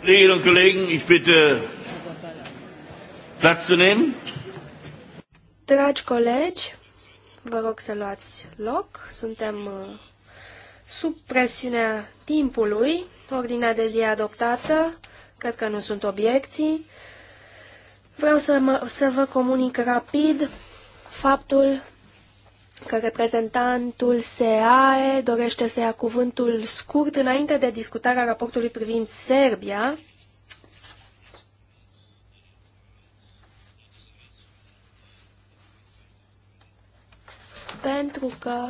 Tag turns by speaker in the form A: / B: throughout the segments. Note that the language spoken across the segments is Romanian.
A: Kolleginnen und Kollegen, ich bitte Platz zu nehmen.
B: Dragi colegi, vă rog să luați loc. Suntem uh, sub presiunea timpului. Ordinea de zi adoptată, cred că nu sunt obiecții. Vreau să, mă, să vă comunic rapid faptul că reprezentantul SEAE dorește să ia cuvântul scurt înainte de discutarea raportului privind Serbia. Pentru că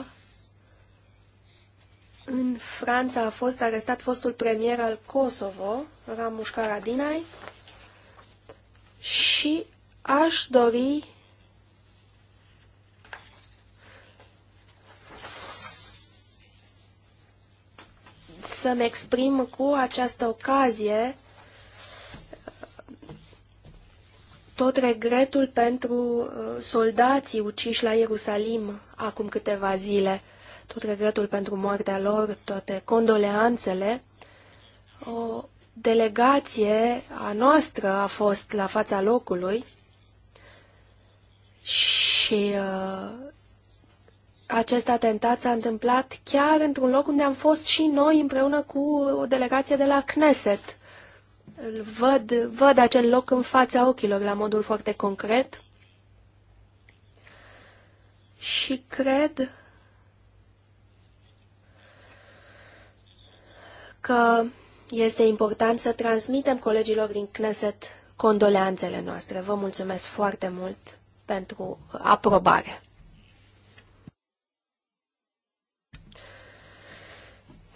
B: în Franța a fost arestat fostul premier al Kosovo, Ramuș Karadinaj, și aș dori să-mi exprim cu această ocazie tot regretul pentru uh, soldații uciși la Ierusalim acum câteva zile, tot regretul pentru moartea lor, toate condoleanțele. O delegație a noastră a fost la fața locului și uh, acest atentat s-a întâmplat chiar într-un loc unde am fost și noi împreună cu o delegație de la Knesset. Îl văd, văd acel loc în fața ochilor la modul foarte concret și cred că este important să transmitem colegilor din Knesset condoleanțele noastre. Vă mulțumesc foarte mult pentru aprobare.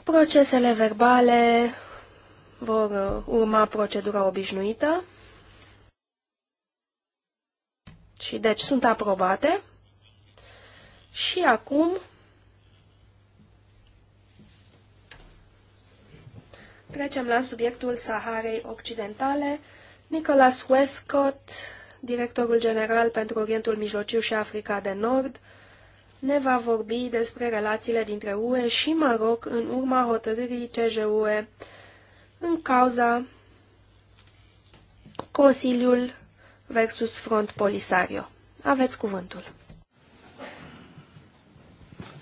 B: Procesele verbale vor uh, urma procedura obișnuită și deci sunt aprobate. Și acum trecem la subiectul Saharei Occidentale. Nicholas Westcott, directorul general pentru Orientul Mijlociu și Africa de Nord, ne va vorbi despre relațiile dintre UE și Maroc în urma hotărârii CJUE în cauza Consiliul versus Front Polisario. Aveți cuvântul.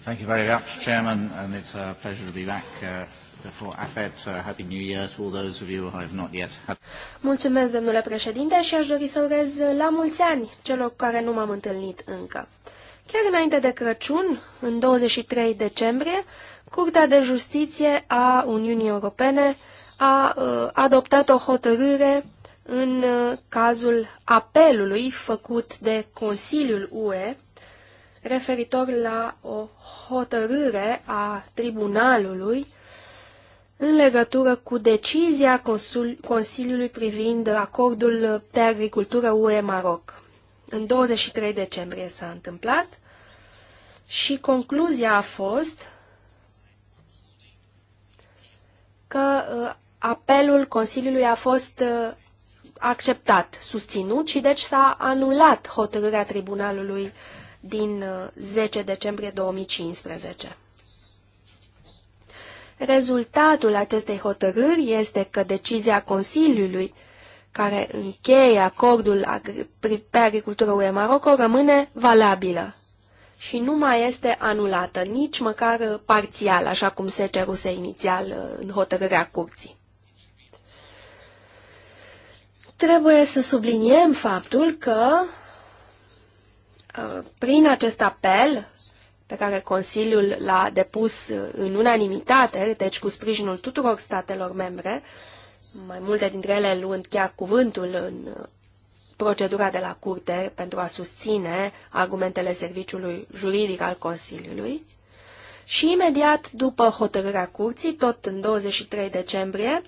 A: Thank you very much, Chairman, and it's a pleasure to be back uh, before AFET. Uh, Happy New Year to all those of you who have not yet had...
B: Mulțumesc, domnule președinte, și aș dori să urez la mulți ani celor care nu m-am întâlnit încă. Chiar înainte de Crăciun, în 23 decembrie, Curtea de Justiție a Uniunii Europene a uh, adoptat o hotărâre în uh, cazul apelului făcut de Consiliul UE referitor la o hotărâre a tribunalului în legătură cu decizia Consiliului privind acordul pe agricultură UE-Maroc. În 23 decembrie s-a întâmplat și concluzia a fost că uh, apelul Consiliului a fost uh, acceptat, susținut și deci s-a anulat hotărârea tribunalului din 10 uh, decembrie 2015. Rezultatul acestei hotărâri este că decizia Consiliului care încheie acordul pe agricultură UE Maroco rămâne valabilă și nu mai este anulată, nici măcar parțial, așa cum se ceruse inițial uh, în hotărârea curții. Trebuie să subliniem faptul că uh, prin acest apel pe care Consiliul l-a depus uh, în unanimitate, deci cu sprijinul tuturor statelor membre, mai multe dintre ele luând chiar cuvântul în procedura de la curte pentru a susține argumentele serviciului juridic al Consiliului. Și imediat după hotărârea curții, tot în 23 decembrie,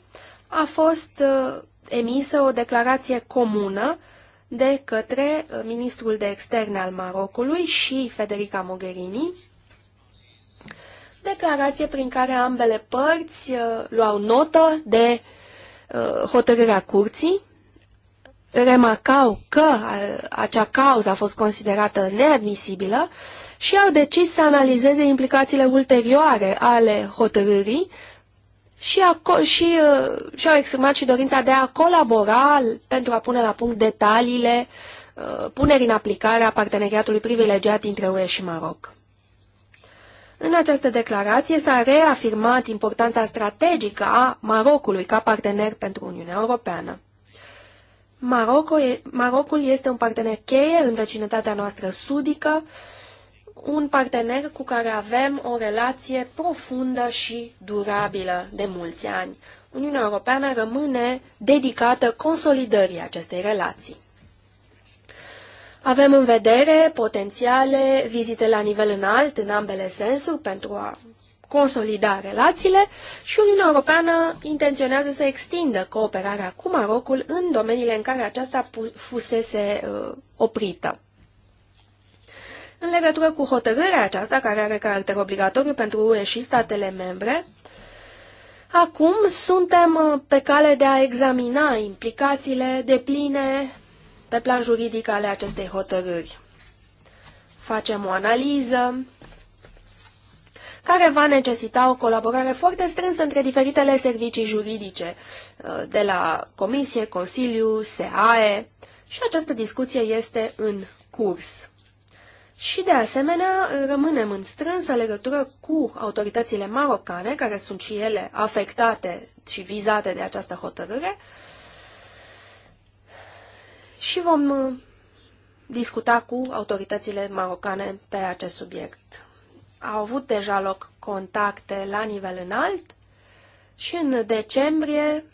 B: a fost uh, emisă o declarație comună de către uh, ministrul de externe al Marocului și Federica Mogherini, declarație prin care ambele părți uh, luau notă de hotărârea curții remarcau că acea cauză a fost considerată neadmisibilă și au decis să analizeze implicațiile ulterioare ale hotărârii și, aco- și, uh, și au exprimat și dorința de a colabora pentru a pune la punct detaliile uh, punerii în aplicare a parteneriatului privilegiat între UE și Maroc. În această declarație s-a reafirmat importanța strategică a Marocului ca partener pentru Uniunea Europeană. Maroco e, Marocul este un partener cheie în vecinătatea noastră sudică, un partener cu care avem o relație profundă și durabilă de mulți ani. Uniunea Europeană rămâne dedicată consolidării acestei relații. Avem în vedere potențiale vizite la nivel înalt în ambele sensuri pentru a consolida relațiile și Uniunea Europeană intenționează să extindă cooperarea cu Marocul în domeniile în care aceasta fusese uh, oprită. În legătură cu hotărârea aceasta, care are caracter obligatoriu pentru UE și statele membre, acum suntem uh, pe cale de a examina implicațiile de pline pe plan juridic ale acestei hotărâri. Facem o analiză care va necesita o colaborare foarte strânsă între diferitele servicii juridice, uh, de la Comisie, Consiliu, SEAE, și această discuție este în curs. Și de asemenea, rămânem în strânsă legătură cu autoritățile marocane, care sunt și ele afectate și vizate de această hotărâre, și vom uh, discuta cu autoritățile marocane pe acest subiect au avut deja loc contacte la nivel înalt și în decembrie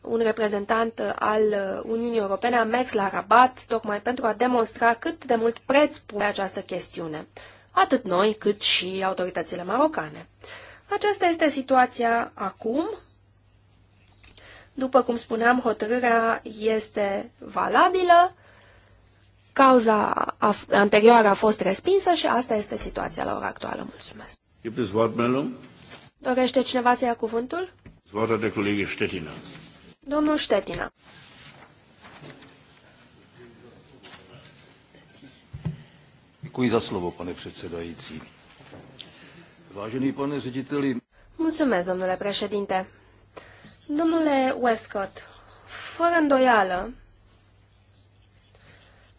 B: un reprezentant al Uniunii Europene a mers la Rabat tocmai pentru a demonstra cât de mult preț pune această chestiune, atât noi cât și autoritățile marocane. Aceasta este situația acum. După cum spuneam, hotărârea este valabilă Cauza anterioară a fost respinsă și asta este situația la ora actuală. Mulțumesc.
A: Gibt es Wortmeldung?
B: Dorește cineva să ia cuvântul?
A: Wort de colegi Stettina.
B: Domnul Stettina.
A: Děkuji za slovo, pane předsedající. Vážený pane řediteli.
B: Mulțumesc, domnule președinte. Domnule Westcott, fără îndoială,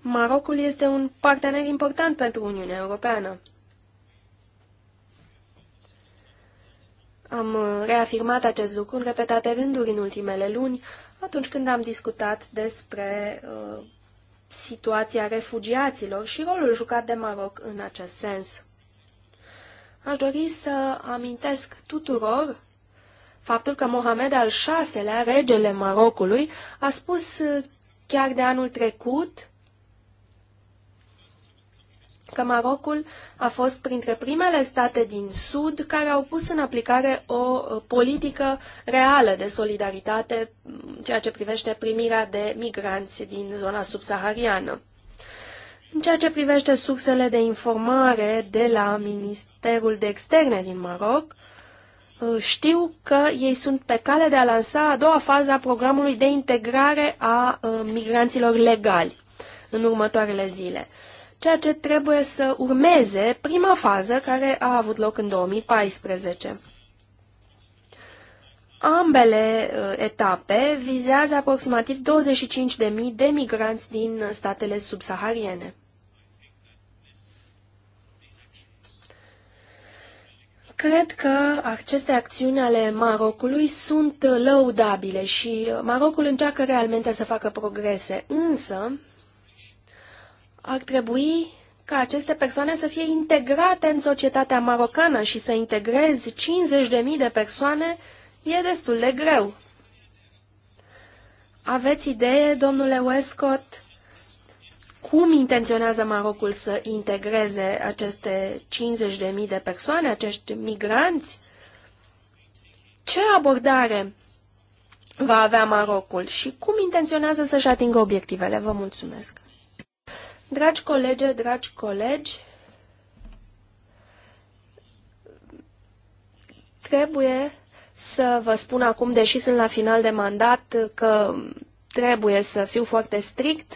B: Marocul este un partener important pentru Uniunea Europeană. Am uh, reafirmat acest lucru în repetate rânduri în ultimele luni, atunci când am discutat despre uh, situația refugiaților și rolul jucat de Maroc în acest sens. Aș dori să amintesc tuturor faptul că Mohamed al VI-lea, regele Marocului, a spus uh, chiar de anul trecut că Marocul a fost printre primele state din Sud care au pus în aplicare o uh, politică reală de solidaritate, ceea ce privește primirea de migranți din zona subsahariană. În ceea ce privește sursele de informare de la Ministerul de Externe din Maroc, uh, știu că ei sunt pe cale de a lansa a doua fază a programului de integrare a uh, migranților legali în următoarele zile ceea ce trebuie să urmeze prima fază care a avut loc în 2014. Ambele uh, etape vizează aproximativ 25.000 de migranți din statele subsahariene. Cred că aceste acțiuni ale Marocului sunt lăudabile și Marocul încearcă realmente să facă progrese, însă ar trebui ca aceste persoane să fie integrate în societatea marocană și să integrezi 50.000 de persoane e destul de greu. Aveți idee, domnule Westcott, cum intenționează Marocul să integreze aceste 50.000 de persoane, acești migranți? Ce abordare va avea Marocul și cum intenționează să-și atingă obiectivele? Vă mulțumesc! Dragi colege, dragi colegi, trebuie să vă spun acum, deși sunt la final de mandat, că trebuie să fiu foarte strict.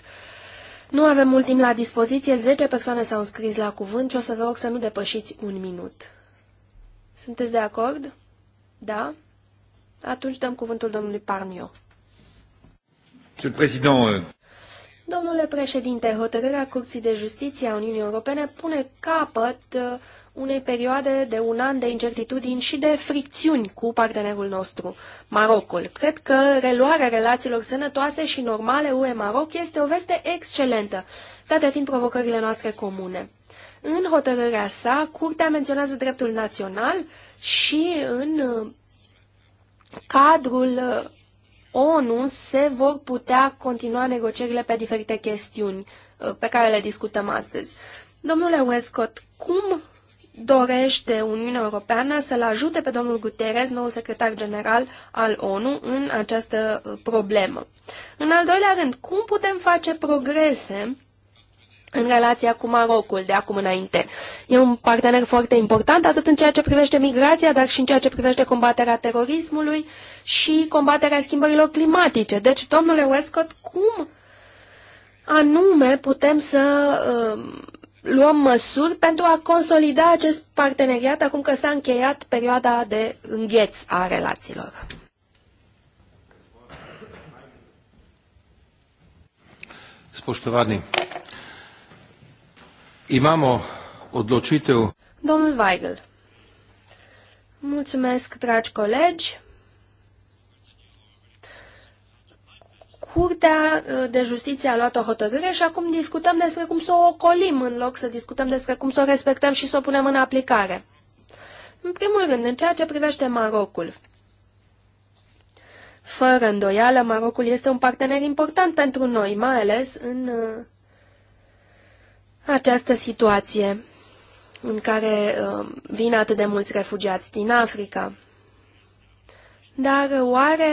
B: Nu avem mult timp la dispoziție, 10 persoane s-au înscris la cuvânt și o să vă rog să nu depășiți un minut. Sunteți de acord? Da? Atunci dăm cuvântul domnului Parnio.
A: Monsieur le Président, euh,
B: Domnule președinte, hotărârea Curții de Justiție a Uniunii Europene pune capăt uh, unei perioade de un an de incertitudini și de fricțiuni cu partenerul nostru, Marocul. Cred că reluarea relațiilor sănătoase și normale UE-Maroc este o veste excelentă, date fiind provocările noastre comune. În hotărârea sa, Curtea menționează dreptul național și în uh, cadrul uh, ONU se vor putea continua negocierile pe diferite chestiuni uh, pe care le discutăm astăzi. Domnule Westcott, cum dorește Uniunea Europeană să-l ajute pe domnul Guterres, noul secretar general al ONU, în această uh, problemă? În al doilea rând, cum putem face progrese în relația cu Marocul de acum înainte. E un partener foarte important, atât în ceea ce privește migrația, dar și în ceea ce privește combaterea terorismului și combaterea schimbărilor climatice. Deci, domnule Westcott, cum anume putem să uh, luăm măsuri pentru a consolida acest parteneriat acum că s-a încheiat perioada de îngheț a relațiilor?
A: Spoștovani, Imamo odločitev.
B: Domnul Weigel. Mulțumesc, dragi colegi. Curtea uh, de Justiție a luat o hotărâre și acum discutăm despre cum să o ocolim în loc să discutăm despre cum să o respectăm și să o punem în aplicare. În primul rând, în ceea ce privește Marocul. Fără îndoială, Marocul este un partener important pentru noi, mai ales în uh, această situație în care um, vin atât de mulți refugiați din Africa. Dar oare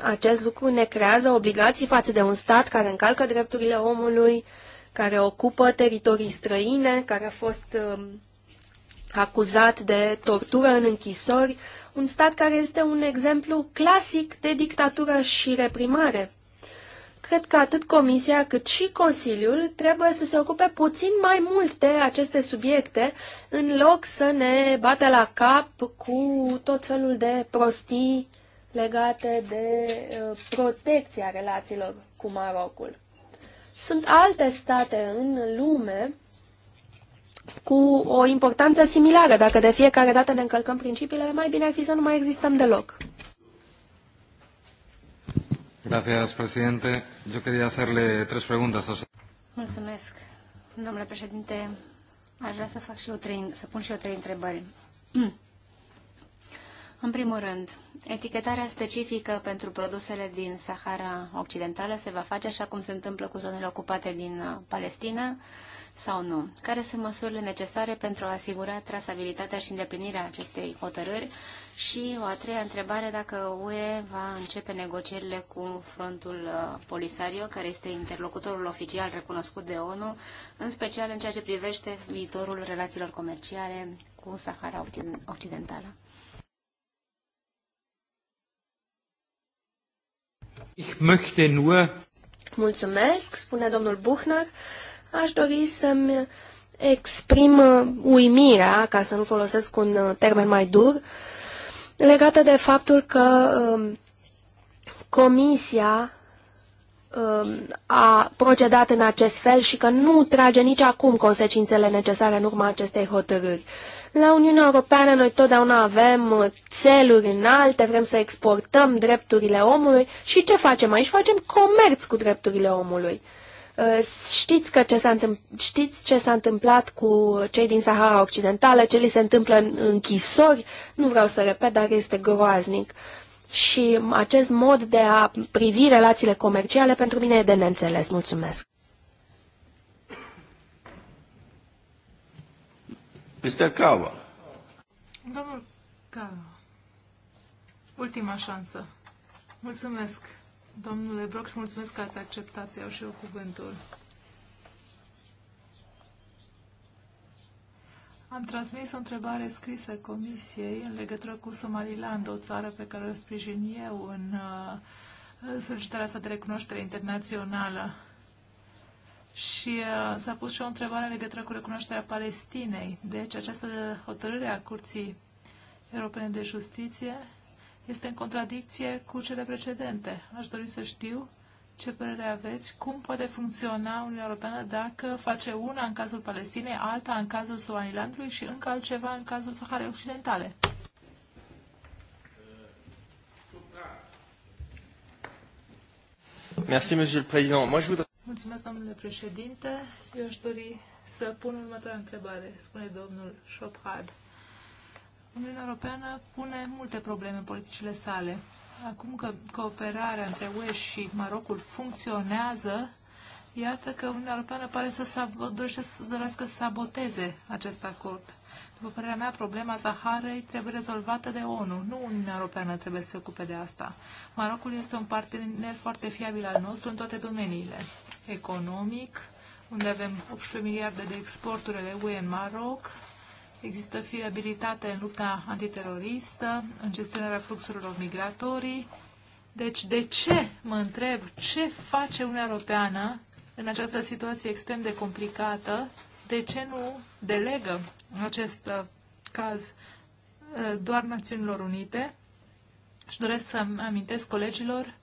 B: acest lucru ne creează obligații față de un stat care încalcă drepturile omului, care ocupă teritorii străine, care a fost um, acuzat de tortură în închisori, un stat care este un exemplu clasic de dictatură și reprimare. Cred că atât Comisia cât și Consiliul trebuie să se ocupe puțin mai mult de aceste subiecte, în loc să ne bată la cap cu tot felul de prostii legate de uh, protecția relațiilor cu Marocul. Sunt alte state în lume cu o importanță similară. Dacă de fiecare dată ne încălcăm principiile, mai bine ar fi să nu mai existăm deloc.
A: Gracias, presidente. Yo quería hacerle tres preguntas.
C: Mulțumesc, domnule președinte. Aș vrea să, fac și eu trei, să pun și eu trei întrebări. În primul rând, etichetarea specifică pentru produsele din Sahara Occidentală se va face așa cum se întâmplă cu zonele ocupate din uh, Palestina, sau nu? Care sunt măsurile necesare pentru a asigura trasabilitatea și îndeplinirea acestei hotărâri? Și o a treia întrebare, dacă UE va începe negocierile cu frontul uh, Polisario, care este interlocutorul oficial recunoscut de ONU, în special în ceea ce privește viitorul relațiilor comerciale cu Sahara Occidentală.
A: Ich möchte nur
B: Mulțumesc, spune domnul Buchner. Aș dori să-mi exprim uh, uimirea, ca să nu folosesc un uh, termen mai dur, legată de faptul că um, Comisia um, a procedat în acest fel și că nu trage nici acum consecințele necesare în urma acestei hotărâri. La Uniunea Europeană noi totdeauna avem uh, țeluri înalte, vrem să exportăm drepturile omului și ce facem aici? Facem comerț cu drepturile omului. Uh, Uh, știți, că ce s-a știți ce s-a întâmplat cu cei din Sahara Occidentală, ce li se întâmplă în închisori, nu vreau să repet, dar este groaznic. Și acest mod de a privi relațiile comerciale pentru mine e de neînțeles. Mulțumesc.
C: Mr. Cava.
A: Domnul Cava, ultima șansă. Mulțumesc. Domnule Brock, mulțumesc că ați acceptat să iau și eu cuvântul. Am transmis o întrebare scrisă Comisiei în legătură cu Somaliland, o țară pe care o sprijin eu în uh, solicitarea sa de recunoaștere internațională. Și uh, s-a pus și o întrebare în legătură cu recunoașterea Palestinei. Deci această hotărâre a Curții Europene de Justiție este în contradicție cu cele precedente. Aș dori să știu ce părere aveți, cum poate funcționa Uniunea Europeană dacă face una în cazul Palestinei, alta în cazul Somalilandului și încă altceva în cazul Saharei Occidentale.
C: Merci, Monsieur le Président. Moi, je voudrais...
A: Mulțumesc, domnule președinte. Eu aș dori să pun următoarea întrebare, spune domnul Chopard. Uniunea Europeană pune multe probleme în politicile sale. Acum că cooperarea între UE și Marocul funcționează, iată că Uniunea Europeană pare să dorește să dorească să saboteze acest acord. După părerea mea, problema Zaharei trebuie rezolvată de ONU. Nu Uniunea Europeană trebuie să se ocupe de asta. Marocul este un partener foarte fiabil al nostru în toate domeniile. Economic, unde avem 18 miliarde de exporturi de UE în Maroc, Există fiabilitate în lupta antiteroristă, în gestionarea fluxurilor migratorii. Deci, de ce, mă întreb, ce face Uniunea Europeană în această situație extrem de complicată? De ce nu delegă în acest uh, caz uh, doar Națiunilor Unite? Și doresc să amintesc colegilor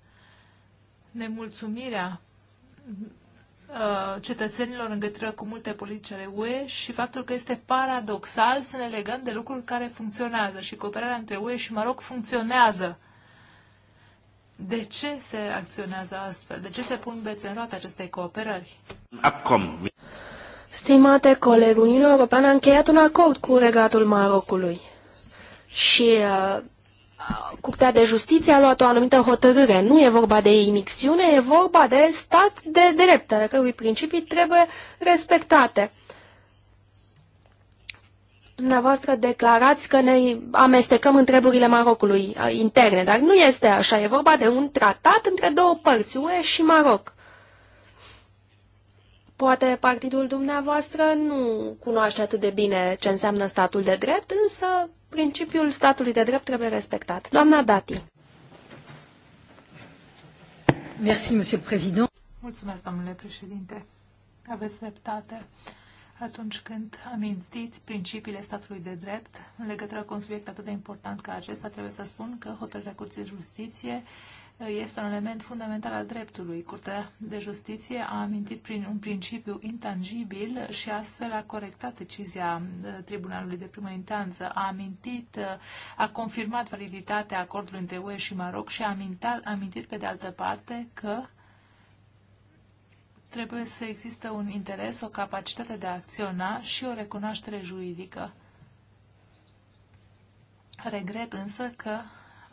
A: nemulțumirea Uh, cetățenilor în legătură cu multe politici ale UE și faptul că este paradoxal să ne legăm de lucruri care funcționează și cooperarea între UE și Maroc funcționează. De ce se acționează astfel? De ce se pun bețe în roată acestei cooperări?
B: Acum. Stimate coleg, Uniunea Europeană a încheiat un acord cu regatul Marocului și uh, Curtea de Justiție a luat o anumită hotărâre. Nu e vorba de imixiune, e vorba de stat de drept, al cărui principii trebuie respectate. Dumneavoastră declarați că ne amestecăm în treburile Marocului interne, dar nu este așa. E vorba de un tratat între două părți, UE și Maroc. Poate partidul dumneavoastră nu cunoaște atât de bine ce înseamnă statul de drept, însă principiul statului de drept trebuie respectat. Doamna Dati. Merci, monsieur le président.
A: Mulțumesc, domnule președinte. Aveți dreptate atunci când amintiți principiile statului de drept în legătură cu un subiect atât de important ca acesta, trebuie să spun că hotărârea Curții de Justiție este un element fundamental al dreptului. Curtea de Justiție a amintit prin un principiu intangibil și astfel a corectat decizia uh, Tribunalului de Primă Intanță. A amintit, uh, a confirmat validitatea acordului între UE și Maroc și a amintat, a amintit pe de altă parte că trebuie să existe un interes, o capacitate de a acționa și o recunoaștere juridică. Regret însă că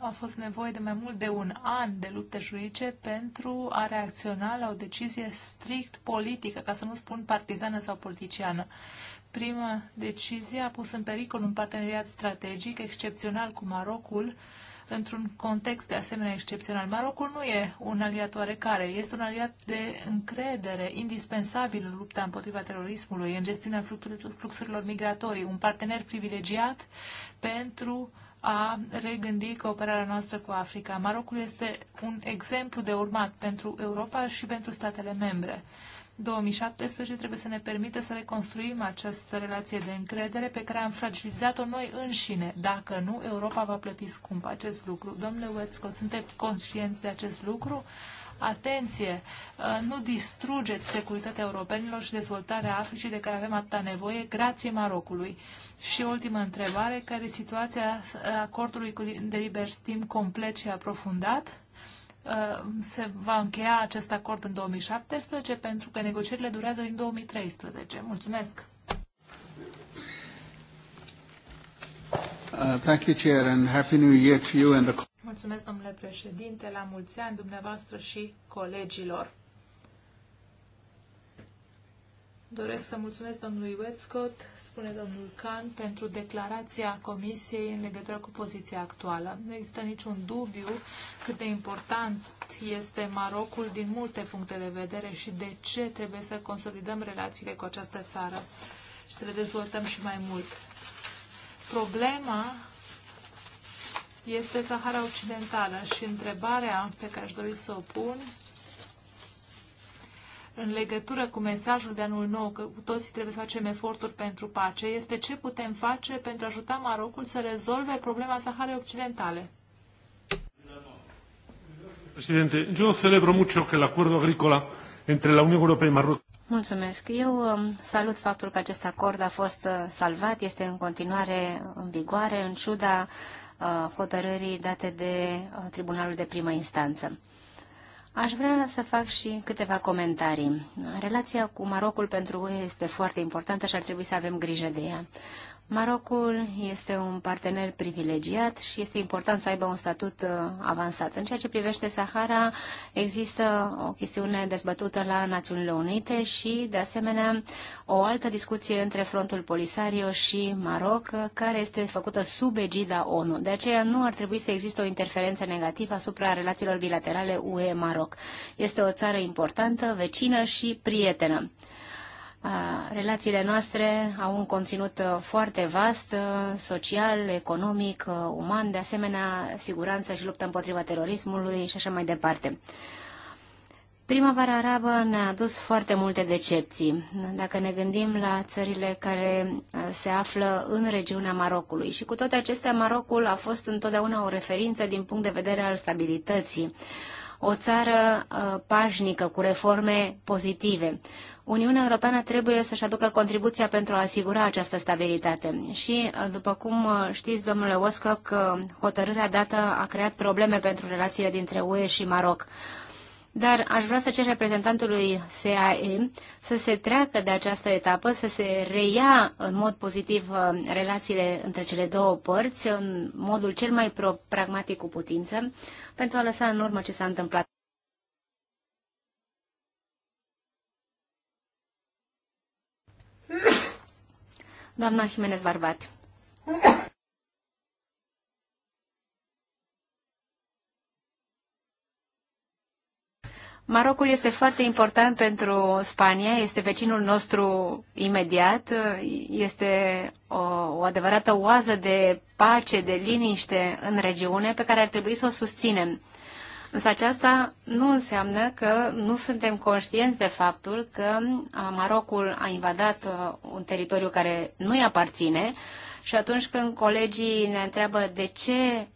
A: a fost nevoie de mai mult de un an de lupte juridice pentru a reacționa la o decizie strict politică, ca să nu spun partizană sau politiciană. Prima decizie a pus în pericol un parteneriat strategic excepțional cu Marocul, într-un context de asemenea excepțional. Marocul nu e un aliat oarecare, este un aliat de încredere, indispensabil în lupta împotriva terorismului, în gestiunea fluxurilor migratorii, un partener privilegiat pentru uh, a regândi cooperarea noastră cu Africa. Marocul este un exemplu de urmat pentru Europa și pentru statele membre. 2017 trebuie să ne permită să reconstruim această relație de încredere pe care am fragilizat-o noi înșine. Dacă nu, Europa va plăti scump acest lucru. Domnule Wetzko, sunteți conștient de acest lucru? Uh, atenție, uh, nu distrugeți securitatea europenilor și dezvoltarea Africii de care avem atâta nevoie, grație Marocului. Și ultima întrebare, care e situația uh, acordului de liber schimb complet și aprofundat? Uh, se va încheia acest acord în 2017 pentru că negocierile durează din 2013. Mulțumesc!
B: Uh, thank you, Chair, and Happy New Year to you and the
A: Mulțumesc, domnule președinte, la mulți ani dumneavoastră și colegilor. Doresc să mulțumesc domnului Wetscott, spune domnul Khan, pentru declarația Comisiei în legătură cu poziția actuală. Nu există niciun dubiu cât de important este Marocul din multe puncte de vedere și de ce trebuie să consolidăm relațiile cu această țară și să le dezvoltăm și mai mult. Problema este Sahara Occidentală și întrebarea pe care aș dori să o pun în legătură cu mesajul de anul nou, că cu toții trebuie să facem eforturi pentru pace, este ce putem face pentru a ajuta Marocul să rezolve problema Saharei Occidentale. Președinte, eu celebro mucho că el acordul agricola între la Uniunea Europeană și Marocul.
C: Mulțumesc. Eu um, salut faptul că acest acord a fost uh, salvat, este în continuare în vigoare, în ciuda hotărârii date de Tribunalul de Primă Instanță. Aș vrea să fac și câteva comentarii. Relația cu Marocul pentru UE este foarte importantă și ar trebui să avem grijă de ea. Marocul este un partener privilegiat și este important să aibă un statut uh, avansat. În ceea ce privește Sahara, există o chestiune dezbătută la Națiunile Unite și, de asemenea, o altă discuție între frontul Polisario și Maroc, uh, care este făcută sub egida ONU. De aceea nu ar trebui să existe o interferență negativă asupra relațiilor bilaterale UE-Maroc. Este o țară importantă, vecină și prietenă. Relațiile noastre au un conținut uh, foarte vast, uh, social, economic, uh, uman, de asemenea siguranță și luptă împotriva terorismului și așa mai departe. Primăvara arabă ne-a adus foarte multe decepții. Dacă ne gândim la țările care se află în regiunea Marocului și cu toate acestea, Marocul a fost întotdeauna o referință din punct de vedere al stabilității. O țară pașnică, cu reforme pozitive Uniunea Europeană trebuie să-și aducă contribuția pentru a asigura această stabilitate. Și, după cum știți, domnule Oscă, că hotărârea dată a creat probleme pentru relațiile dintre UE și Maroc. Dar aș vrea să cer reprezentantului SAE să se treacă de această etapă, să se reia în mod pozitiv uh, relațiile între cele două părți, în modul cel mai pragmatic cu putință, pentru a lăsa în urmă ce s-a întâmplat. Doamna Jimenez Barbat. Marocul este foarte important pentru Spania, este vecinul nostru imediat, este o, o adevărată oază de pace, de liniște în regiune pe care ar trebui să o susținem. Însă aceasta nu înseamnă că nu suntem conștienți de faptul că Marocul a invadat un teritoriu care nu-i aparține și atunci când colegii ne întreabă de ce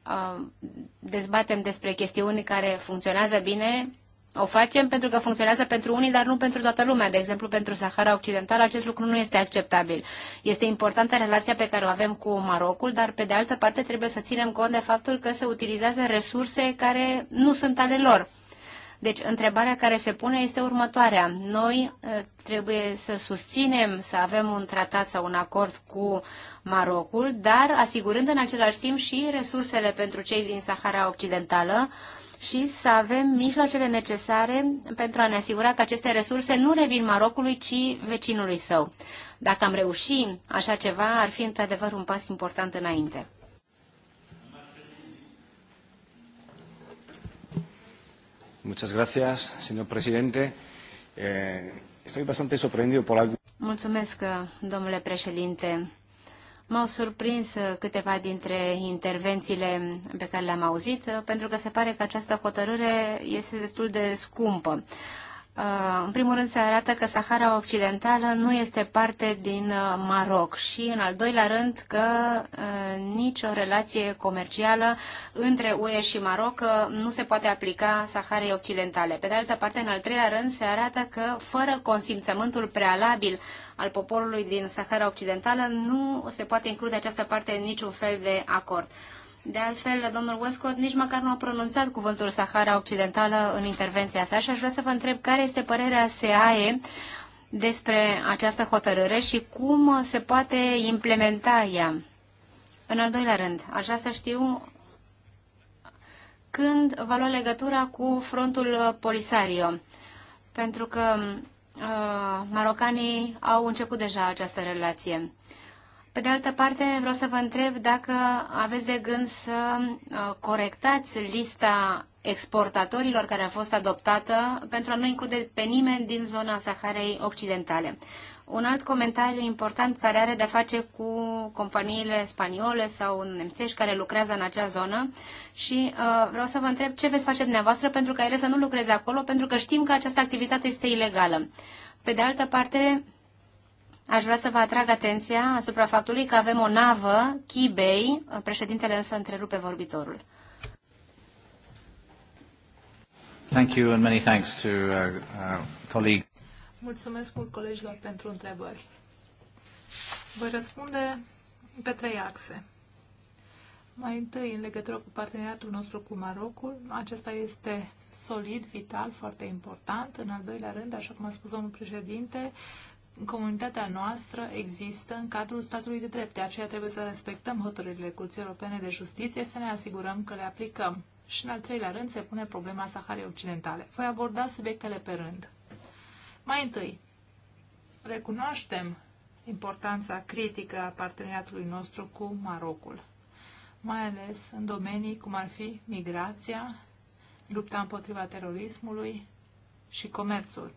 C: dezbatem despre chestiuni care funcționează bine, o facem pentru că funcționează pentru unii, dar nu pentru toată lumea. De exemplu, pentru Sahara Occidentală acest lucru nu este acceptabil. Este importantă relația pe care o avem cu Marocul, dar pe de altă parte trebuie să ținem cont de faptul că se utilizează resurse care nu sunt ale lor. Deci, întrebarea care se pune este următoarea. Noi eh, trebuie să susținem să avem un tratat sau un acord cu Marocul, dar asigurând în același timp și resursele pentru cei din Sahara Occidentală, și să avem mijloacele necesare pentru a ne asigura că aceste resurse nu revin Marocului, ci vecinului său. Dacă am reușit așa ceva, ar fi într-adevăr un pas important înainte.
B: Muchas gracias, señor presidente. Eh, estoy bastante sorprendido por algo.
C: Mulțumesc, domnule președinte. M-au surprins câteva dintre intervențiile pe care le-am auzit, pentru că se pare că această hotărâre este destul de scumpă. Uh, în primul rând se arată că Sahara Occidentală nu este parte din uh, Maroc și în al doilea rând că uh, nicio relație comercială între UE și Maroc nu se poate aplica Saharei Occidentale. Pe de altă parte, în al treilea rând se arată că fără consimțământul prealabil al poporului din Sahara Occidentală nu se poate include această parte în niciun fel de acord. De altfel, domnul Westcott nici măcar nu a pronunțat cuvântul Sahara Occidentală în intervenția sa și aș vrea să vă întreb care este părerea SAE despre această hotărâre și cum se poate implementa ea. În al doilea rând, aș vrea să știu când va lua legătura cu frontul Polisario, pentru că uh, marocanii au început deja această relație. Uh, pe de altă parte, vreau să vă întreb dacă aveți de gând să uh, corectați lista exportatorilor care a fost adoptată pentru a nu include pe nimeni din zona Saharei Occidentale. Un alt comentariu important care are de-a face cu companiile spaniole sau nemțești care lucrează în acea zonă și uh, vreau să vă întreb ce veți face dumneavoastră pentru ca ele să nu lucreze acolo, pentru că știm că această activitate este ilegală. Pe de altă parte, aș vrea să vă atrag atenția asupra faptului că avem o navă, Chibei, președintele însă întrerupe vorbitorul.
A: Thank you and many thanks to our, uh, our uh, colleague.
C: Mulțumesc mult colegilor pentru
A: întrebări. Voi răspunde pe trei axe. Mai întâi, în legătură cu parteneriatul nostru cu Marocul, acesta este solid, vital, foarte important. În al doilea rând, așa cum a spus domnul președinte, comunitatea noastră există în cadrul statului de drept. De aceea trebuie să respectăm hotărârile Curții Europene de Justiție, să ne asigurăm că le aplicăm. Și în al treilea rând se pune problema Saharei Occidentale. Voi aborda subiectele pe rând. Mai întâi, recunoaștem importanța critică a parteneriatului nostru cu Marocul, mai ales în domenii cum ar fi migrația, lupta împotriva terorismului și comerțul.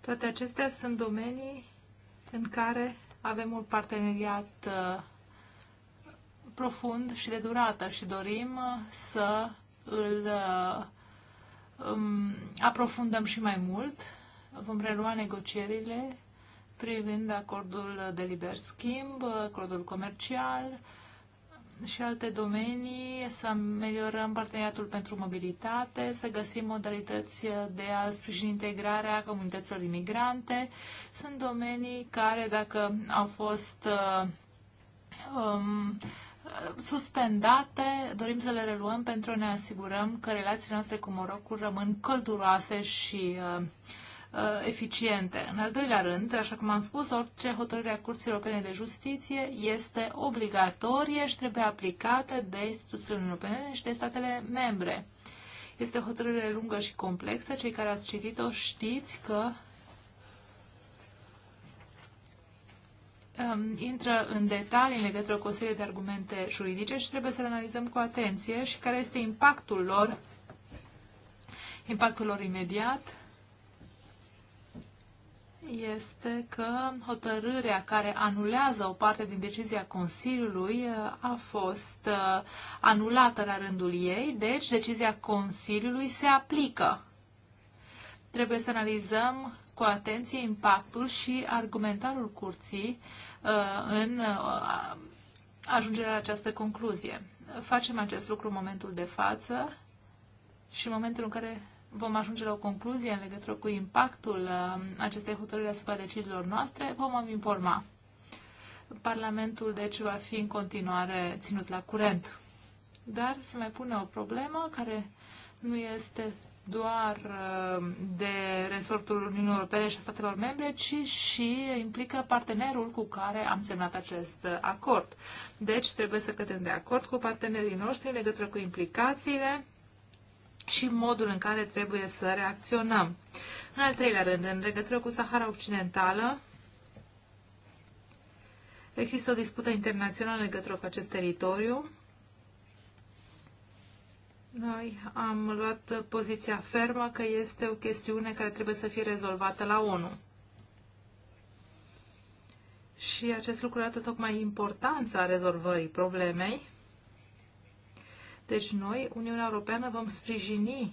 A: Toate acestea sunt domenii în care avem un parteneriat uh, profund și de durată și dorim uh, să îl uh, um, aprofundăm și mai mult. Vom relua negocierile privind acordul de liber schimb, acordul comercial, și alte domenii, să ameliorăm parteneriatul pentru mobilitate, să găsim modalități de a sprijini integrarea comunităților imigrante. Sunt domenii care, dacă au fost uh, um, suspendate, dorim să le reluăm pentru a ne asigurăm că relațiile noastre cu Morocul rămân călduroase și uh, Uh, eficiente. În al doilea rând, așa cum am spus, orice hotărâre a Curții Europene de Justiție este obligatorie și trebuie aplicată de instituțiile europene și de statele membre. Este o hotărâre lungă și complexă. Cei care ați citit-o știți că um, intră în detalii în legătură cu o serie de argumente juridice și trebuie să le analizăm cu atenție și care este impactul lor, impactul lor imediat este că hotărârea care anulează o parte din decizia Consiliului uh, a fost uh, anulată la rândul ei, deci decizia Consiliului se aplică. Trebuie să analizăm cu atenție impactul și argumentarul curții uh, în ajungerea la această concluzie. Facem acest lucru în momentul de față și în momentul în care vom ajunge la o concluzie în legătură cu impactul uh, acestei hotărâri asupra deciziilor noastre, vom informa. Parlamentul, deci, va fi în continuare ținut la curent. Dar se mai pune o problemă care nu este doar uh, de resortul Uniunii Europene și a statelor membre, ci și implică partenerul cu care am semnat acest uh, acord. Deci trebuie să cădem de acord cu partenerii noștri în legătură cu implicațiile și modul în care trebuie să reacționăm. În al treilea rând, în legătură cu Sahara Occidentală, există o dispută internațională în legătură cu acest teritoriu. Noi am luat poziția fermă că este o chestiune care trebuie să fie rezolvată la ONU. Și acest lucru arată tocmai importanța rezolvării problemei deci noi, Uniunea Europeană, vom sprijini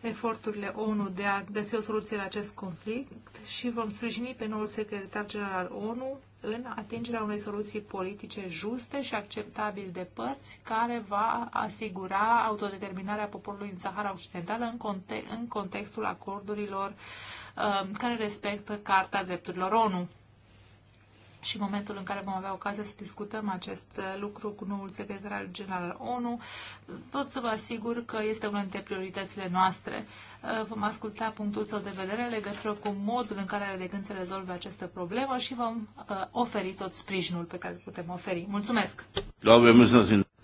A: eforturile ONU de a găsi o soluție la acest conflict și vom sprijini pe noul secretar general ONU în atingerea unei soluții politice juste și acceptabile de părți care va asigura autodeterminarea poporului în Sahara Occidentală în, conte- în contextul acordurilor uh, care respectă Carta Drepturilor ONU și momentul în care vom avea ocazia să discutăm acest uh, lucru cu noul secretar general al ONU, pot să vă asigur că este una dintre prioritățile noastre. Uh, vom asculta punctul său de vedere legătură cu modul în care are de gând să rezolve această problemă și vom uh, oferi tot sprijinul pe care îl putem oferi.
B: Mulțumesc!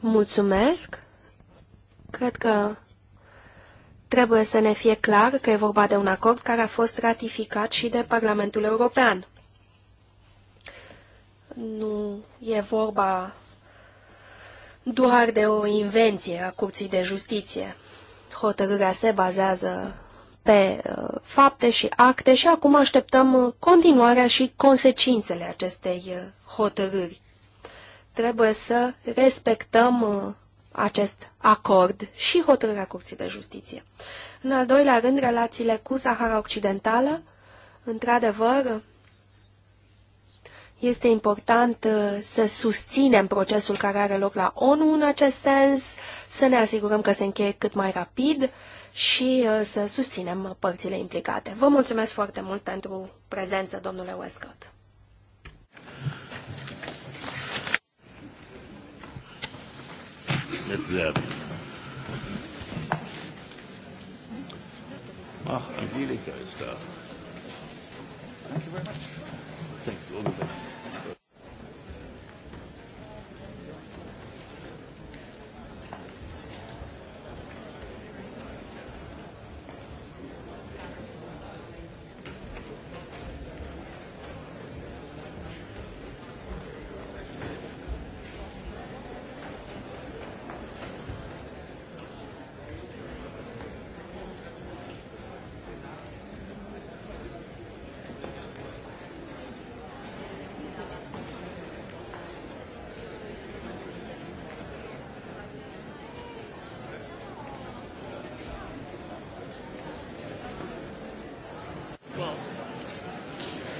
B: Mulțumesc! Cred că trebuie să ne fie clar că e vorba de un acord care a fost ratificat și de Parlamentul European. Nu e vorba doar de o invenție a Curții de Justiție. Hotărârea se bazează pe uh, fapte și acte și acum așteptăm uh, continuarea și consecințele acestei uh, hotărâri. Trebuie să respectăm acest acord și hotărârea Curții de Justiție. În al doilea rând, relațiile cu Sahara Occidentală, într-adevăr, este important uh, să susținem procesul care are loc la ONU în acest sens, să ne asigurăm că se încheie cât mai rapid și uh, să susținem părțile implicate. Vă mulțumesc foarte mult pentru prezență, domnule Westcott. Mit Serbien.
A: Ach, Angelika ist da. Thank you very much. Thanks. All the best.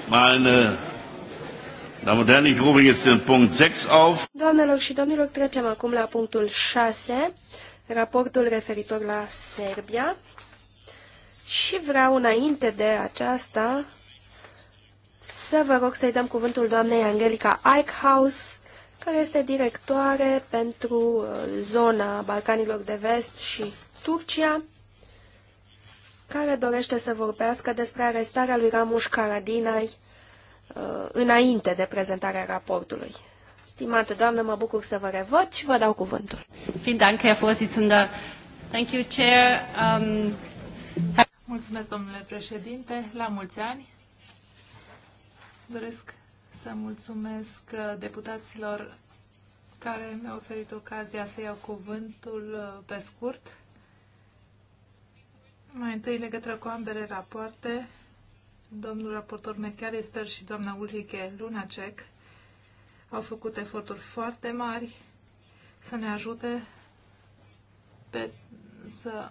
C: Meine Damen und Herren, ich rufe jetzt den Punkt 6 auf.
B: Doamnelor și domnilor, trecem acum la punctul 6, raportul referitor la Serbia. Și vreau înainte de aceasta să vă rog să-i dăm cuvântul doamnei Angelica Eichhaus, care este directoare pentru uh, zona Balcanilor de Vest și Turcia care dorește să vorbească despre arestarea lui Ramuș Caradinai uh, înainte de prezentarea raportului. Stimată doamnă, mă bucur să vă revăd și vă dau cuvântul. Um,
A: mulțumesc, domnule președinte. La mulți ani. Doresc să mulțumesc uh, deputaților care mi-au oferit ocazia să iau cuvântul uh, pe scurt. Mai întâi, legătură cu ambele rapoarte, domnul raportor McAllister și doamna Ulrike Lunacek au făcut eforturi foarte mari să ne ajute pe, să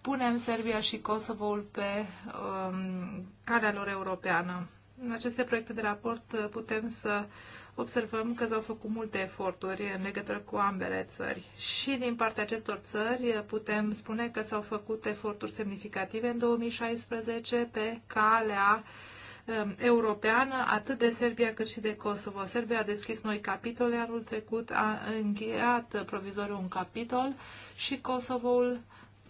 A: punem Serbia și Kosovoul pe um, calea lor europeană. În aceste proiecte de raport uh, putem să observăm că s-au făcut multe eforturi în legătură cu ambele țări. Și din partea acestor țări putem spune că s-au făcut eforturi semnificative în 2016 pe calea um, europeană, atât de Serbia cât și de Kosovo. Serbia a deschis noi capitole anul trecut, a încheiat provizoriu un capitol și Kosovoul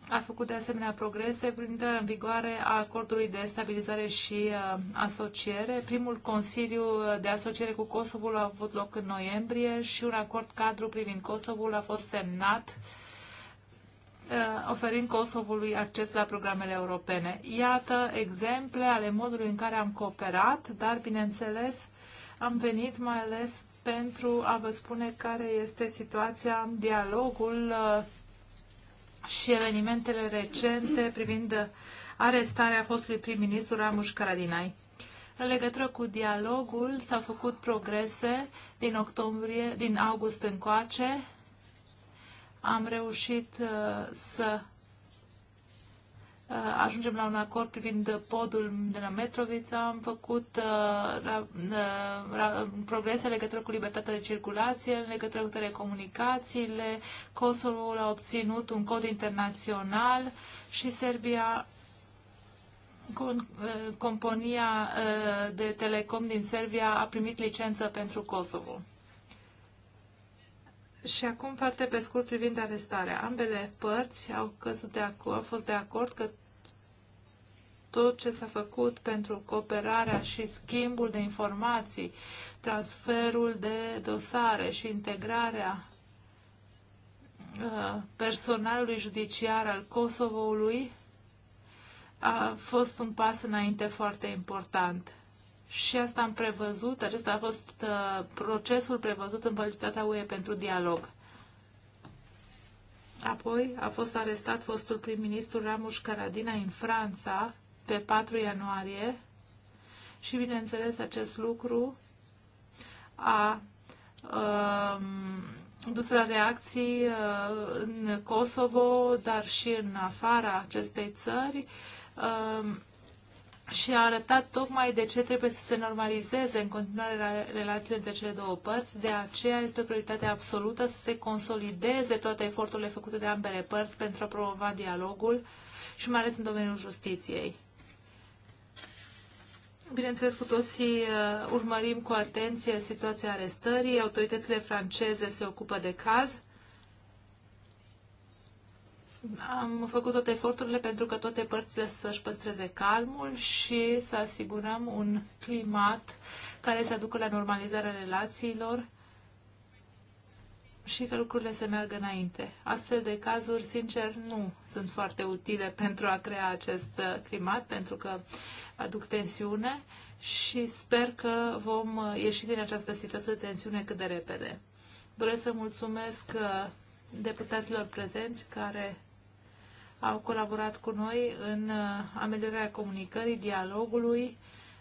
A: a făcut de asemenea progrese prin intrarea în vigoare a acordului de stabilizare și uh, asociere. Primul Consiliu uh, de Asociere cu Kosovo a avut loc în noiembrie și un acord cadru privind Kosovo a fost semnat uh, oferind Kosovului acces la programele europene. Iată exemple ale modului în care am cooperat, dar, bineînțeles, am venit mai ales pentru a vă spune care este situația, dialogul uh, și evenimentele recente privind arestarea fostului prim-ministru Ramush Caradinai. În legătură cu dialogul s-au făcut progrese din octombrie, din august încoace. Am reușit uh, să Uh, ajungem la un acord privind podul de la Metrovița. Am făcut uh, uh, progrese în legătură cu libertatea de circulație, în legătură cu telecomunicațiile. Kosovo a obținut un cod internațional și Serbia compania de telecom din Serbia a primit licență pentru Kosovo. Și acum parte pe scurt privind arestarea. Ambele părți au, căzut de acord, au fost de acord că tot ce s-a făcut pentru cooperarea și schimbul de informații, transferul de dosare și integrarea uh, personalului judiciar al Kosovoului a fost un pas înainte foarte important și asta am prevăzut, acesta a fost uh, procesul prevăzut în validitatea UE pentru dialog. Apoi a fost arestat fostul prim-ministru Ramush Caradina în Franța pe 4 ianuarie și, bineînțeles, acest lucru a um, dus la reacții uh, în Kosovo, dar și în afara acestei țări. Um, și a arătat tocmai de ce trebuie să se normalizeze în continuare relațiile între cele două părți. De aceea este o prioritate absolută să se consolideze toate eforturile făcute de ambele părți pentru a promova dialogul și mai ales în domeniul justiției. Bineînțeles, cu toții uh, urmărim cu atenție situația arestării. Autoritățile franceze se ocupă de caz am făcut toate eforturile pentru că toate părțile să-și păstreze calmul și să asigurăm un climat care să aducă la normalizarea relațiilor și că lucrurile se meargă înainte. Astfel de cazuri, sincer, nu sunt foarte utile pentru a crea acest uh, climat, pentru că aduc tensiune și sper că vom uh, ieși din această situație de tensiune cât de repede. Doresc să mulțumesc uh, deputaților prezenți care au colaborat cu noi în uh, ameliorarea comunicării, dialogului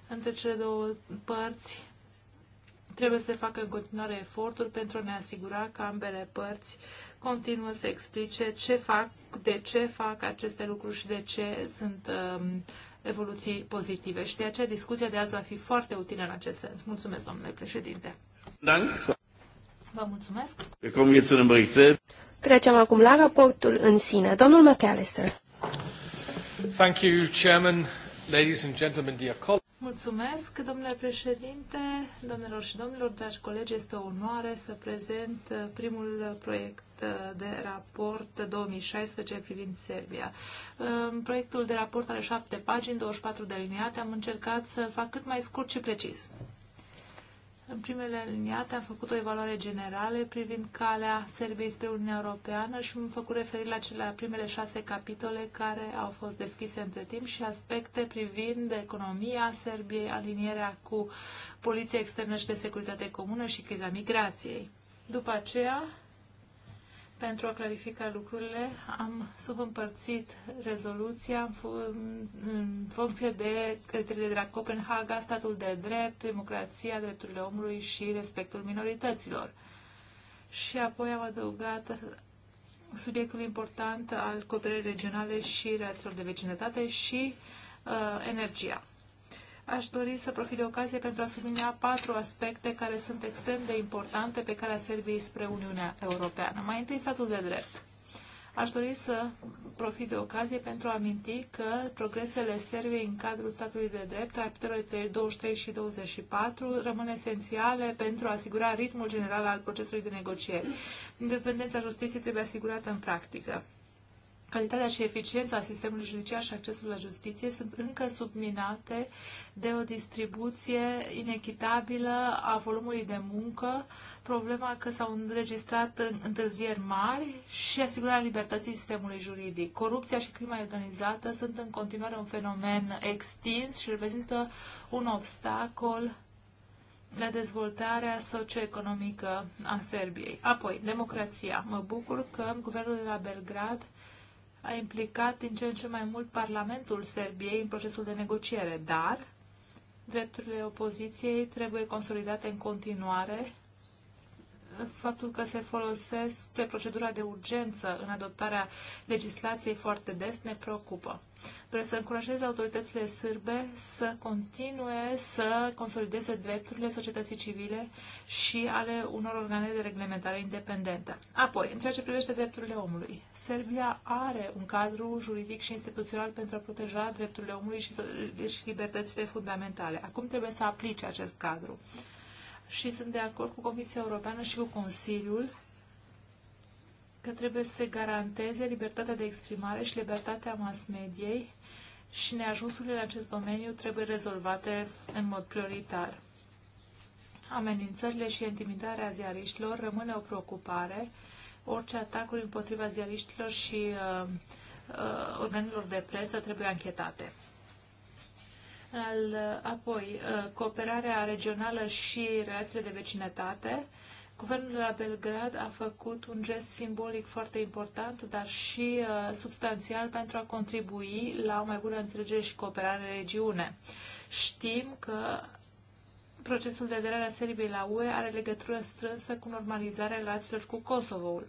A: între cele două părți. Trebuie să facă în continuare eforturi pentru a ne asigura că ambele părți continuă să explice ce fac, de ce fac aceste lucruri și de ce sunt um, evoluții pozitive. Și de aceea discuția de azi va fi foarte utilă în acest sens. Mulțumesc, domnule președinte.
C: Dank. Vă mulțumesc.
B: Trecem acum la raportul în sine. Domnul McAllister. Thank you, Chairman, ladies and gentlemen, dear colleagues.
A: Mulțumesc, domnule președinte, domnilor și domnilor, dragi colegi, este o onoare să prezent uh, primul proiect uh, de raport 2016 privind Serbia. În proiectul de raport are șapte pagini, 24 de liniate. am încercat să-l fac cât mai scurt și precis. În primele aliniate am făcut o evaluare generală privind calea Serbiei spre Uniunea Europeană și am făcut referire la cele primele șase capitole care au fost deschise între timp și aspecte privind economia Serbiei, alinierea cu poliția externă și de securitate comună și criza migrației. După aceea pentru a clarifica lucrurile, am subîmpărțit rezoluția în funcție de criteriile de la Copenhaga, statul de drept, democrația, drepturile omului și respectul minorităților. Și apoi am adăugat subiectul important al cooperării regionale și relațiilor de vecinătate și uh, energia. Aș dori să profit de ocazie pentru a sublinia patru aspecte care sunt extrem de importante pe care a Serbiei spre Uniunea Europeană. Mai întâi, statul de drept. Aș dori să profit de ocazie pentru a aminti că progresele Serbiei în cadrul statului de drept, articolele 23 și 24, rămân esențiale pentru a asigura ritmul general al procesului de negocieri. Independența justiției trebuie asigurată în practică calitatea și eficiența sistemului judiciar și accesul la justiție sunt încă subminate de o distribuție inechitabilă a volumului de muncă, problema că s-au înregistrat întârzieri mari și asigurarea libertății sistemului juridic. Corupția și crima organizată sunt în continuare un fenomen extins și reprezintă un obstacol la dezvoltarea socioeconomică a Serbiei. Apoi, democrația. Mă bucur că guvernul de la Belgrad a implicat din ce în ce mai mult Parlamentul Serbiei în procesul de negociere, dar drepturile opoziției trebuie consolidate în continuare faptul că se folosește procedura de urgență în adoptarea legislației foarte des ne preocupă. Doresc să încurajez autoritățile sârbe să continue să consolideze drepturile societății civile și ale unor organe de reglementare independente. Apoi, în ceea ce privește drepturile omului, Serbia are un cadru juridic și instituțional pentru a proteja drepturile omului și libertățile fundamentale. Acum trebuie să aplice acest cadru și sunt de acord cu Comisia Europeană și cu Consiliul că trebuie să se garanteze libertatea de exprimare și libertatea mass mediei și neajunsurile în acest domeniu trebuie rezolvate în mod prioritar. Amenințările și intimidarea ziariștilor rămâne o preocupare. Orice atacuri împotriva ziariștilor și uh, uh, organelor de presă trebuie anchetate. Al, apoi, uh, cooperarea regională și relațiile de vecinătate. Guvernul de la Belgrad a făcut un gest simbolic foarte important, dar și uh, substanțial pentru a contribui la o mai bună înțelegere și cooperare în regiune. Știm că procesul de aderare a Serbiei la UE are legătură strânsă cu normalizarea relațiilor cu Kosovoul.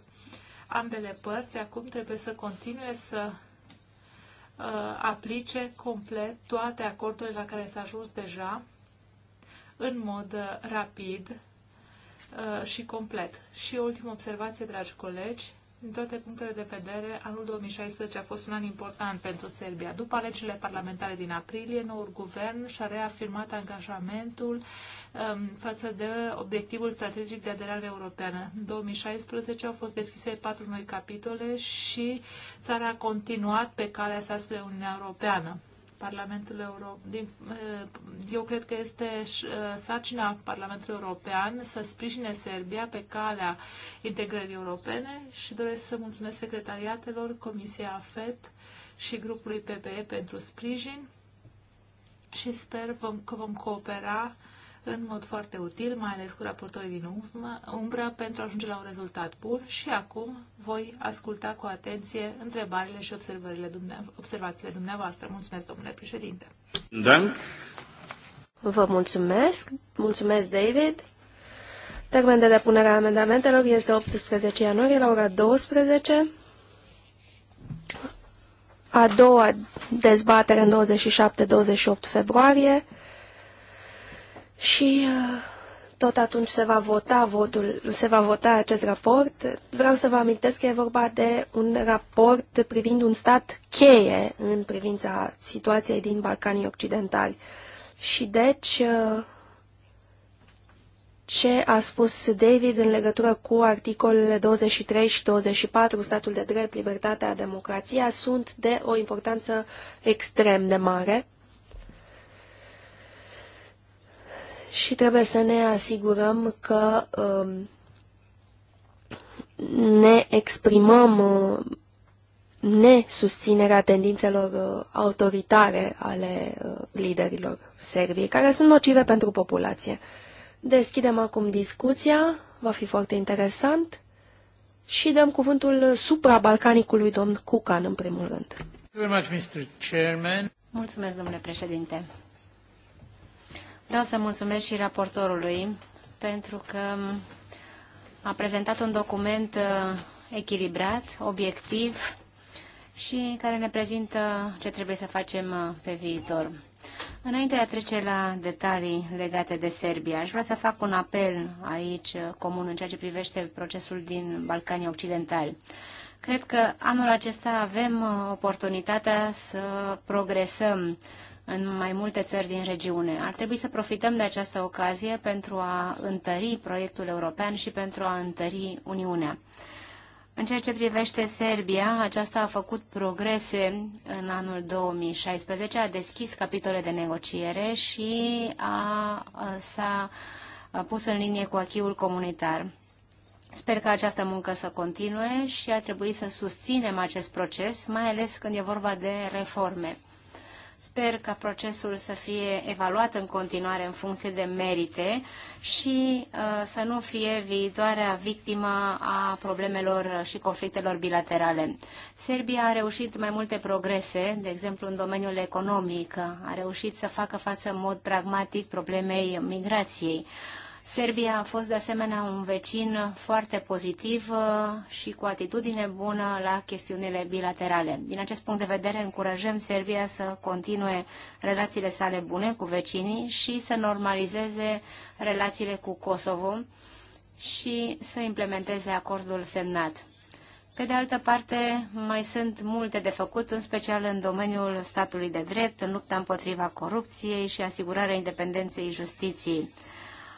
A: Ambele părți acum trebuie să continue să Uh, aplice complet toate acordurile la care s-a ajuns deja în mod uh, rapid uh, și complet. Și ultima observație, dragi colegi, din toate punctele de vedere, anul 2016 a fost un an important pentru Serbia. După alegerile parlamentare din aprilie, noul guvern și-a reafirmat angajamentul um, față de obiectivul strategic de aderare europeană. În 2016 au fost deschise patru noi capitole și țara a continuat pe calea sa spre Uniunea Europeană. Parlamentul European. Eh, eu cred că este eh, sarcina Parlamentului European să sprijine Serbia pe calea integrării europene și doresc să mulțumesc secretariatelor, Comisia AFET și grupului PPE pentru sprijin și sper că vom coopera în mod foarte util, mai ales cu raportorii din umbră, pentru a ajunge la un rezultat bun și acum voi asculta cu atenție întrebările și observările dumneavoastră, observațiile dumneavoastră. Mulțumesc, domnule președinte!
B: Dank. Vă mulțumesc! Mulțumesc, David! Termen de depunere a amendamentelor este 18 ianuarie la ora 12. A doua dezbatere în 27-28 februarie și uh, tot atunci se va vota votul, se va vota acest raport. Vreau să vă amintesc că e vorba de un raport privind un stat cheie în privința situației din Balcanii Occidentali. Și deci uh, ce a spus David în legătură cu articolele 23 și 24, statul de drept, libertatea, democrația, sunt de o importanță extrem de mare și trebuie să ne asigurăm că um, ne exprimăm uh, nesusținerea tendințelor uh, autoritare ale uh, liderilor Serbiei, care sunt nocive pentru populație. Deschidem acum discuția, va fi foarte interesant și dăm cuvântul supra-balcanicului domn Cucan în primul rând.
C: Mulțumesc, domnule președinte. Vreau să mulțumesc și raportorului pentru că a prezentat un document uh, echilibrat, obiectiv și care ne prezintă ce trebuie să facem uh, pe viitor. Înainte de a trece la detalii legate de Serbia, aș vrea să fac un apel aici uh, comun în ceea ce privește procesul din Balcanii Occidentali. Cred că anul acesta avem oportunitatea să progresăm uh, în mai multe țări din regiune. Ar trebui să profităm de această ocazie pentru a întări proiectul european și pentru a întări Uniunea. În ceea ce privește Serbia, aceasta a făcut progrese în anul 2016, a deschis capitole de negociere și a, s-a pus în linie cu achiul comunitar. Sper că această muncă să continue și ar trebui să susținem acest proces, mai ales când e vorba de reforme. Sper ca procesul să fie evaluat în continuare în funcție de merite și uh, să nu fie viitoarea victima a problemelor și conflictelor bilaterale. Serbia a reușit mai multe progrese, de exemplu în domeniul economic, a reușit să facă față în mod pragmatic problemei migrației Serbia a fost de asemenea un vecin foarte pozitiv uh, și cu atitudine bună la chestiunile bilaterale. Din acest punct de vedere, încurajăm Serbia să continue relațiile sale bune cu vecinii și să normalizeze relațiile cu Kosovo și să implementeze acordul semnat. Pe de altă parte, mai sunt multe de făcut, în special în domeniul statului de drept, în lupta împotriva corupției și asigurarea independenței justiției.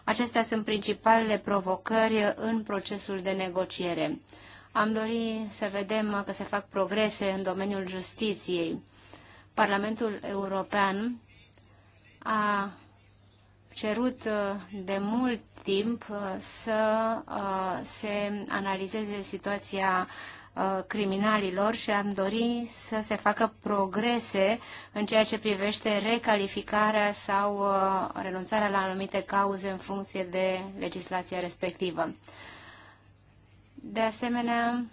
C: Acestea sunt principalele provocări în procesul de negociere. Am dorit să vedem că se fac progrese în domeniul justiției. Parlamentul European a cerut uh, de mult timp uh, să uh, se analizeze situația Uh, criminalilor și am dori să se facă progrese în ceea ce privește recalificarea sau uh, renunțarea la anumite cauze în funcție de legislația respectivă. De asemenea,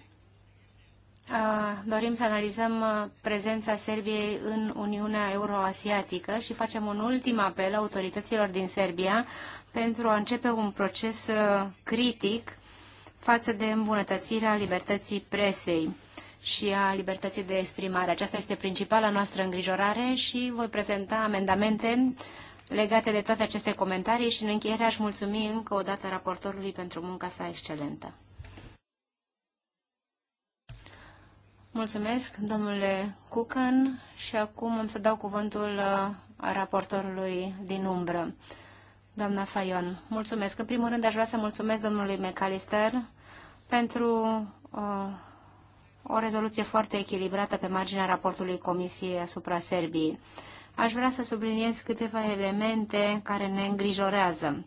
C: uh, dorim să analizăm prezența Serbiei în Uniunea Euroasiatică și facem un ultim apel autorităților din Serbia pentru a începe un proces critic față de îmbunătățirea libertății presei și a libertății de exprimare. Aceasta este principala noastră îngrijorare și voi prezenta amendamente legate de toate aceste comentarii și în încheiere aș mulțumi încă o dată raportorului pentru munca sa excelentă. Mulțumesc, domnule Cucan, și acum am să dau cuvântul uh, raportorului din umbră, doamna Faion. Mulțumesc. În primul rând aș vrea să mulțumesc domnului McAllister pentru uh, o rezoluție foarte echilibrată pe marginea raportului Comisiei asupra Serbiei. Aș vrea să subliniez câteva elemente care ne îngrijorează.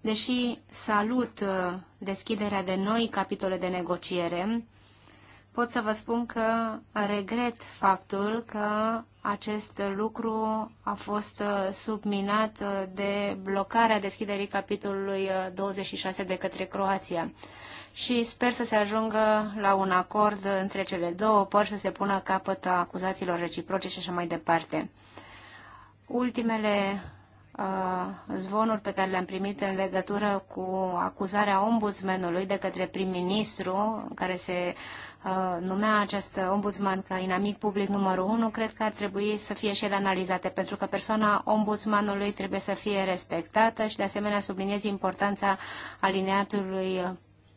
C: Deși salut uh, deschiderea de noi capitole de negociere, pot să vă spun că regret faptul că acest lucru a fost uh, subminat uh, de blocarea deschiderii capitolului 26 de către Croația și sper să se ajungă la un acord între cele două părți să se pună capăt a acuzațiilor reciproce și așa mai departe. Ultimele uh, zvonuri pe care le-am primit în legătură cu acuzarea ombudsmanului de către prim-ministru, care se uh, numea acest ombudsman ca inamic public numărul 1, cred că ar trebui să fie și ele analizate, pentru că persoana ombudsmanului trebuie să fie respectată și, de asemenea, subliniez importanța alineatului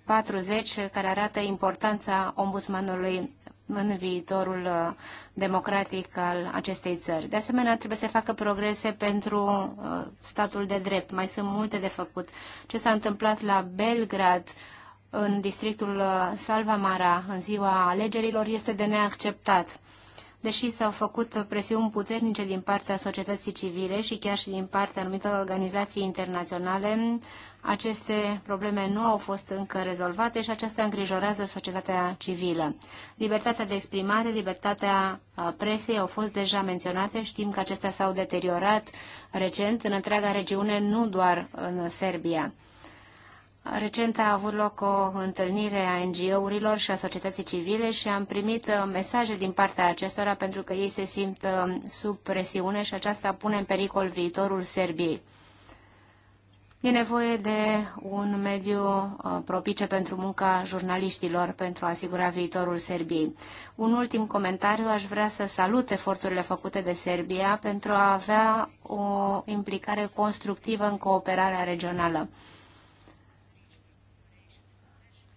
C: 40 care arată importanța ombudsmanului în viitorul uh, democratic al acestei țări. De asemenea, trebuie să facă progrese pentru uh, statul de drept. Mai sunt multe de făcut. Ce s-a întâmplat la Belgrad, în districtul uh, Salva Mara, în ziua alegerilor, este de neacceptat. Deși s-au făcut presiuni puternice din partea societății civile și chiar și din partea anumitor organizații internaționale, aceste probleme nu au fost încă rezolvate și aceasta îngrijorează societatea civilă. Libertatea de exprimare, libertatea presei au fost deja menționate. Știm că acestea s-au deteriorat recent în întreaga regiune, nu doar în Serbia. Recent a avut loc o întâlnire a NGO-urilor și a societății civile și am primit mesaje din partea acestora pentru că ei se simt sub presiune și aceasta pune în pericol viitorul Serbiei. E nevoie de un mediu uh, propice pentru munca jurnaliștilor pentru a asigura viitorul Serbiei. Un ultim comentariu, aș vrea să salut eforturile făcute de Serbia pentru a avea o implicare constructivă în cooperarea regională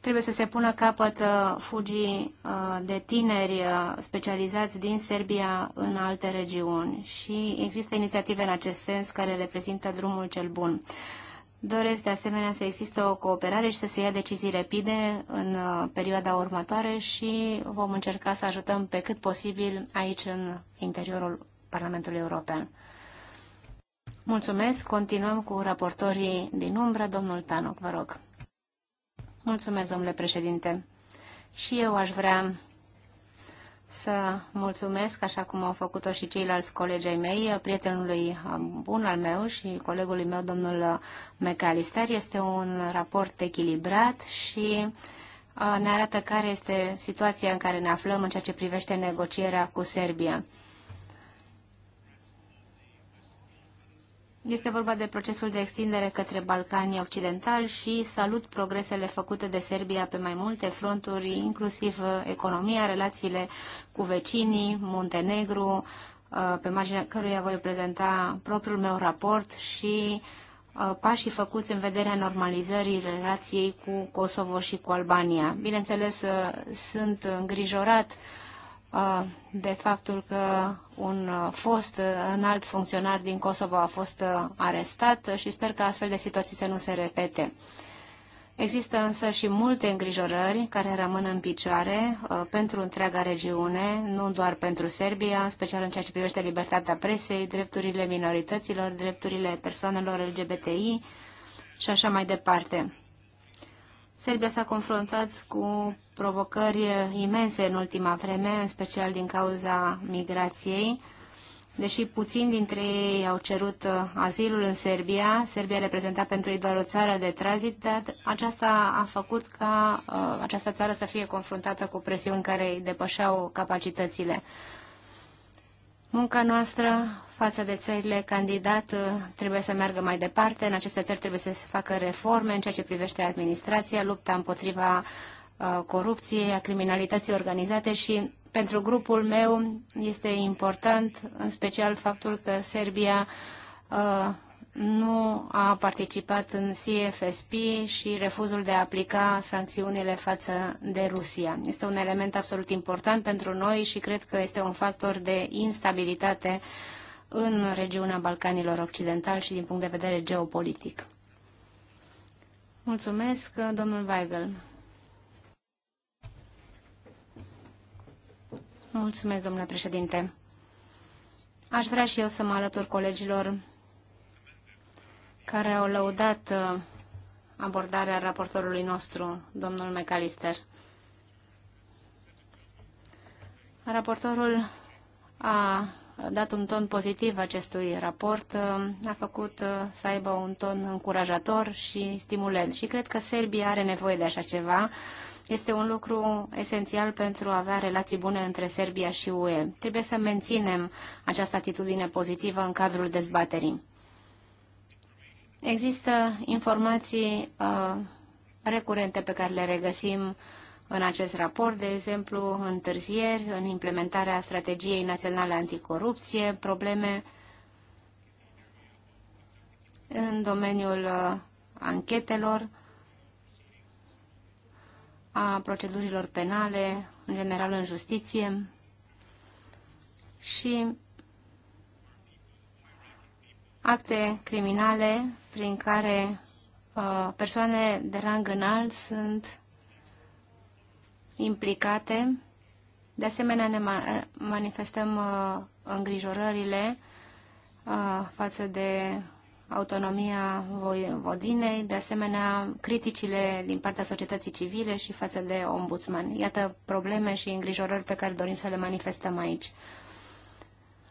C: trebuie să se pună capăt uh, fugii uh, de tineri specializați din Serbia în alte regiuni și există inițiative în acest sens care reprezintă drumul cel bun. Doresc de asemenea să există o cooperare și să se ia decizii rapide în uh, perioada următoare și vom încerca să ajutăm pe cât posibil aici în interiorul Parlamentului European. Mulțumesc. Continuăm cu raportorii din umbră. Domnul Tanoc, vă rog. Mulțumesc, domnule președinte. Și eu aș vrea să mulțumesc, așa cum au făcut-o și ceilalți colegi ai mei, prietenului bun al meu și colegului meu, domnul McAllister. Este un raport echilibrat și uh, ne arată care este situația în care ne aflăm în ceea ce privește negocierea cu Serbia. Este vorba de procesul de extindere către Balcanii Occidentali și salut progresele făcute de Serbia pe mai multe fronturi, inclusiv uh, economia, relațiile cu vecinii, Muntenegru, uh, pe marginea căruia voi prezenta propriul meu raport și uh, pașii făcuți în vederea normalizării relației cu Kosovo și cu Albania. Bineînțeles, sunt îngrijorat uh, de faptul că un fost înalt funcționar din Kosovo a fost arestat și sper că astfel de situații să nu se repete. Există însă și multe îngrijorări care rămân în picioare pentru întreaga regiune, nu doar pentru Serbia, în special în ceea ce privește libertatea presei, drepturile minorităților, drepturile persoanelor LGBTI și așa mai departe. Serbia s-a confruntat cu provocări imense în ultima vreme, în special din cauza migrației. Deși puțini dintre ei au cerut uh, azilul în Serbia, Serbia reprezenta pentru ei doar o țară de tranzit, dar aceasta a făcut ca uh, această țară să fie confruntată cu presiuni care îi depășeau capacitățile. Munca noastră față de țările candidat uh, trebuie să meargă mai departe. În aceste țări trebuie să se facă reforme în ceea ce privește administrația, lupta împotriva uh, corupției, a criminalității organizate și pentru grupul meu este important, în special faptul că Serbia uh, nu a participat în CFSP și refuzul de a aplica sancțiunile față de Rusia. Este un element absolut important pentru noi și cred că este un factor de instabilitate în regiunea Balcanilor Occidentali și din punct de vedere geopolitic. Mulțumesc, domnul Weigel. Mulțumesc, domnule președinte. Aș vrea și eu să mă alătur colegilor care au lăudat uh, abordarea raportorului nostru, domnul McAllister. Raportorul a dat un ton pozitiv acestui raport, uh, a făcut uh, să aibă un ton încurajator și stimulent. Și cred că Serbia are nevoie de așa ceva. Este un lucru esențial pentru a avea relații bune între Serbia și UE. Trebuie să menținem această atitudine pozitivă în cadrul dezbaterii. Există informații uh, recurente pe care le regăsim în acest raport, de exemplu, întârzieri în implementarea strategiei naționale anticorupție, probleme în domeniul uh, anchetelor, a procedurilor penale, în general în justiție și acte criminale prin care uh, persoane de rang înalt sunt implicate. De asemenea, ne ma manifestăm uh, îngrijorările uh, față de autonomia vodinei, de asemenea criticile din partea societății civile și față de ombudsman. Iată probleme și îngrijorări pe care dorim să le manifestăm aici.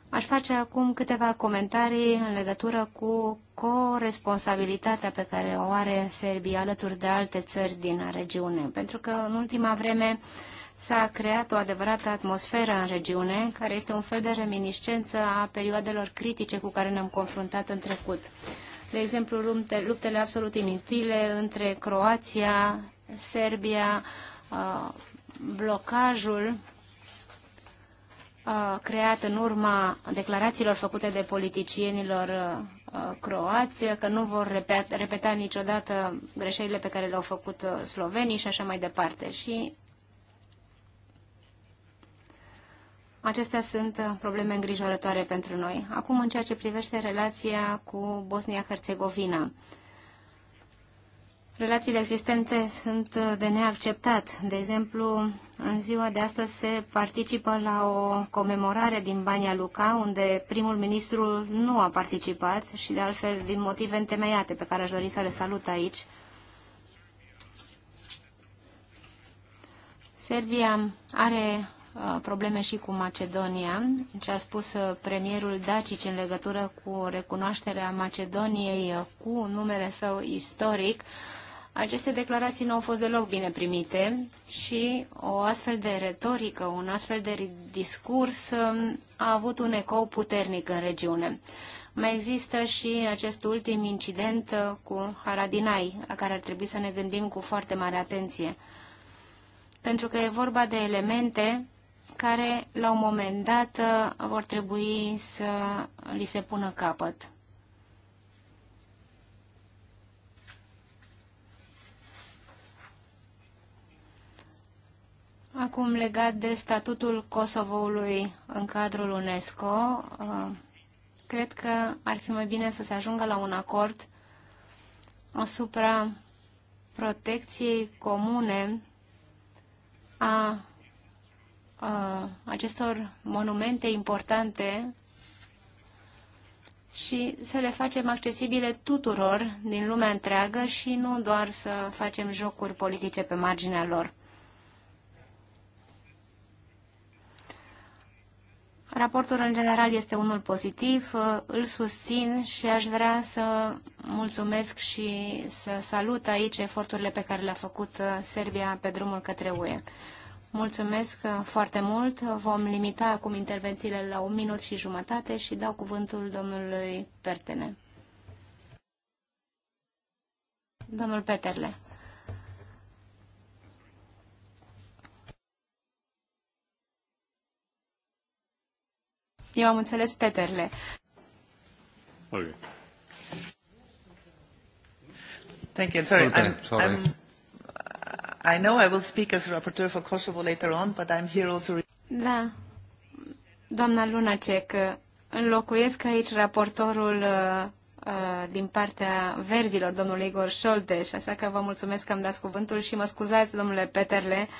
C: Aș face acum câteva comentarii în legătură cu corresponsabilitatea pe care o are Serbia alături de alte țări din regiune, pentru că în ultima vreme s-a creat o adevărată atmosferă în regiune, care este un fel de reminiscență a perioadelor critice cu care ne-am confruntat în trecut. De exemplu, luptele absolut inutile între Croația, Serbia, uh, blocajul creat în urma declarațiilor făcute de politicienilor uh, uh, croați, că nu vor repeta, repeta niciodată greșelile pe care le-au făcut uh, slovenii și așa mai departe. Și Acestea sunt probleme îngrijorătoare pentru noi. Acum, în ceea ce privește relația cu Bosnia-Herzegovina, Relațiile existente sunt uh, de neacceptat. De exemplu, în ziua de astăzi se participă la o comemorare din Bania Luca, unde primul ministru nu a participat și de altfel din motive întemeiate pe care aș dori să le salut aici. Serbia are uh, probleme și cu Macedonia. Ce a spus uh, premierul Dacic în legătură cu recunoașterea Macedoniei cu numele său istoric aceste declarații nu au fost deloc bine primite și o astfel de retorică, un astfel de discurs um, a avut un ecou puternic în regiune. Mai există și acest ultim incident uh, cu Haradinai, la care ar trebui să ne gândim cu foarte mare atenție. Pentru că e vorba de elemente care, la un moment dat, uh, vor trebui să li se pună capăt. Acum, legat de statutul Kosovoului în cadrul UNESCO, uh, cred că ar fi mai bine să se ajungă la un acord asupra protecției comune a, a acestor monumente importante și să le facem accesibile tuturor din lumea întreagă și nu doar să facem jocuri politice pe marginea lor. Raportul în general este unul pozitiv, îl susțin și aș vrea să mulțumesc și să salut aici eforturile pe care le-a făcut uh, Serbia pe drumul către UE. Mulțumesc uh, foarte mult. Vom limita acum intervențiile la un minut și jumătate și dau cuvântul domnului Pertene. Domnul Peterle. Eu am înțeles Peterle. Ok. Thank you. Sorry, okay, I'm, sorry. I'm,
A: uh, I know I will speak as rapporteur for Kosovo later on, but I'm here also...
C: Da. Doamna Lunacek, înlocuiesc aici raportorul uh, uh, din partea verzilor, domnul Igor Șolteș, așa că vă mulțumesc că am dat cuvântul și mă scuzați, domnule Peterle, uh,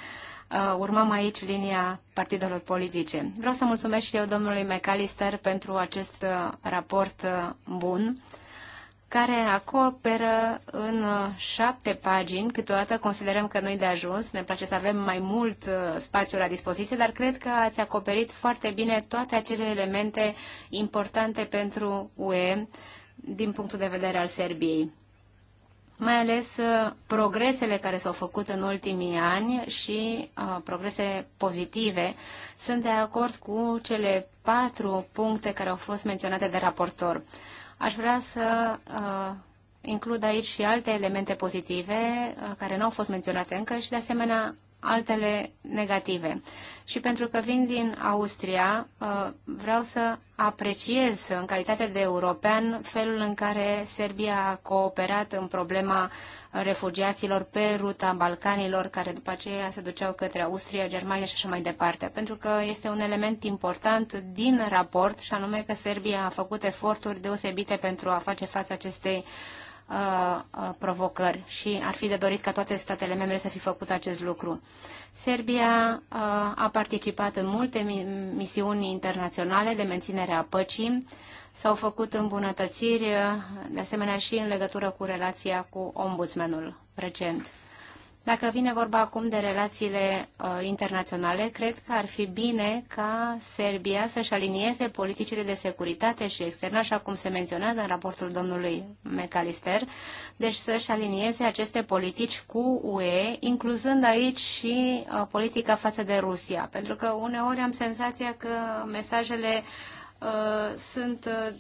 C: uh, urmăm aici linia partidelor politice. Vreau să mulțumesc și eu domnului McAllister pentru acest uh, raport uh, bun care acoperă în uh, șapte pagini. Câteodată considerăm că nu-i de ajuns, ne place să avem mai mult uh, spațiu la dispoziție, dar cred că ați acoperit foarte bine toate acele elemente importante pentru UE din punctul de vedere al Serbiei mai ales uh, progresele care s-au făcut în ultimii ani și uh, progrese pozitive. Sunt de acord cu cele patru puncte care au fost menționate de raportor. Aș vrea să uh, includ aici și alte elemente pozitive uh, care nu au fost menționate încă și, de asemenea, altele negative. Și pentru că vin din Austria, uh, vreau să apreciez în calitate de european felul în care Serbia a cooperat în problema refugiaților pe ruta Balcanilor, care după aceea se duceau către Austria, Germania și așa mai departe. Pentru că este un element important din raport, și anume că Serbia a făcut eforturi deosebite pentru a face față acestei uh, Uh, uh, provocări și ar fi de dorit ca toate statele membre să fi făcut acest lucru. Serbia uh, a participat în multe misiuni internaționale de menținere a păcii, s-au făcut îmbunătățiri, uh, de asemenea și în legătură cu relația cu ombudsmanul recent. Dacă vine vorba acum de relațiile uh, internaționale, cred că ar fi bine ca Serbia să-și alinieze politicile de securitate și externă, așa cum se menționează în raportul domnului McAllister, deci să-și alinieze aceste politici cu UE, incluzând aici și uh, politica față de Rusia, pentru că uneori am senzația că mesajele uh, sunt uh,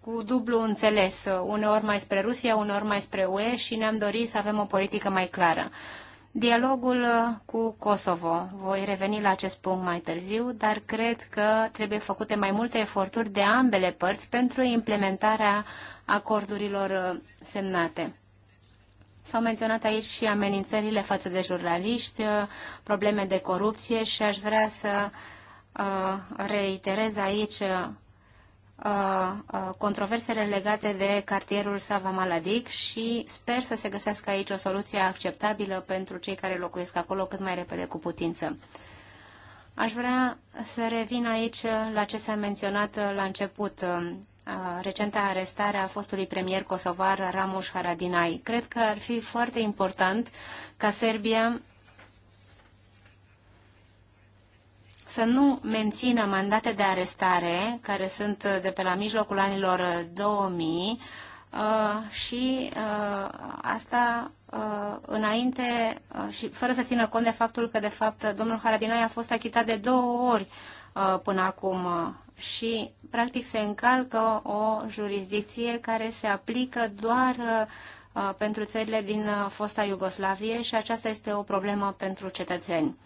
C: cu dublu înțeles, uneori mai spre Rusia, uneori mai spre UE și ne-am dorit să avem o politică mai clară. Dialogul uh, cu Kosovo. Voi reveni la acest punct mai târziu, dar cred că trebuie făcute mai multe eforturi de ambele părți pentru implementarea acordurilor uh, semnate. S-au menționat aici și amenințările față de jurnaliști, uh, probleme de corupție și aș vrea să reiterez aici Uh, uh, controversele legate de cartierul Sava Maladic și sper să se găsească aici o soluție acceptabilă pentru cei care locuiesc acolo cât mai repede cu putință. Aș vrea să revin aici la ce s-a menționat la început, uh, recenta arestare a fostului premier kosovar Ramush Haradinaj. Cred că ar fi foarte important ca Serbia să nu mențină mandate de arestare, care sunt uh, de pe la mijlocul anilor 2000, uh, uh, și asta înainte și fără să țină cont de faptul că, de fapt, domnul Haradinai a fost achitat de două ori până acum și, practic, se încalcă o jurisdicție care se aplică doar pentru țările din fosta Iugoslavie și aceasta este o problemă pentru cetățeni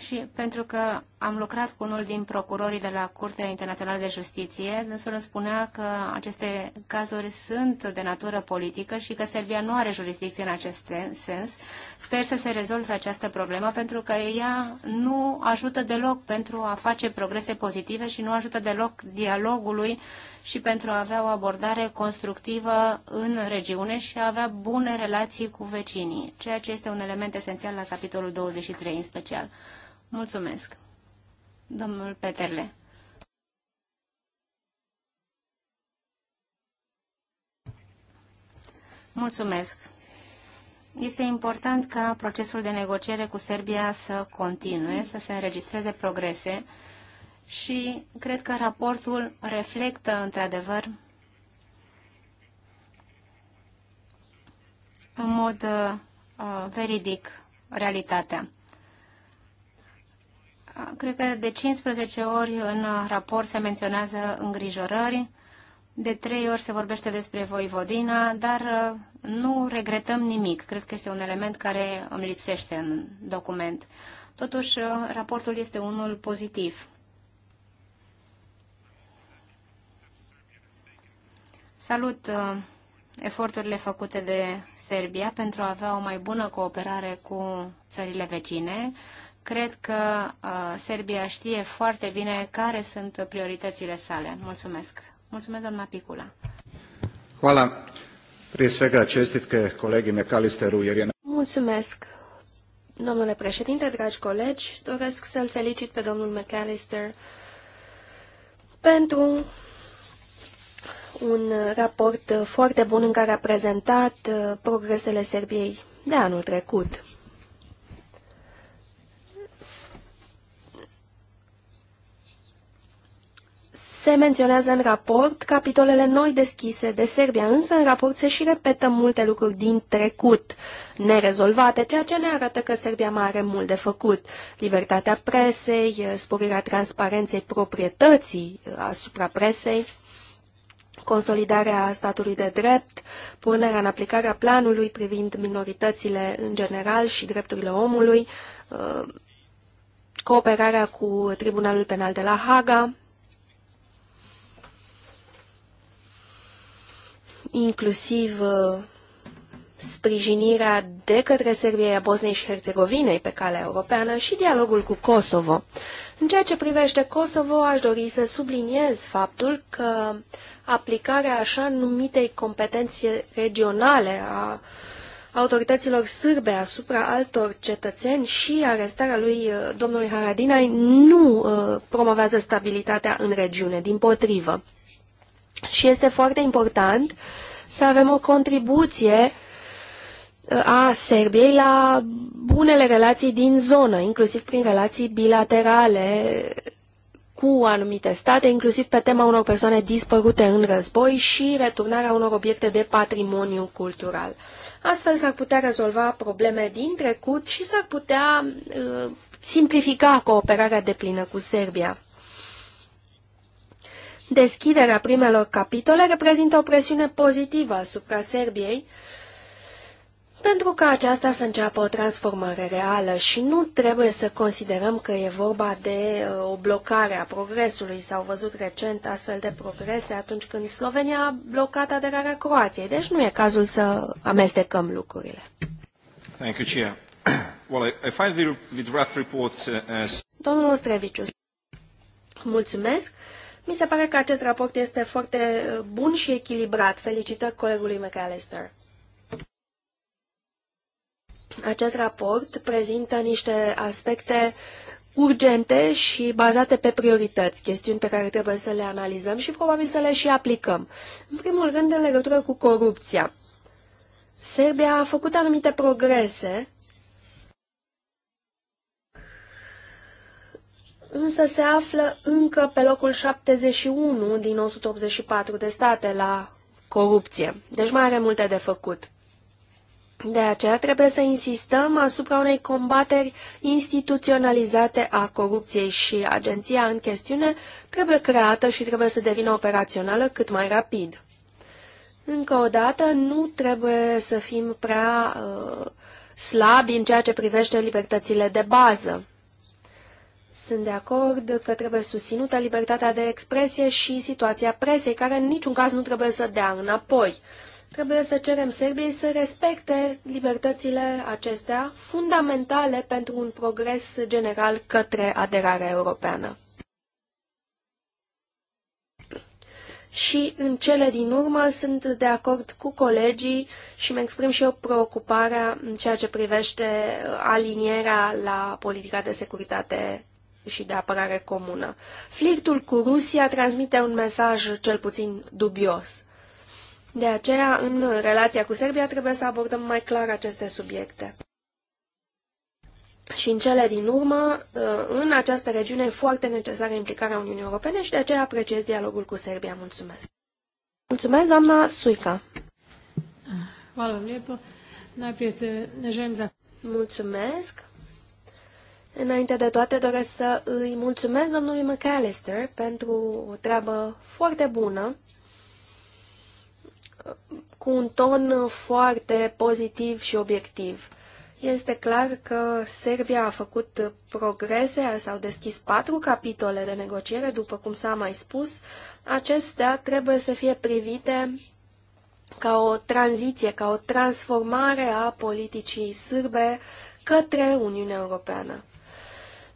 C: și pentru că am lucrat cu unul din procurorii de la Curtea Internațională de Justiție, dânsul îmi spunea că aceste cazuri sunt de natură politică și că Serbia nu are jurisdicție în acest sens. Sper să se rezolve această problemă pentru că ea nu ajută deloc pentru a face progrese pozitive și nu ajută deloc dialogului și pentru a avea o abordare constructivă în regiune și a avea bune relații cu vecinii, ceea ce este un element esențial la capitolul 23 în special. Mulțumesc. Domnul Peterle. Mulțumesc. Este important ca procesul de negociere cu Serbia să continue, să se înregistreze progrese și cred că raportul reflectă într-adevăr în mod uh, uh veridic realitatea. Cred că de 15 ori în raport se menționează îngrijorări, de 3 ori se vorbește despre Voivodina, dar uh, nu regretăm nimic. Cred că este un element care îmi lipsește în document. Totuși, uh, raportul este unul pozitiv. Salut uh, eforturile făcute de Serbia pentru a avea o mai bună cooperare cu țările vecine. Cred că uh, Serbia știe foarte bine care sunt prioritățile sale. Mulțumesc. Mulțumesc, doamna Picula.
A: Hvala. Prije svega čestitke kolegi Mekalisteru jer je...
B: Mulțumesc. Domnule președinte, dragi colegi, doresc să-l felicit pe domnul Mekalister pentru un raport foarte bun în care a prezentat uh, progresele Serbiei de anul trecut. Se menționează în raport capitolele noi deschise de Serbia, însă în raport se și repetă multe lucruri din trecut nerezolvate, ceea ce ne arată că Serbia mai are mult de făcut. Libertatea presei, sporirea transparenței proprietății uh, asupra presei, consolidarea statului de drept, punerea în aplicare a planului privind minoritățile în general și drepturile omului, uh, cooperarea cu Tribunalul Penal de la Haga, inclusiv uh, sprijinirea de către Serbia, a Bosniei și Herțegovinei pe calea europeană și dialogul cu Kosovo. În ceea ce privește Kosovo, aș dori să subliniez faptul că aplicarea așa numitei competențe regionale a autorităților sârbe asupra altor cetățeni și arestarea lui uh, domnului Haradinaj nu uh, promovează stabilitatea în regiune, din potrivă. Și este foarte important să avem o contribuție uh, a Serbiei la bunele relații din zonă, inclusiv prin relații bilaterale cu anumite state, inclusiv pe tema unor persoane dispărute în război și returnarea unor obiecte de patrimoniu cultural. Astfel s-ar putea rezolva probleme din trecut și s-ar putea uh, simplifica cooperarea de plină cu Serbia. Deschiderea primelor capitole reprezintă o presiune pozitivă asupra Serbiei, uh, pentru ca aceasta să înceapă o transformare reală și nu trebuie să considerăm că e vorba de uh, o blocare a progresului. S-au văzut recent astfel de progrese atunci când Slovenia a blocat aderarea Croației, deci nu e cazul să amestecăm lucrurile. Thank you, Well, I find the draft report uh, as... Domnul Ostreviciu, mulțumesc. Mi se pare că acest raport este foarte uh, bun și echilibrat. Felicitări colegului McAllister. Acest raport prezintă niște aspecte urgente și bazate pe priorități, chestiuni pe care trebuie să le analizăm și probabil să le și aplicăm. În primul rând, în legătură cu corupția. Serbia a făcut anumite progrese, însă se află încă pe locul 71 din 184 de state la corupție. Deci mai are multe de făcut. De aceea trebuie să insistăm asupra unei combateri instituționalizate a corupției și agenția în chestiune trebuie creată și trebuie să devină operațională cât mai rapid. Încă o dată, nu trebuie să fim prea uh, slabi în ceea ce privește libertățile de bază. Sunt de acord că trebuie susținută libertatea de expresie și situația presei, care în niciun caz nu trebuie să dea înapoi. Uh, Trebuie să cerem Serbiei să respecte libertățile acestea fundamentale pentru un progres general către aderarea europeană. Și în cele din urmă sunt de acord cu colegii și îmi exprim și eu preocuparea în ceea ce privește alinierea la politica de securitate și de apărare comună. Flirtul cu Rusia transmite un mesaj cel puțin dubios. De aceea, în relația cu Serbia, trebuie să abordăm mai clar aceste subiecte. Și în cele din urmă, uh, în această regiune e foarte necesară implicarea Uniunii Europene și de aceea apreciez dialogul cu Serbia. Mulțumesc! Mulțumesc, doamna Suica! Mulțumesc! Înainte de toate doresc să îi mulțumesc domnului McAllister pentru o treabă foarte bună cu un ton foarte pozitiv și obiectiv. Este clar că Serbia a făcut progrese, s-au deschis patru capitole de negociere, după cum s-a mai spus. Acestea trebuie să fie privite ca o tranziție, ca o transformare a politicii sârbe către Uniunea Europeană.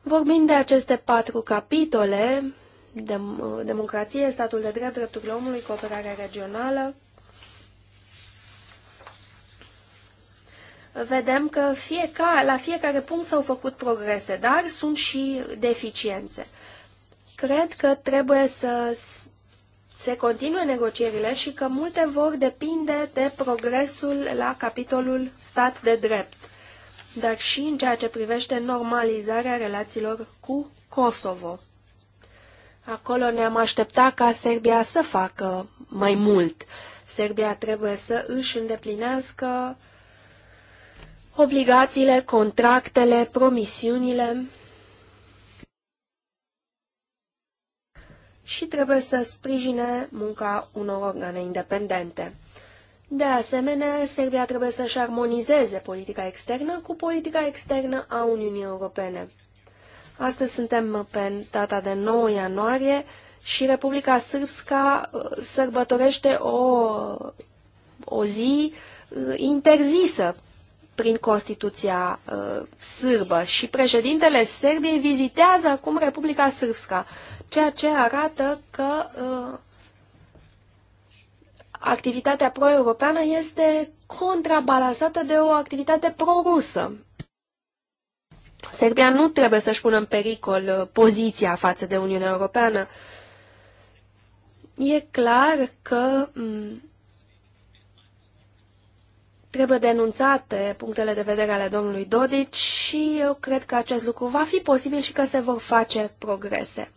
B: Vorbind de aceste patru capitole, dem democrație, statul de drept, drepturile omului, cooperarea regională, vedem că fiecare, la fiecare punct s-au făcut progrese, dar sunt și deficiențe. Cred că trebuie să se continue negocierile și că multe vor depinde de progresul la capitolul stat de drept, dar și în ceea ce privește normalizarea relațiilor cu Kosovo. Acolo ne-am aștepta ca Serbia să facă mai mult. Serbia trebuie să își îndeplinească uh, obligațiile, contractele, promisiunile și trebuie să sprijine munca unor organe independente. De asemenea, Serbia trebuie să-și armonizeze politica externă cu politica externă a Uniunii Europene. Astăzi suntem pe data de 9 ianuarie și Republica Sârbska uh, sărbătorește o, o zi uh, interzisă prin Constituția uh, sârbă și președintele Serbiei vizitează acum Republica Sârbska, ceea ce arată că uh, activitatea pro-europeană este contrabalansată de o activitate pro-rusă. Serbia nu trebuie să-și pună în pericol uh, poziția față de Uniunea Europeană. E clar că mm, Trebuie denunțate punctele de vedere ale domnului Dodic și eu cred că acest lucru va fi posibil și că se vor face progrese.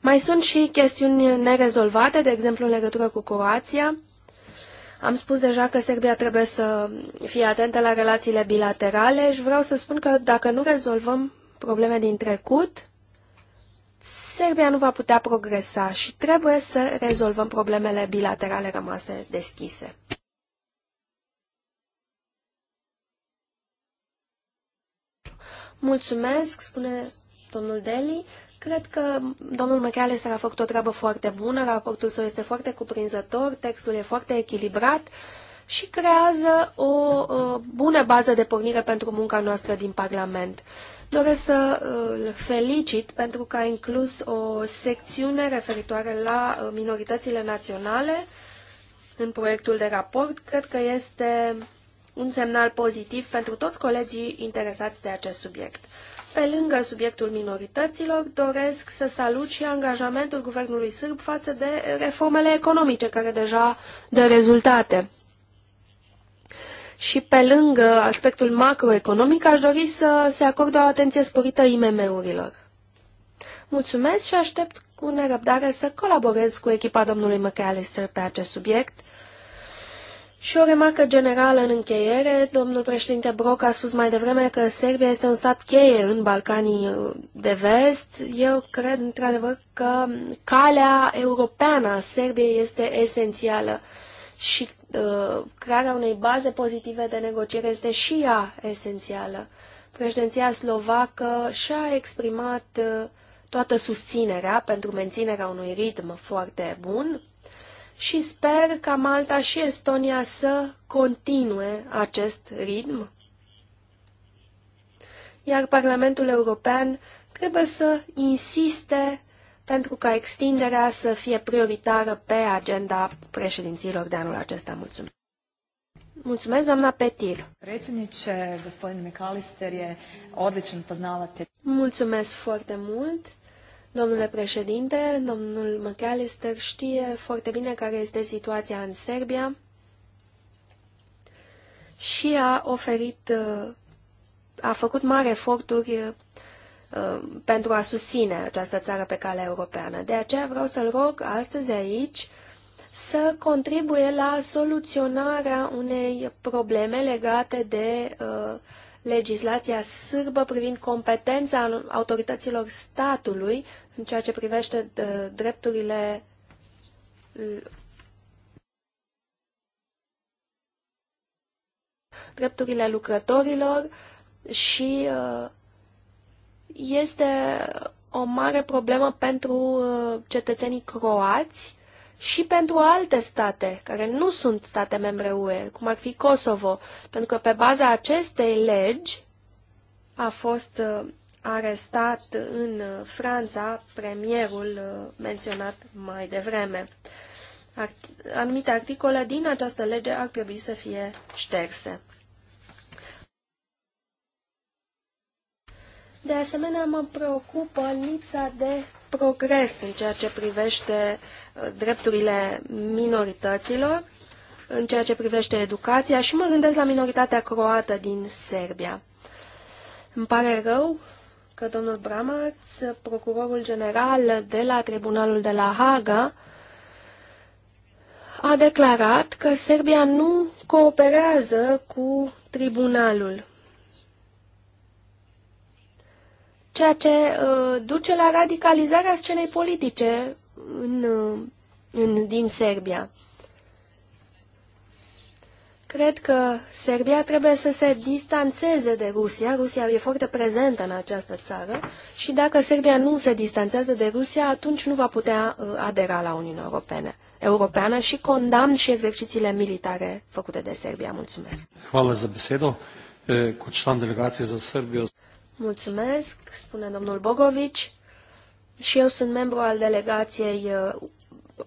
B: Mai sunt și chestiuni nerezolvate, de exemplu în legătură cu Croația. Am spus deja că Serbia trebuie să fie atentă la relațiile bilaterale și vreau să spun că dacă nu rezolvăm probleme din trecut, Serbia nu va putea progresa și trebuie să rezolvăm problemele bilaterale rămase deschise. Mulțumesc, spune domnul Deli. Cred că domnul McAllister a făcut o treabă foarte bună, raportul său este foarte cuprinzător, textul e foarte echilibrat și creează o, uh, bună bază de pornire pentru munca noastră din Parlament. Doresc să îl felicit pentru că a inclus o secțiune referitoare la uh, minoritățile naționale în proiectul de raport. Cred că este un semnal pozitiv pentru toți colegii interesați de acest subiect. Pe lângă subiectul minorităților, doresc să salut și angajamentul guvernului sârb față de reformele economice care deja dă rezultate. Și pe lângă aspectul macroeconomic, aș dori să se acorde o atenție sporită IMM-urilor. Mulțumesc și aștept cu nerăbdare să colaborez cu echipa domnului McAllister pe acest subiect și o remarcă generală în încheiere, domnul președinte Broc a spus mai devreme că Serbia este un stat cheie în Balcanii uh, de vest. Eu cred într-adevăr că calea europeană a Serbiei este esențială și uh, crearea unei baze pozitive de negociere este și ea esențială. Președinția slovacă și-a exprimat uh, toată susținerea pentru menținerea unui ritm foarte bun și sper ca Malta și Estonia să continue acest ritm. Iar Parlamentul European trebuie să insiste pentru ca extinderea să fie prioritară pe agenda președinților de anul acesta. Mulțumesc! Mulțumesc, doamna Petir. Mulțumesc foarte mult. Domnule președinte, domnul McAllister știe foarte bine care este situația în Serbia și a oferit, a făcut mari eforturi uh, pentru a susține această țară pe calea europeană. De aceea vreau să-l rog astăzi aici să contribuie la soluționarea unei probleme legate de uh, legislația sârbă privind competența autorităților statului în ceea ce privește uh, drepturile drepturile lucrătorilor și uh, este o mare problemă pentru uh, cetățenii croați și pentru alte state care nu sunt state membre UE, cum ar fi Kosovo, pentru că pe baza acestei legi a fost uh, arestat în uh, Franța premierul uh, menționat mai devreme. Anumite articole din această lege ar trebui să fie șterse. De asemenea, mă preocupă lipsa de progres în ceea ce privește uh, drepturile minorităților, în ceea ce privește educația și mă gândesc la minoritatea croată din Serbia. Îmi pare rău că domnul Bramaț, procurorul general de la Tribunalul de la Haga, a declarat că Serbia nu cooperează cu tribunalul ceea ce uh, duce la radicalizarea scenei politice în, uh, în, din Serbia. Cred că Serbia trebuie să se distanțeze de Rusia. Rusia e foarte prezentă în această țară și dacă Serbia nu se distanțează de Rusia, atunci nu va putea uh, adera la Uniunea Europeană. Europeană și condamn și exercițiile militare făcute de Serbia. Mulțumesc. Hvala za besedo. Cu član delegației za Serbia. Mulțumesc, spune domnul Bogovici. Și eu sunt membru al delegației uh,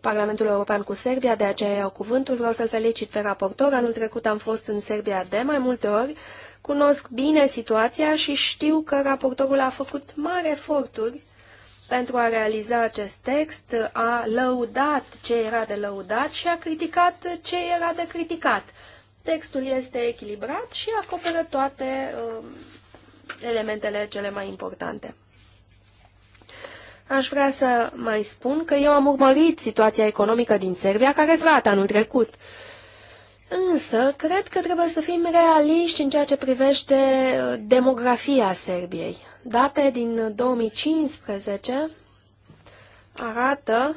B: Parlamentului European cu Serbia, de aceea iau cuvântul. Vreau să-l felicit pe raportor. Anul trecut am fost în Serbia de mai multe ori. Cunosc bine situația și știu că raportorul a făcut mari eforturi pentru a realiza acest text, a lăudat ce era de lăudat și a criticat ce era de criticat. Textul este echilibrat și acoperă toate uh, elementele cele mai importante. Aș vrea să mai spun că eu am urmărit situația economică din Serbia, care s-a anul trecut. Însă, cred că trebuie să fim realiști în ceea ce privește uh, demografia Serbiei. Date din 2015 arată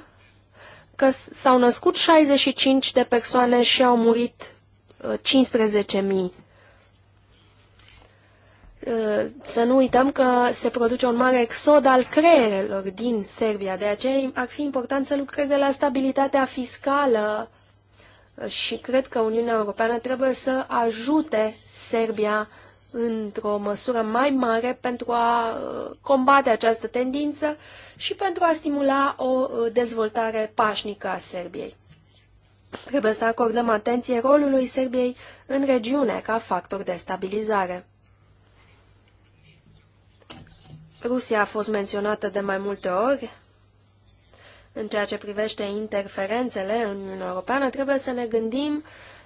B: că s-au născut 65 de persoane și au murit 15.000. Uh, Eh, să nu uităm că se produce un mare exod al creierelor din Serbia. De aceea ar fi important să lucreze la stabilitatea fiscală și cred că Uniunea Europeană trebuie să ajute Serbia într-o măsură mai mare pentru a eh, combate această tendință și pentru a stimula o eh, dezvoltare pașnică a Serbiei. Trebuie să acordăm atenție rolului Serbiei în regiune ca factor de stabilizare. Rusia a fost menționată de mai multe ori. În ceea ce privește interferențele în Uniunea Europeană, trebuie să ne gândim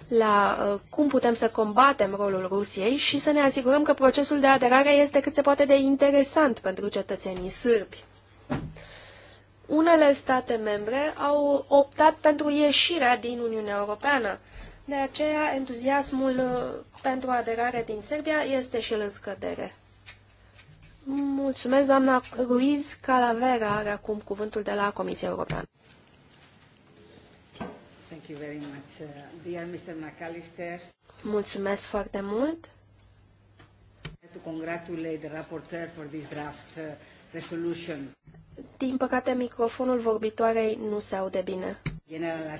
B: la uh, cum putem să combatem rolul Rusiei și să ne asigurăm că procesul de aderare este cât se poate de interesant pentru cetățenii sârbi. Unele state membre au optat pentru ieșirea din Uniunea Europeană. De aceea, entuziasmul uh, pentru aderare din Serbia este și în scădere. Mulțumesc, doamna Ruiz Calavera are acum cuvântul de la Comisia Europeană.
C: Thank you very much, uh, dear Mr. McAllister.
B: Mulțumesc foarte mult.
C: To congratulate the rapporteur for this draft uh, resolution.
B: Din păcate, microfonul vorbitoarei nu se aude bine.
C: General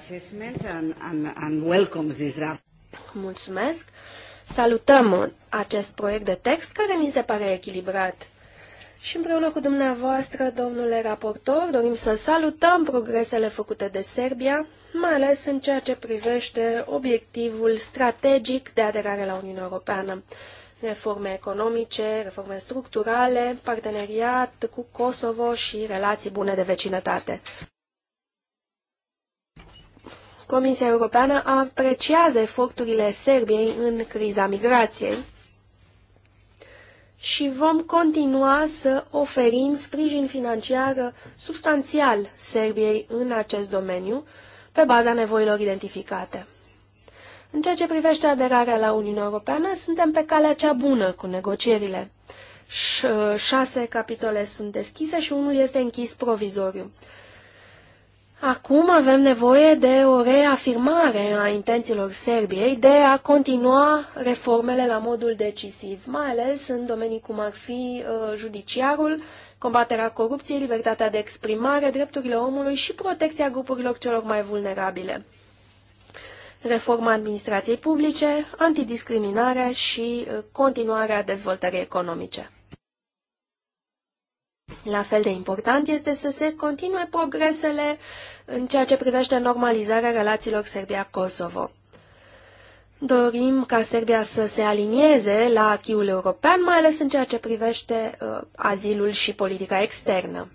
C: and, and, and welcomes this draft. Mulțumesc.
B: Salutăm acest proiect de text care ni se pare echilibrat și împreună cu dumneavoastră, domnule raportor, dorim să salutăm progresele făcute de Serbia, mai ales în ceea ce privește obiectivul strategic de aderare la Uniunea Europeană. Reforme economice, reforme structurale, parteneriat cu Kosovo și relații bune de vecinătate. Comisia Europeană apreciază eforturile Serbiei în criza migrației și vom continua să oferim sprijin financiar substanțial Serbiei în acest domeniu, pe baza nevoilor identificate. În ceea ce privește aderarea la Uniunea Europeană, suntem pe calea cea bună cu negocierile. Ș șase capitole sunt deschise și unul este închis provizoriu. Acum avem nevoie de o reafirmare a intențiilor Serbiei de a continua reformele la modul decisiv, mai ales în domenii cum ar fi uh, judiciarul, combaterea corupției, libertatea de exprimare, drepturile omului și protecția grupurilor celor mai vulnerabile, reforma administrației publice, antidiscriminarea și uh, continuarea dezvoltării economice. La fel de important este să se continue progresele în ceea ce privește normalizarea relațiilor Serbia-Kosovo. Dorim ca Serbia să se alinieze la achiul european, mai ales în ceea ce privește uh, azilul și politica externă.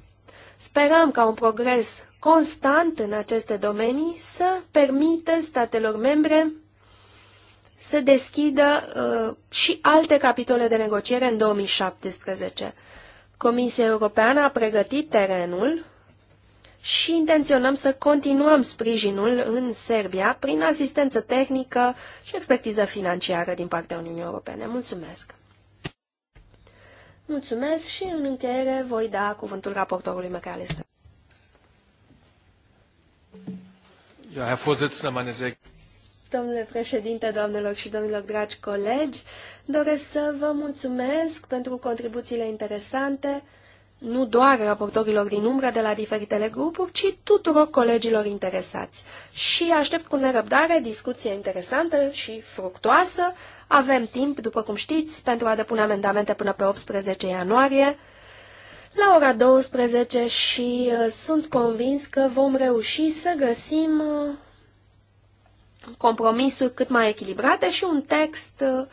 B: Sperăm ca un progres constant în aceste domenii să permită statelor membre să deschidă uh, și alte capitole de negociere în 2017. Comisia Europeană a pregătit terenul și intenționăm să continuăm sprijinul în Serbia prin asistență tehnică și expertiză financiară din partea Uniunii Europene. Mulțumesc! Mulțumesc și în încheiere voi da cuvântul raportorului McAllister. Ja, Herr Vorsitzender, meine sehr domnule președinte, doamnelor și domnilor, dragi colegi. Doresc să vă mulțumesc pentru contribuțiile interesante, nu doar raportorilor din umbră de la diferitele grupuri, ci tuturor colegilor interesați. Și aștept cu nerăbdare discuție interesantă și fructoasă. Avem timp, după cum știți, pentru a depune amendamente până pe 18 ianuarie la ora 12 și uh, sunt convins că vom reuși să găsim uh, compromisuri cât mai echilibrate și un text uh,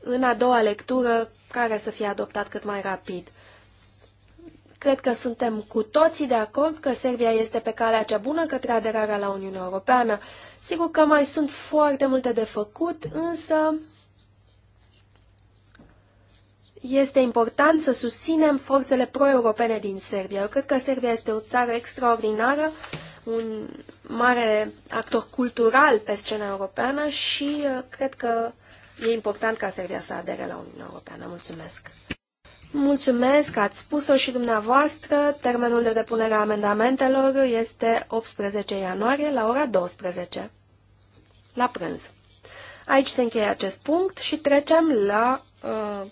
B: în a doua lectură care să fie adoptat cât mai rapid. Cred că suntem cu toții de acord că Serbia este pe calea cea bună către aderarea la Uniunea Europeană. Sigur că mai sunt foarte multe de făcut, însă este important să susținem forțele pro-europene din Serbia. Eu cred că Serbia este o țară extraordinară, un mare actor cultural pe scena europeană și uh, cred că e important ca Serbia să adere la Uniunea Europeană. Mulțumesc! Mulțumesc, ați spus-o și dumneavoastră. Termenul de depunere a amendamentelor este 18 ianuarie la ora 12, la prânz. Aici se încheie acest punct și trecem la uh,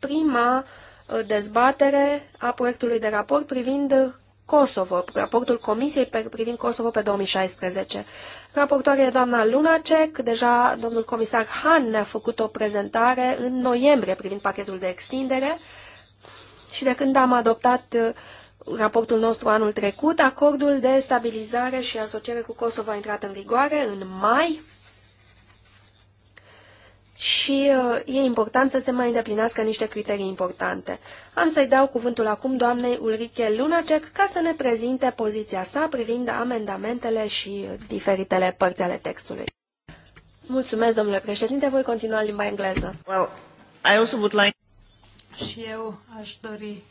B: prima uh, dezbatere a proiectului de raport privind Kosovo, raportul Comisiei privind Kosovo pe 2016. Raportoarea e doamna Lunacek, deja domnul comisar Han ne-a făcut o prezentare în noiembrie privind pachetul de extindere și de când am adoptat uh, raportul nostru anul trecut, acordul de stabilizare și asociere cu Kosovo a intrat în vigoare în mai și uh, e important să se mai îndeplinească niște criterii importante. Am să-i dau cuvântul acum doamnei Ulrike Lunacek ca să ne prezinte poziția sa privind amendamentele și diferitele părți ale textului. Mulțumesc, domnule președinte, voi continua în limba engleză. Well, I also would like...
A: Și eu aș dori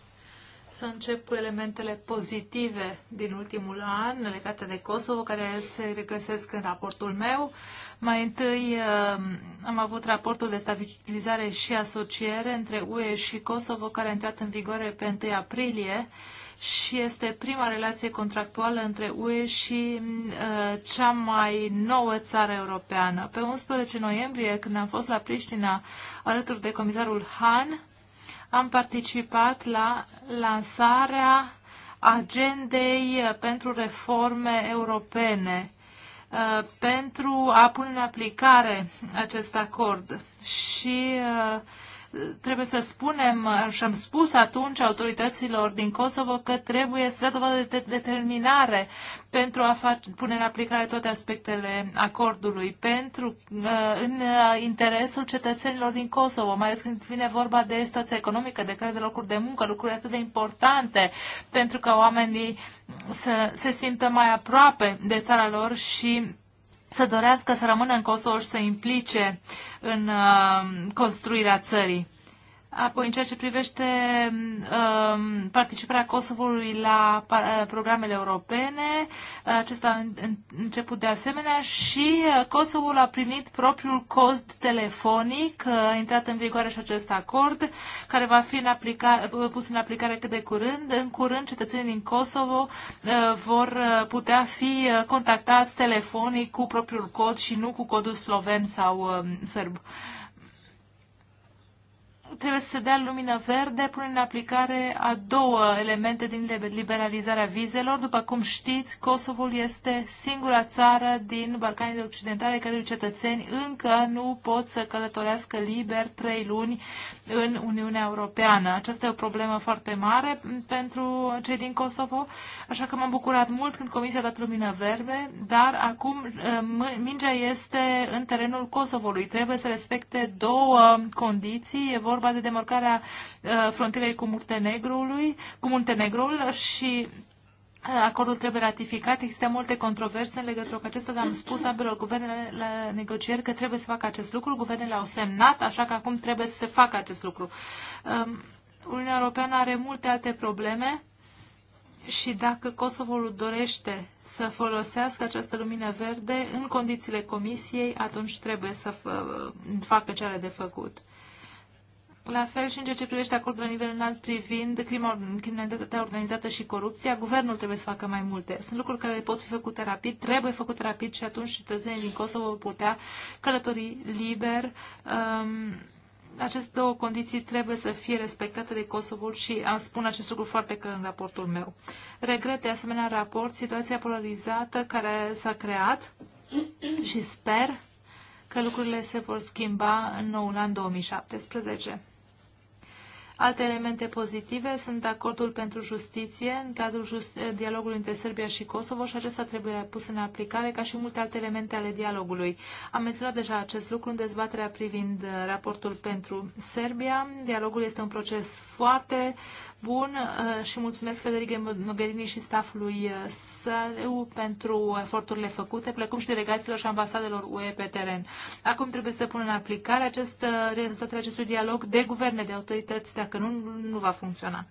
A: să încep cu elementele pozitive din ultimul an legate de Kosovo, care se regăsesc în raportul meu. Mai întâi um, am avut raportul de stabilizare și asociere între UE și Kosovo, care a intrat în vigoare pe 1 aprilie și este prima relație contractuală între UE și uh, cea mai nouă țară europeană. Pe 11 noiembrie, când am fost la Priștina alături de comisarul Han, am participat la lansarea agendei pentru reforme europene uh, pentru a pune în aplicare acest acord și uh, trebuie să spunem, și am spus atunci autorităților din Kosovo că trebuie să dea dovadă de determinare pentru a face, pune în aplicare toate aspectele acordului, pentru uh, în uh, interesul cetățenilor din Kosovo, mai ales când vine vorba de situația economică, de care de locuri de muncă, lucruri atât de importante pentru că oamenii să se simtă mai aproape de țara lor și să dorească să rămână în Kosovo și să implice în uh, construirea țării. Apoi, în ceea ce privește um, participarea Kosovului la uh, programele europene, acesta a început de asemenea și uh, Kosovul a primit propriul cost telefonic, uh, a intrat în vigoare și acest acord, care va fi în aplica- pus în aplicare cât de curând. În curând, cetățenii din Kosovo uh, vor putea fi contactați telefonic cu propriul cod și nu cu codul sloven sau um, sârb. Uh, trebuie să se dea lumină verde până în aplicare a două elemente din liberalizarea vizelor. După cum știți, Kosovul este singura țară din Balcanii Occidentale care cetățeni încă nu pot să călătorească liber trei luni în Uniunea Europeană. Aceasta e o problemă foarte mare pentru cei din Kosovo, așa că m-am bucurat mult când Comisia a dat lumină verde, dar acum eh, mingea este în terenul Kosovului. Trebuie să respecte două condiții. E vorba de demarcarea eh, frontierei cu Muntenegrul, cu Muntenegrul și Acordul trebuie ratificat. Există multe controverse în legătură cu acesta, dar am spus ambelor guverne la negocieri că trebuie să facă acest lucru. Guvernele au semnat, așa că acum trebuie să se facă acest lucru. Um, Uniunea Europeană are multe alte probleme și dacă Kosovo dorește să folosească această lumină verde în condițiile comisiei, atunci trebuie să facă ce are de făcut. La fel și în ceea ce privește acordul la nivel înalt privind criminalitatea organizată și corupția, guvernul trebuie să facă mai multe. Sunt lucruri care pot fi făcute rapid, trebuie făcute rapid și atunci cetățenii din Kosovo vor putea călători liber. Um, aceste două condiții trebuie să fie respectate de Kosovo și am spun acest lucru foarte clar în raportul meu. Regret de asemenea raport situația polarizată care s-a creat și sper că lucrurile se vor schimba în noul an 2017. Alte elemente pozitive sunt acordul pentru justiție în cadrul just, dialogului între Serbia și Kosovo și acesta trebuie pus în aplicare ca și multe alte elemente ale dialogului. Am menționat deja acest lucru în dezbaterea privind raportul pentru Serbia. Dialogul este un proces foarte bun uh, și mulțumesc Federica Mogherini și staffului uh, său pentru eforturile făcute, precum și delegațiilor și ambasadelor UE pe teren. Acum trebuie să punem în aplicare acest, uh, rezultatele acestui dialog de guverne, de autorități, dacă nu, nu va funcționa.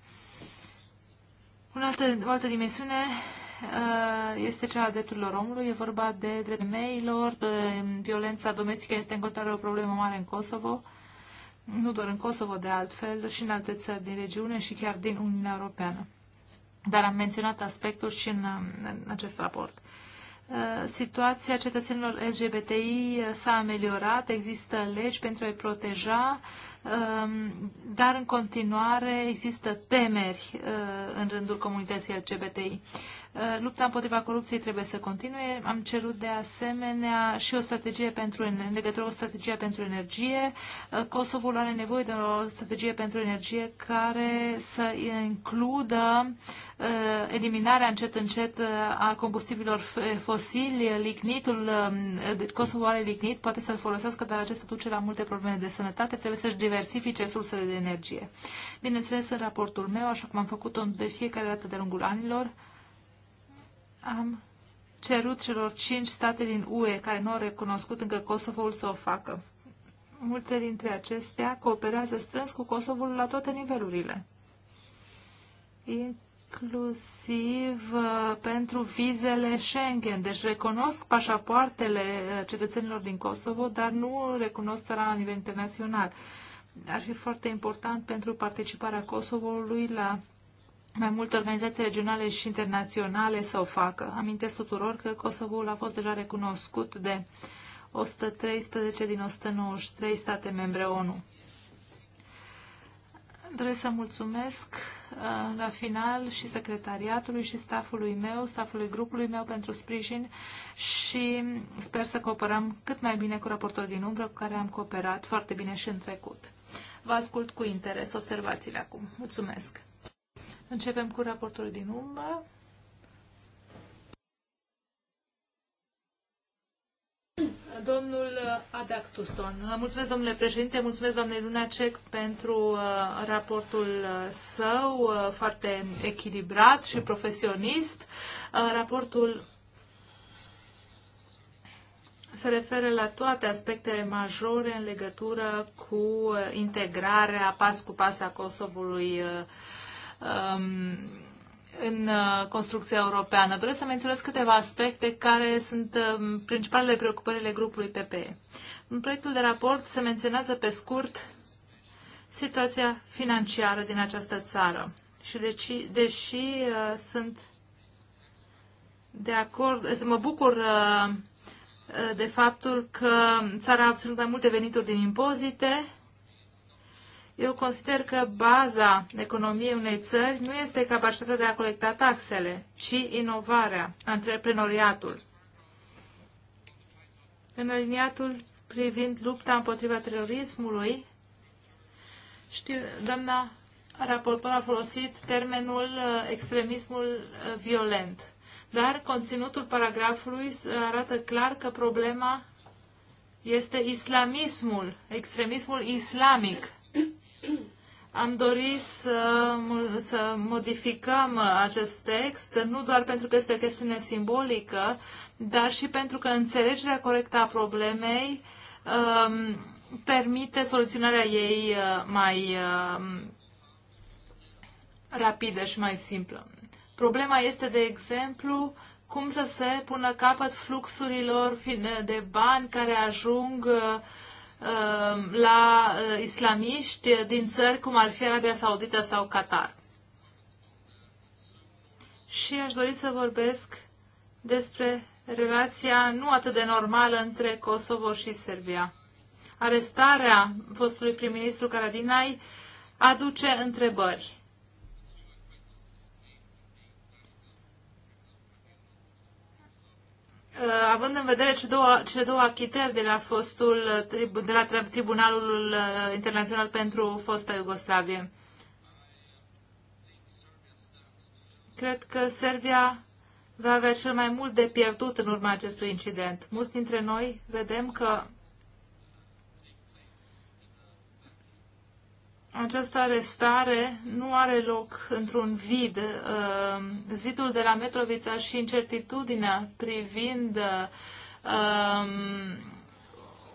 A: Un altă, o altă dimensiune este cea a drepturilor omului, e vorba de drepturile femeilor, de violența domestică este în continuare o problemă mare în Kosovo nu doar în Kosovo, de altfel, și în alte țări din regiune și chiar din Uniunea Europeană. Dar am menționat aspectul și în, în acest raport. Uh, situația cetățenilor LGBTI uh, s-a ameliorat, există legi pentru a-i proteja, um, dar în continuare există temeri uh, în rândul comunității LGBTI. Uh, lupta împotriva corupției trebuie să continue. Am cerut de asemenea și o strategie pentru, în legătură cu strategie pentru energie. Uh, Kosovo are nevoie de o strategie pentru energie care să includă uh, eliminarea încet încet a combustibilor eh, fosili, lignitul, um, Kosovo are lignit, poate să-l folosească, dar acesta duce la multe probleme de sănătate, trebuie să-și diversifice sursele de energie. Bineînțeles, în raportul meu, așa cum am făcut-o de fiecare dată de lungul anilor, am cerut celor cinci state din UE care nu au recunoscut încă Kosovoul să o facă. Multe dintre acestea cooperează strâns cu Kosovul la toate nivelurile, inclusiv uh, pentru vizele Schengen. Deci recunosc pașapoartele uh, cetățenilor din Kosovo, dar nu recunosc la nivel internațional. Ar fi foarte important pentru participarea Kosovoului la mai multe organizații regionale și internaționale să o facă. Amintesc tuturor că Kosovoul a fost deja recunoscut de 113 din 193 state membre ONU. Doresc să mulțumesc uh, la final și secretariatului și stafului meu, stafului grupului meu pentru sprijin și sper să cooperăm cât mai bine cu raportul din umbră cu care am cooperat foarte bine și în trecut. Vă ascult cu interes observațiile acum. Mulțumesc! Începem cu raportul din umbră. Domnul Adactuson. Mulțumesc, domnule președinte, mulțumesc, doamne Lunacek, pentru uh, raportul uh, său, uh, foarte echilibrat și profesionist. raportul se referă la toate aspectele majore în legătură cu integrarea pas cu pas a Kosovului uh, um, în uh, construcția europeană. Doresc să menționez câteva aspecte care sunt um, principalele preocupările grupului PPE. În proiectul de raport se menționează pe scurt situația financiară din această țară. Și deși, deși uh, sunt de acord, mă bucur uh, uh, de faptul că țara a obținut mai multe venituri din impozite, eu consider că baza economiei unei țări nu este capacitatea de a colecta taxele, ci inovarea, antreprenoriatul. În aliniatul privind lupta împotriva terorismului, știu, doamna raportor a folosit termenul uh, extremismul uh, violent, dar conținutul paragrafului uh, arată clar că problema este islamismul, extremismul islamic. Am dorit să, să modificăm acest text, nu doar pentru că este o chestiune simbolică, dar și pentru că înțelegerea corectă a problemei um, permite soluționarea ei uh, mai um, rapidă și mai simplă. Problema este, de exemplu, cum să se pună capăt fluxurilor de bani care ajung uh, Um, la uh, islamiști din țări cum ar fi Arabia Saudită sau Qatar. Și aș dori să vorbesc despre relația nu atât de normală între Kosovo și Serbia. Arestarea fostului prim-ministru Caradinai aduce întrebări. Uh, având în vedere ce două, cele două achitări de la fostul de la Tribunalul uh, Internațional pentru fosta Iugoslavie. Cred că Serbia va avea cel mai mult de pierdut în urma acestui incident. Mulți dintre noi vedem că această arestare nu are loc într-un vid. Uh, zidul de la Metrovița și incertitudinea privind uh,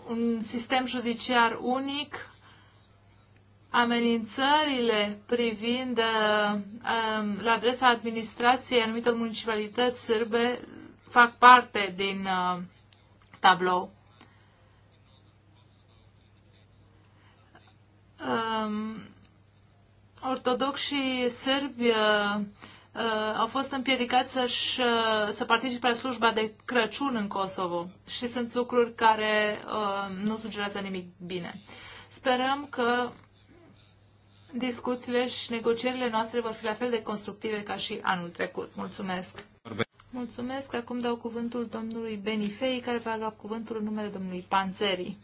A: um, un sistem judiciar unic, amenințările privind uh, um, la adresa administrației anumitor municipalități sârbe fac parte din tablou. um, ortodoxii sârbi uh, uh, au fost împiedicați să-și, uh, să participe la slujba de Crăciun în Kosovo și sunt lucruri care uh, nu sugerează nimic bine. Sperăm că discuțiile și negocierile noastre vor fi la fel de constructive ca și anul trecut. Mulțumesc! Mulțumesc! Acum dau cuvântul domnului Benifei, care va lua cuvântul în numele domnului Panțerii.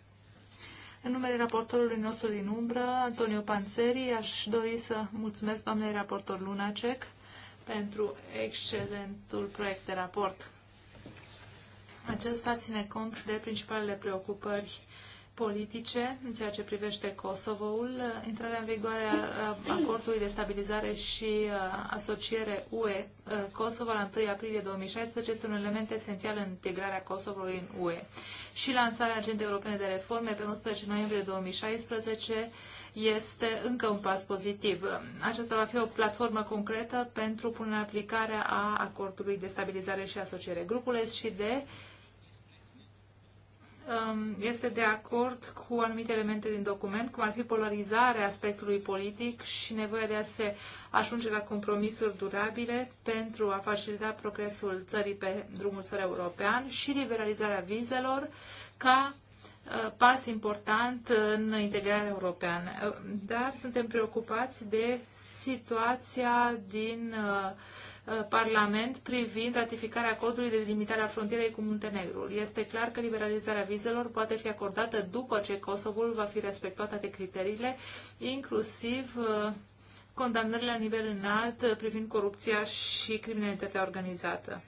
A: În numele raportorului nostru din umbră, Antonio Panzeri, aș dori să mulțumesc doamnei raportor Lunacek pentru excelentul proiect de raport. Acesta ține cont de principalele preocupări politice în ceea ce privește Kosovoul, intrarea în vigoare a acordului de stabilizare și uh, asociere UE uh, Kosovo la 1 aprilie 2016 este un element esențial în integrarea Kosovoului în UE și lansarea agendei europene de reforme pe 11 noiembrie 2016 este încă un pas pozitiv. Aceasta va fi o platformă concretă pentru punerea aplicarea a acordului de stabilizare și asociere. Grupul SCD Um, este de acord cu anumite elemente din document, cum ar fi polarizarea aspectului politic și nevoia de a se ajunge la compromisuri durabile pentru a facilita progresul țării pe drumul țării european și liberalizarea vizelor ca uh, pas important în integrarea europeană. Uh, dar suntem preocupați de situația din uh, Uh, Parlament privind ratificarea acordului de limitare a frontierei cu Muntenegru. Este clar că liberalizarea vizelor poate fi acordată după ce Kosovul va fi respectat toate criteriile, inclusiv uh, condamnările la nivel înalt uh, privind corupția și criminalitatea organizată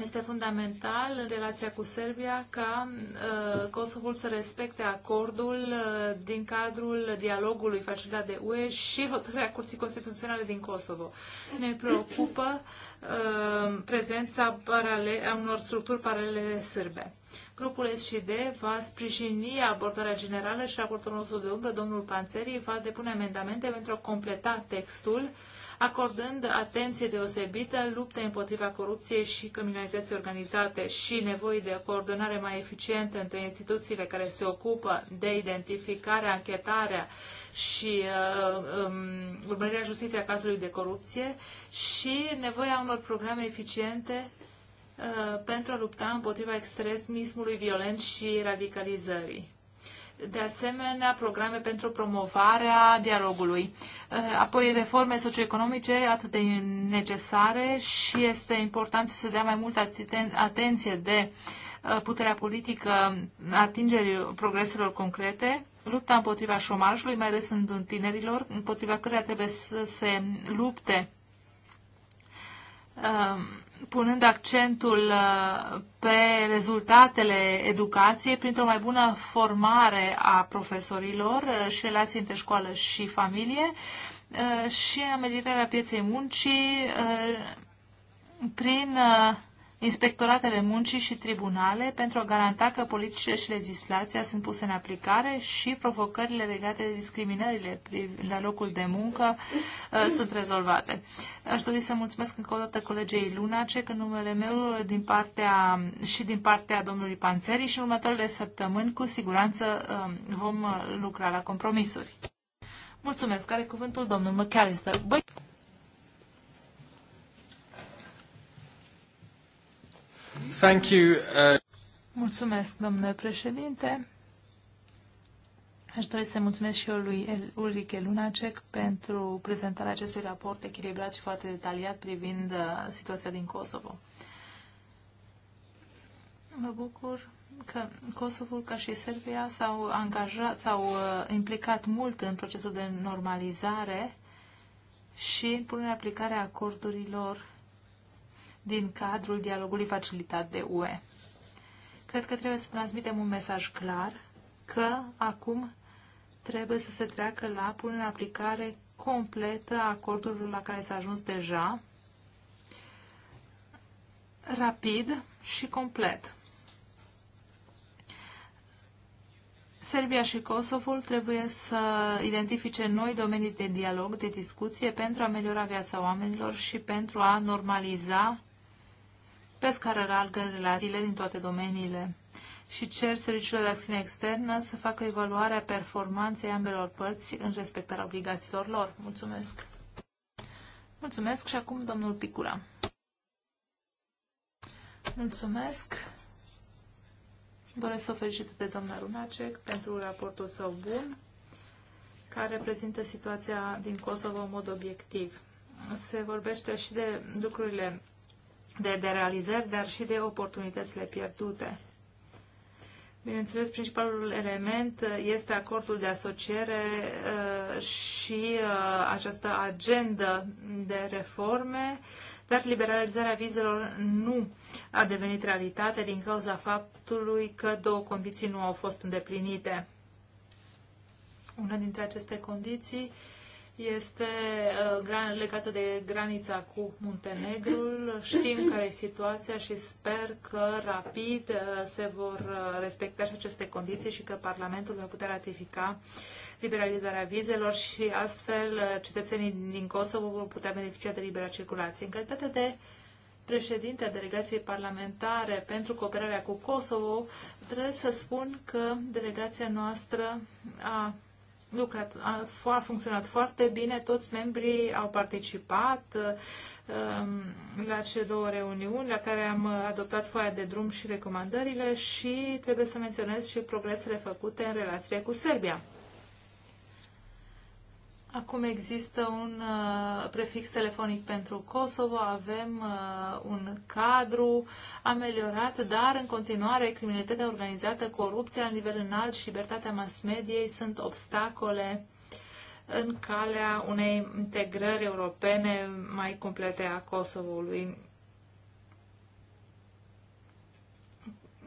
A: este fundamental în relația cu Serbia ca uh, Kosovul să respecte acordul uh, din cadrul dialogului facilitat de UE și hotărârea Curții Constituționale din Kosovo. Ne preocupă uh, prezența parale- a unor structuri paralele sârbe. Grupul SCD va sprijini abordarea generală și raportul nostru de umbră, domnul Panțerii, va depune amendamente pentru a completa textul uh, acordând atenție deosebită luptei împotriva corupției și criminalității organizate și nevoii de coordonare mai eficientă între instituțiile care se ocupă de identificare, anchetarea și uh, um, urmărirea justiției a cazului de corupție și nevoia unor programe eficiente uh, pentru a lupta împotriva extremismului violent și radicalizării de asemenea programe pentru promovarea dialogului. Eh, apoi reforme socioeconomice atât de necesare și este important să se dea mai multă atenție de eh, puterea politică atingerii progreselor concrete, lupta împotriva șomajului, mai ales în tinerilor, împotriva căreia trebuie să se lupte Um, punând accentul uh, pe rezultatele educației printr-o mai bună formare a profesorilor uh, și relații între școală și familie uh, și ameliorarea pieței muncii prin inspectoratele muncii și tribunale pentru a garanta că politicile și legislația sunt puse în aplicare și provocările legate de discriminările la locul de muncă uh, sunt rezolvate. Aș dori să mulțumesc încă o dată colegei Lunace, că numele meu din partea, și din partea domnului Panțeri și în următoarele săptămâni cu siguranță um, vom lucra la compromisuri. Mulțumesc. Are cuvântul domnul McAllister.
C: Thank you. Uh...
A: Mulțumesc, domnule președinte. Aș dori să mulțumesc și eu lui Ulrike Lunacek pentru prezentarea acestui raport echilibrat și foarte detaliat privind uh, situația din Kosovo. Mă bucur că Kosovo, ca și Serbia, s-au angajat, s-au uh, implicat mult în procesul de normalizare și în punerea aplicare a acordurilor din cadrul dialogului facilitat de UE. Cred că trebuie să transmitem un mesaj clar că acum trebuie să se treacă la punerea în aplicare completă a acordului la care s-a ajuns deja, rapid și complet. Serbia și Kosovo trebuie să identifice noi domenii de dialog, de discuție pentru a ameliora viața oamenilor și pentru a normaliza pe scară largă în relațiile din toate domeniile și cer serviciilor de acțiune externă să facă evaluarea performanței ambelor părți în respectarea obligațiilor lor. Mulțumesc! Mulțumesc și acum domnul Picula. Mulțumesc! Doresc să o felicit de doamna Runacek pentru raportul său bun, care prezintă situația din Kosovo în mod obiectiv. Se vorbește și de lucrurile de, de realizări, dar și de oportunitățile pierdute. Bineînțeles, principalul element uh, este acordul de asociere uh, și uh, această agendă de reforme, dar liberalizarea vizelor nu a devenit realitate din cauza faptului că două condiții nu au fost îndeplinite. Una dintre aceste condiții este uh, legată de granița cu Muntenegrul. Știm care e situația și sper că rapid uh, se vor uh, respecta și aceste condiții și că Parlamentul va putea ratifica liberalizarea vizelor și astfel cetățenii din Kosovo vor putea beneficia de libera circulație. În calitate de președinte a delegației parlamentare pentru cooperarea cu Kosovo, trebuie să spun că delegația noastră a lucrat, a, funcționat foarte bine, toți membrii au participat uh, um, la cele două reuniuni la care am adoptat foaia de drum și recomandările și trebuie să menționez și progresele făcute în relație cu Serbia. Acum există un uh, prefix telefonic pentru Kosovo, avem uh, un cadru ameliorat, dar în continuare criminalitatea organizată, corupția la nivel înalt și libertatea mass mediei sunt obstacole în calea unei integrări europene mai complete a Kosovului.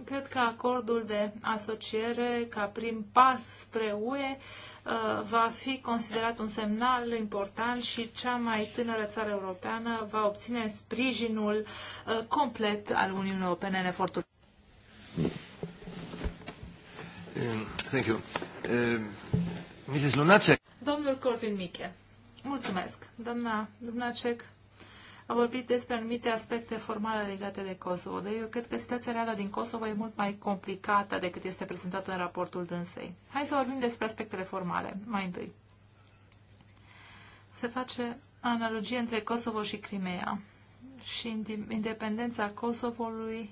A: Cred că acordul de asociere ca prim pas spre UE uh, va fi considerat un semnal important și cea mai tânără țară europeană va obține sprijinul uh, complet al Uniunii Europene în efortul.
C: Um, thank you. Um, Mrs. Lunacek.
A: Domnul Corvin Miche. Mulțumesc. Doamna Lunacek a vorbit despre anumite aspecte formale legate de Kosovo. Dar eu cred că situația reală din Kosovo e mult mai complicată decât este prezentată în raportul dânsei. Hai să vorbim despre aspectele formale, mai întâi. Se face analogie între Kosovo și Crimea și independența Kosovolui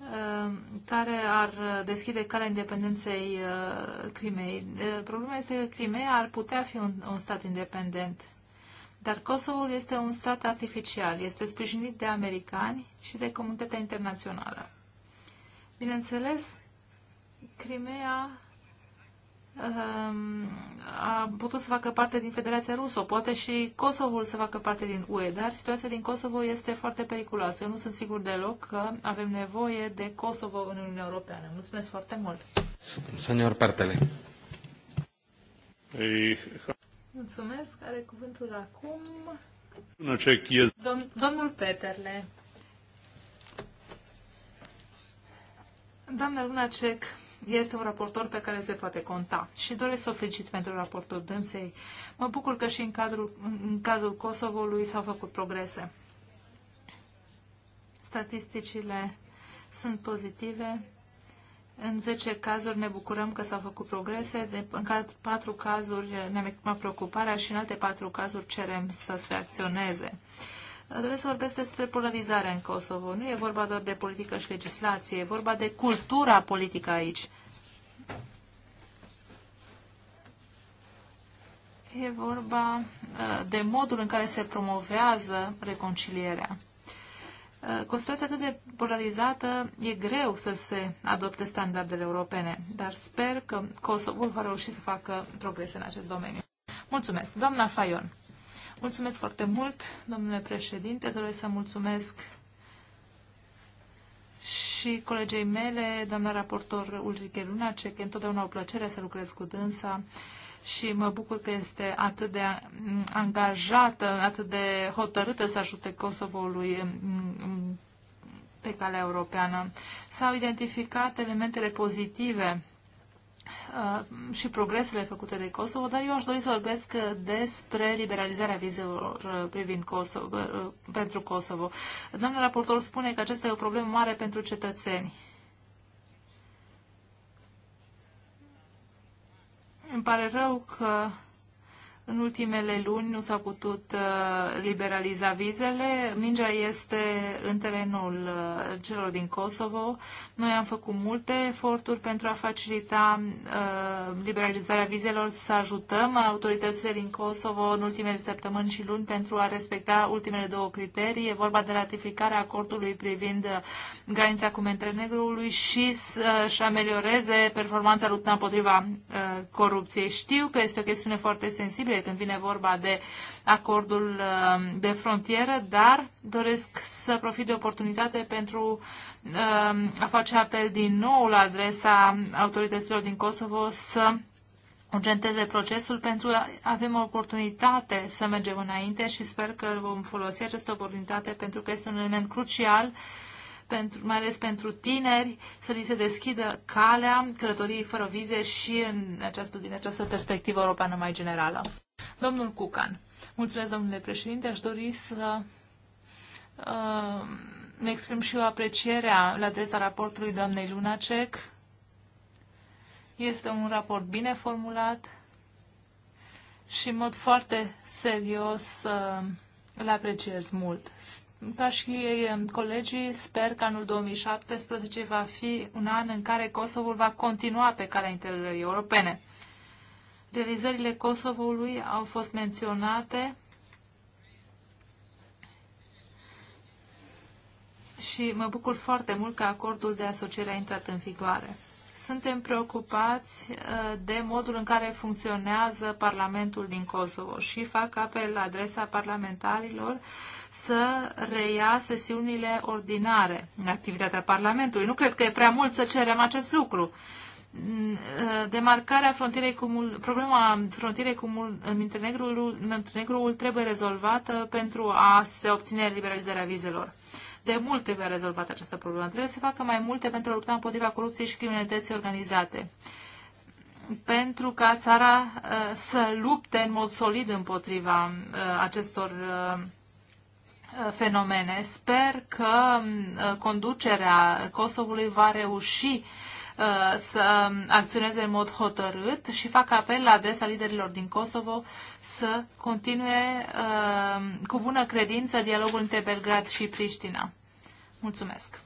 A: uh, care ar deschide calea independenței uh, Crimei. Uh, problema este că Crimea ar putea fi un, un stat independent. Dar Kosovo este un stat artificial, este sprijinit de americani și de comunitatea internațională. Bineînțeles, Crimea um, a putut să facă parte din Federația Rusă, poate și Kosovoul să facă parte din UE, dar situația din Kosovo este foarte periculoasă. Eu nu sunt sigur deloc că avem nevoie de Kosovo în Uniunea Europeană. Mulțumesc foarte mult!
B: Senior Pertele.
A: Mulțumesc. Are cuvântul acum Dom domnul Peterle. Doamna Lunacek este un raportor pe care se poate conta și doresc să o felicit pentru raportul dânsei. Mă bucur că și în, cadrul, în cazul Kosovo-lui s-au făcut progrese. Statisticile sunt pozitive în 10 cazuri ne bucurăm că s-au făcut progrese, de, în 4 cazuri ne-am exprimat preocuparea și în alte 4 cazuri cerem să se acționeze. Doresc să vorbesc despre polarizarea în Kosovo. Nu e vorba doar de politică și legislație, e vorba de cultura politică aici. E vorba uh, de modul în care se promovează reconcilierea. Uh, cu o situație atât de polarizată, e greu să se adopte standardele europene, dar sper că Kosovo va reuși să facă progrese în acest domeniu. Mulțumesc. Doamna Fayon. Mulțumesc foarte mult, domnule președinte. Doresc să mulțumesc și colegei mele, doamna raportor Ulrike Lunacek, întotdeauna o plăcere să lucrez cu dânsa și mă bucur că este atât de mm, angajată, atât de hotărâtă să ajute Kosovo-ului mm, mm, pe calea europeană. S-au identificat elementele pozitive uh, și progresele făcute de Kosovo, dar eu aș dori să vorbesc despre liberalizarea vizelor uh, privind Kosovo, uh, pentru Kosovo. Doamna raportor spune că acesta e o problemă mare pentru cetățeni. Îmi pare rău că în ultimele luni nu s-au putut uh, liberaliza vizele. Mingea este în terenul uh, celor din Kosovo. Noi am făcut multe eforturi pentru a facilita uh, liberalizarea vizelor, să ajutăm autoritățile din Kosovo în ultimele săptămâni și luni pentru a respecta ultimele două criterii. E vorba de ratificarea acordului privind granița cu Montenegrului și să-și amelioreze performanța luptă împotriva corupției. Știu că este o chestiune foarte sensibilă nevoie când vine vorba de acordul um, de frontieră, dar doresc să profit de oportunitate pentru um, a face apel din nou la adresa autorităților din Kosovo să urgenteze procesul pentru că avem o oportunitate să mergem înainte și sper că vom folosi această oportunitate pentru că este un element crucial pentru, mai ales pentru tineri, să li se deschidă calea călătoriei fără vize și în această, din această perspectivă europeană mai generală. Domnul Cucan. Mulțumesc, domnule președinte. Aș dori să uh, îmi uh, exprim și eu aprecierea la adresa raportului doamnei Lunacek. Este un raport bine formulat și în mod foarte serios uh, îl apreciez mult. Ca și um, colegii, sper că anul 2017 va fi un an în care Kosovo va continua pe calea integrării europene. Realizările Kosovoului au fost menționate și mă bucur foarte mult că acordul de asociere a intrat în vigoare. Suntem preocupați uh, de modul în care funcționează Parlamentul din Kosovo și fac apel la adresa parlamentarilor să reia sesiunile ordinare în activitatea Parlamentului. Nu cred că e prea mult să cerem acest lucru. Mm, demarcarea frontierei cu problema frontierei cu Muntenegrul, Muntenegrul trebuie rezolvată pentru a se obține liberalizarea vizelor. De mult trebuie rezolvată această problemă. Trebuie să facă mai multe pentru a lupta împotriva corupției și criminalității organizate. Pentru ca țara uh, să lupte în mod solid împotriva uh, acestor uh, fenomene. Sper că mm, conducerea Kosovului va reuși Uh, să acționeze în mod hotărât și fac apel la adresa liderilor din Kosovo să continue uh, cu bună credință dialogul între Belgrad și Priștina. Mulțumesc!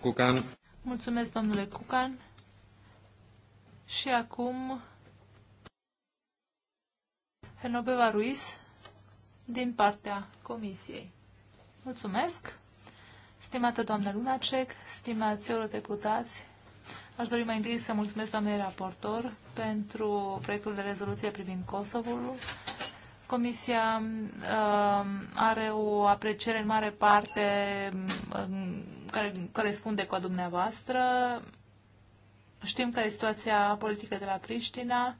A: Cucan. Mulțumesc, domnule Cucan. Și acum, Henobeva Ruiz, din partea Comisiei. Mulțumesc! Stimată doamnă Lunacek, stimați eurodeputați, Aș dori mai întâi să mulțumesc doamnei raportor pentru proiectul de rezoluție privind Kosovul. Comisia uh, are o apreciere în mare parte uh, care corespunde cu a dumneavoastră. Știm care e situația politică de la Priștina.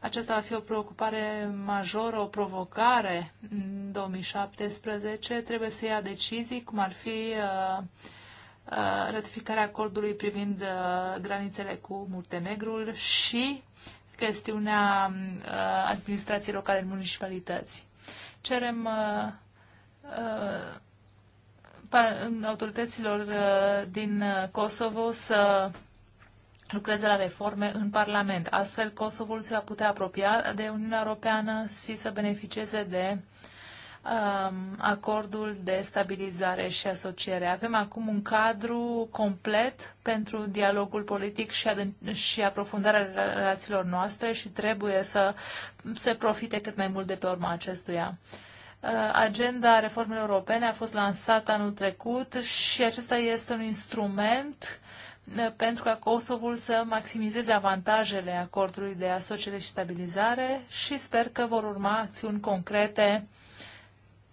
A: Aceasta va fi o preocupare majoră, o provocare în 2017. Trebuie să ia decizii, cum ar fi uh, Uh, ratificarea acordului privind uh, granițele cu Muntenegrul și chestiunea um, uh, administrației locale în municipalități. Cerem autorităților din Kosovo să lucreze la reforme în Parlament. Astfel, Kosovo se va putea apropia de Uniunea Europeană și să beneficieze de uh, Um, acordul de stabilizare și asociere. Avem acum un cadru complet pentru dialogul politic și, și aprofundarea relațiilor noastre și trebuie să se profite cât mai mult de pe urma acestuia. Uh, agenda reformelor europene a fost lansată anul trecut și acesta este un instrument uh, pentru ca Kosovul să maximizeze avantajele acordului de asociere și stabilizare și sper că vor urma acțiuni concrete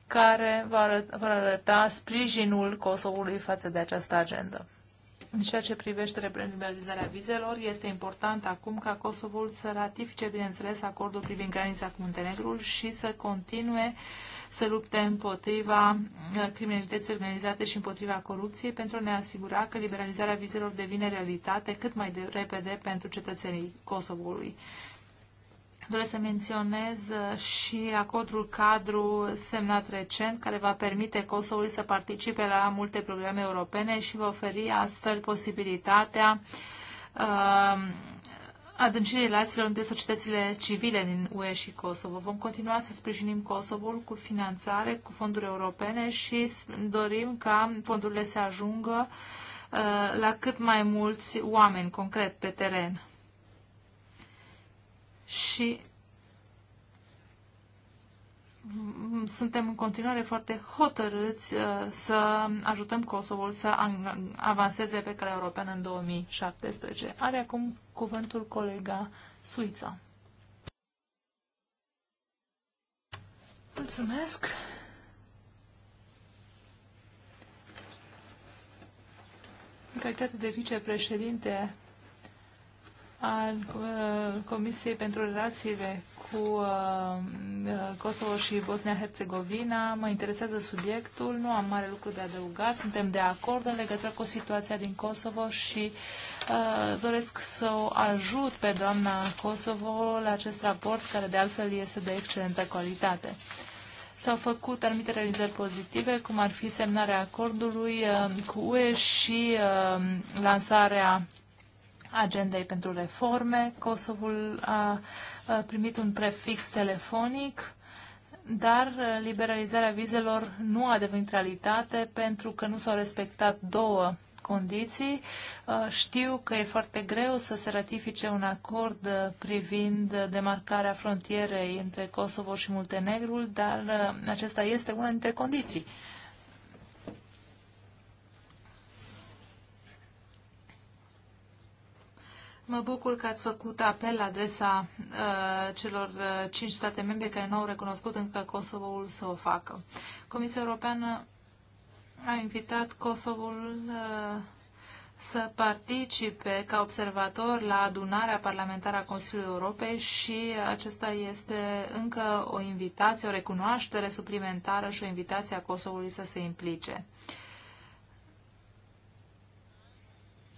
A: care va arăta, sprijinul Kosovului față de această agendă. În ceea ce privește liberalizarea vizelor, este important acum ca Kosovul să ratifice, bineînțeles, acordul privind granița cu Muntenegrul și să continue să lupte împotriva uh, criminalității organizate și împotriva corupției pentru a ne asigura că liberalizarea vizelor devine realitate cât mai de repede pentru cetățenii Kosovului. Doresc să menționez uh, și acordul cadru semnat recent, care va permite Kosovului să participe la multe programe europene și va oferi astfel posibilitatea uh, adâncirii relațiilor între societățile civile din UE și Kosovo. Vom continua să sprijinim Kosovul cu finanțare, cu fonduri europene și dorim ca fondurile să ajungă uh, la cât mai mulți oameni concret pe teren și suntem în continuare foarte hotărâți uh, să ajutăm Kosovo să avanseze pe calea europeană în 2017. Are acum cuvântul colega Suița. Mulțumesc! În calitate de vicepreședinte al uh, Comisiei pentru Relațiile cu uh, uh, Kosovo și Bosnia-Herzegovina. Mă interesează subiectul, nu am mare lucru de adăugat, suntem de acord în legătură cu situația din Kosovo și doresc să o ajut pe doamna Kosovo la acest raport, care de altfel este de excelentă calitate. S-au făcut anumite realizări pozitive, cum ar fi semnarea acordului cu UE și lansarea agendei pentru reforme. Kosovul a primit un prefix telefonic, dar liberalizarea vizelor nu a devenit realitate pentru că nu s-au respectat două condiții. Știu că e foarte greu să se ratifice un acord privind demarcarea frontierei între Kosovo și Muntenegrul, dar acesta este una dintre condiții. Mă bucur că ați făcut apel la adresa uh, celor uh, cinci state membre care nu au recunoscut încă Kosovoul să o facă. Comisia Europeană a invitat Kosovoul uh, să participe ca observator la adunarea parlamentară a Consiliului Europei și acesta este încă o invitație, o recunoaștere suplimentară și o invitație a Kosovo-ului să se implice. Uh,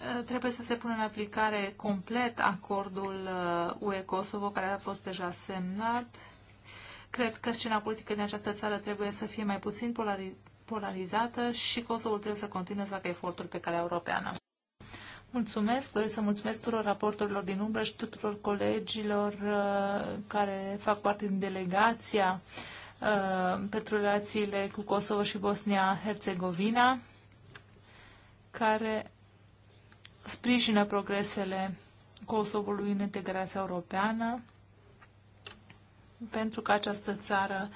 A: Eh, trebuie să se pună în aplicare complet acordul eh, UE-Kosovo, care a fost deja semnat. Cred că scena politică din această țară trebuie să fie mai puțin polarizată și Kosovo trebuie să continue să facă eforturi pe calea europeană. Mulțumesc, doresc să mulțumesc tuturor raportorilor din umbră și tuturor colegilor eh, care fac parte din delegația pentru relațiile cu Kosovo și Bosnia-Herzegovina, care sprijină progresele Kosovului în integrația europeană pentru ca această țară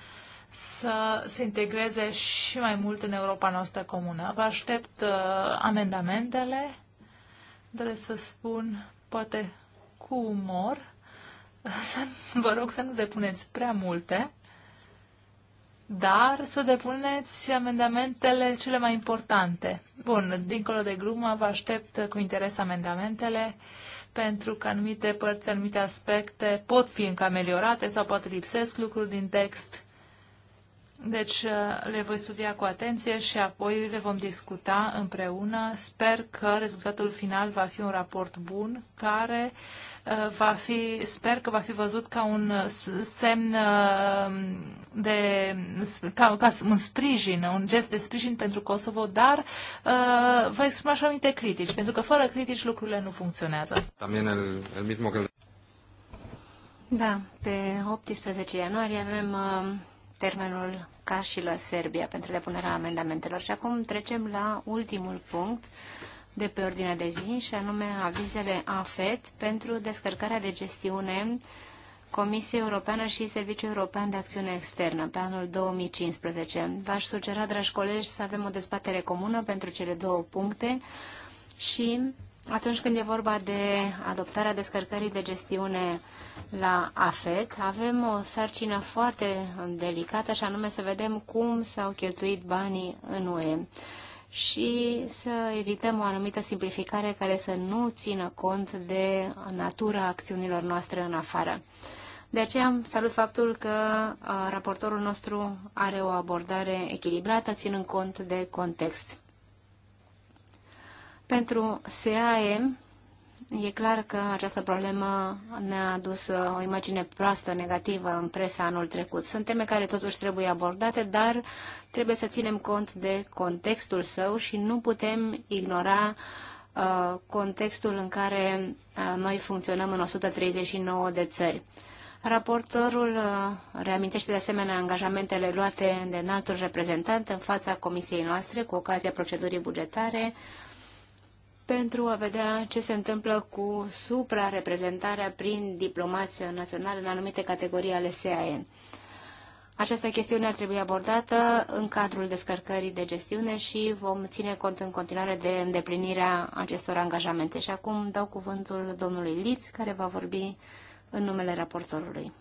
A: să se integreze și mai mult în Europa noastră comună. Vă aștept uh, amendamentele, doresc să spun, poate cu umor, să, vă rog să nu depuneți prea multe, dar să depuneți amendamentele cele mai importante. Bun, dincolo de glumă, vă aștept cu interes amendamentele, pentru că anumite părți, anumite aspecte pot fi încă ameliorate sau poate lipsesc lucruri din text. Deci uh, le voi studia cu atenție și apoi le vom discuta împreună. Sper că rezultatul final va fi un raport bun care uh, Eh, va fi, sper că va fi văzut ca un eh, semn eh, de, ca, ca un sprijin, un gest de sprijin pentru Kosovo, dar uh, va exprima și anumite critici,
C: pentru că fără critici lucrurile nu funcționează. Da, pe 18 ianuarie avem uh, termenul ca și la Serbia pentru depunerea amendamentelor. Și acum trecem la ultimul punct, uh, de pe ordinea de zi, și anume avizele AFET pentru descărcarea de gestiune Comisiei Europeană și Serviciul European de Acțiune Externă pe anul 2015. V-aș sugera, dragi colegi, să avem o dezbatere comună pentru cele două puncte și atunci când e vorba de adoptarea descărcării de gestiune la AFET, avem o sarcină foarte delicată și anume să vedem cum s-au cheltuit banii în UE și să evităm o anumită simplificare care să nu țină cont de natura acțiunilor noastre în afară. De aceea salut faptul că uh, raportorul nostru are o abordare echilibrată, ținând cont de context. Pentru SAE, E clar că această problemă ne-a adus uh, o imagine proastă, negativă în presa anul trecut. Sunt teme care totuși trebuie abordate, dar trebuie să ținem cont de contextul său și nu putem ignora uh, contextul în care uh, noi funcționăm în 139 de țări. Raportorul uh, reamintește de asemenea angajamentele luate de înaltul reprezentant în fața comisiei noastre cu ocazia procedurii bugetare, pentru a vedea ce se întâmplă cu suprareprezentarea prin diplomație națională în anumite categorii ale SAE. Această chestiune ar trebui abordată în cadrul descărcării de gestiune și vom ține cont în continuare de îndeplinirea acestor angajamente. Și acum dau cuvântul domnului Liț, care va vorbi în numele raportorului.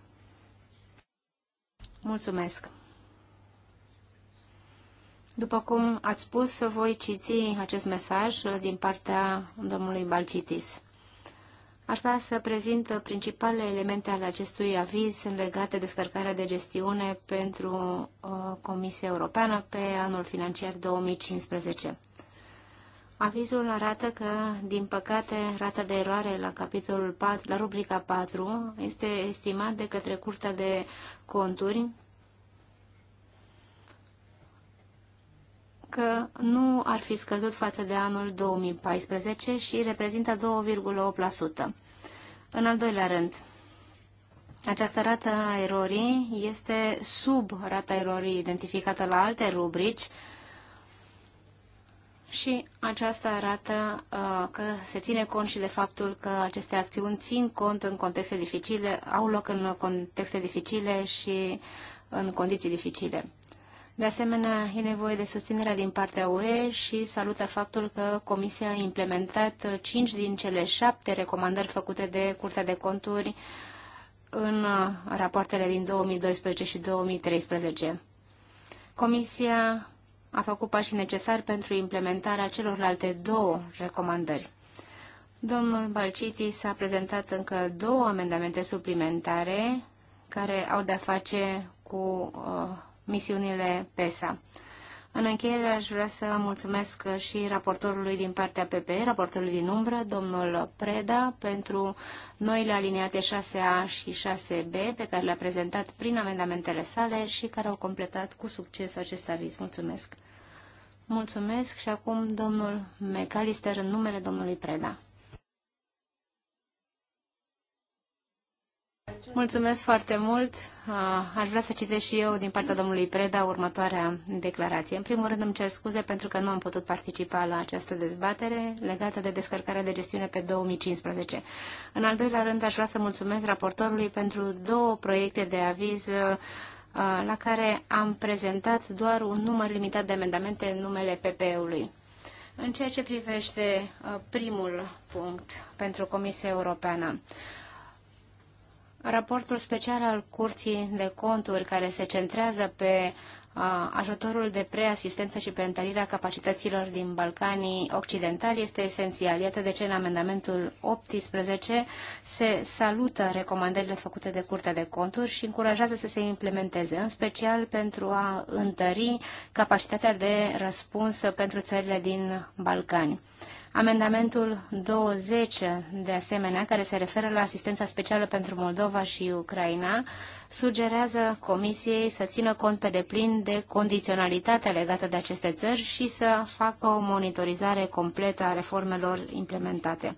C: Mulțumesc! După cum ați spus, voi citi acest mesaj din partea domnului Balcitis. Aș vrea să prezint principalele elemente ale acestui aviz legate de descărcarea de gestiune pentru uh, Comisia Europeană pe anul financiar 2015. Avizul arată că, din păcate, rata de eroare la capitolul 4, la rubrica 4 este estimat de către Curtea de Conturi că nu ar fi scăzut față de anul 2014 și reprezintă 2,8%. În al doilea rând, această rată a erorii este sub rata erorii identificată la alte rubrici și aceasta arată uh, că se ține cont și de faptul că aceste acțiuni țin cont în contexte dificile, au loc în contexte dificile și în condiții dificile. De asemenea, e nevoie de susținerea din partea UE și salută faptul că Comisia a implementat cinci din cele șapte recomandări făcute de Curtea de Conturi în rapoartele din 2012 și 2013. Comisia a făcut pașii necesari pentru implementarea celorlalte două recomandări. Domnul s a prezentat încă două amendamente suplimentare care au de-a face cu uh, misiunile PESA. În încheiere aș vrea să mulțumesc și raportorului din partea PP, raportorului din umbră, domnul Preda, pentru noile aliniate 6A și 6B pe care le-a prezentat prin amendamentele sale și care au completat cu succes acest aviz. Mulțumesc! Mulțumesc și acum domnul McAllister în numele domnului Preda. Mulțumesc foarte mult. Ah, aș vrea să citesc și eu din partea domnului Preda următoarea declarație. În primul rând îmi cer scuze pentru că nu am putut participa la această dezbatere legată de descărcarea de gestiune pe 2015. În al doilea rând aș vrea să mulțumesc raportorului pentru două proiecte de aviz ah, la care am prezentat doar un număr limitat de amendamente în numele PPE-ului. În ceea ce privește ah, primul punct pentru Comisia Europeană, Raportul special al Curții de Conturi, care se centrează pe ajutorul de preasistență și pe întărirea capacităților din Balcanii Occidentali este esențial. Iată de ce în amendamentul 18 se salută recomandările făcute de Curtea de Conturi și încurajează să se implementeze, în special pentru a întări capacitatea de răspuns pentru țările din Balcani. Amendamentul 20, de asemenea, care se referă la asistența specială pentru Moldova și Ucraina, sugerează Comisiei să țină cont pe deplin de condiționalitatea legată de aceste țări și să facă o monitorizare completă a reformelor implementate.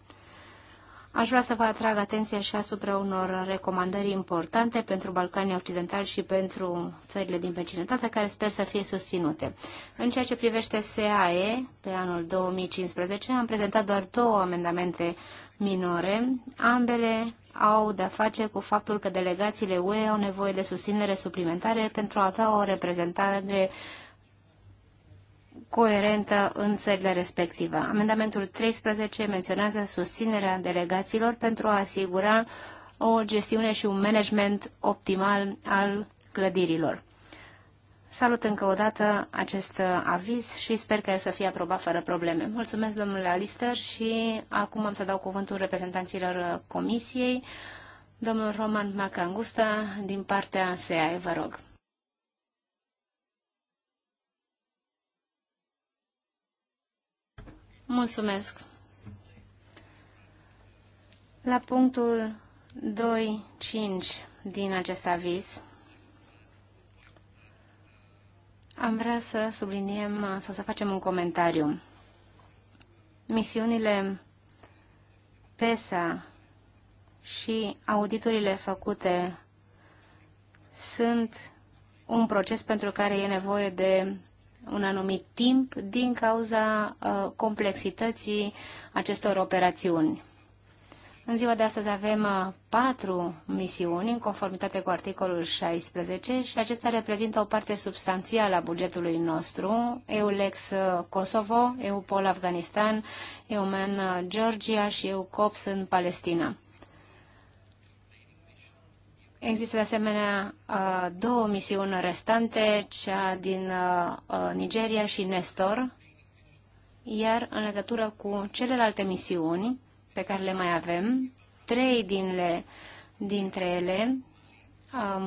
C: Aș vrea să vă atrag atenția și asupra unor recomandări importante pentru Balcanii Occidentali și pentru țările din vecinătate, care sper să fie susținute. În ceea ce privește SAE, pe anul 2015, am prezentat doar două amendamente minore. Ambele au de-a face cu faptul că delegațiile UE au nevoie de susținere suplimentare pentru a avea o reprezentare coerentă în țările respective. Amendamentul 13 menționează susținerea delegațiilor pentru a asigura o gestiune și un management optimal al clădirilor. Salut încă o dată acest uh, aviz și sper că să fie aprobat fără probleme. Mulțumesc, domnule Alister, și acum am să dau cuvântul reprezentanților uh, comisiei. Domnul Roman Macangusta, din partea SEAE, vă rog. Mulțumesc. La punctul 2.5 din acest aviz, am vrea să subliniem sau să facem un comentariu. Misiunile PESA și auditurile făcute sunt un proces pentru care e nevoie de un anumit timp din cauza uh, complexității acestor operațiuni. În ziua de astăzi avem uh, patru misiuni în conformitate cu articolul 16 și acestea reprezintă o parte substanțială a bugetului nostru, EULEX uh, Kosovo, EUPOL Afganistan, EUMEN Georgia și EUCOPS în Palestina. Există de asemenea uh, două misiuni restante, cea din uh, uh, Nigeria și Nestor, iar în legătură cu celelalte misiuni pe care le mai avem, trei dinle, dintre ele,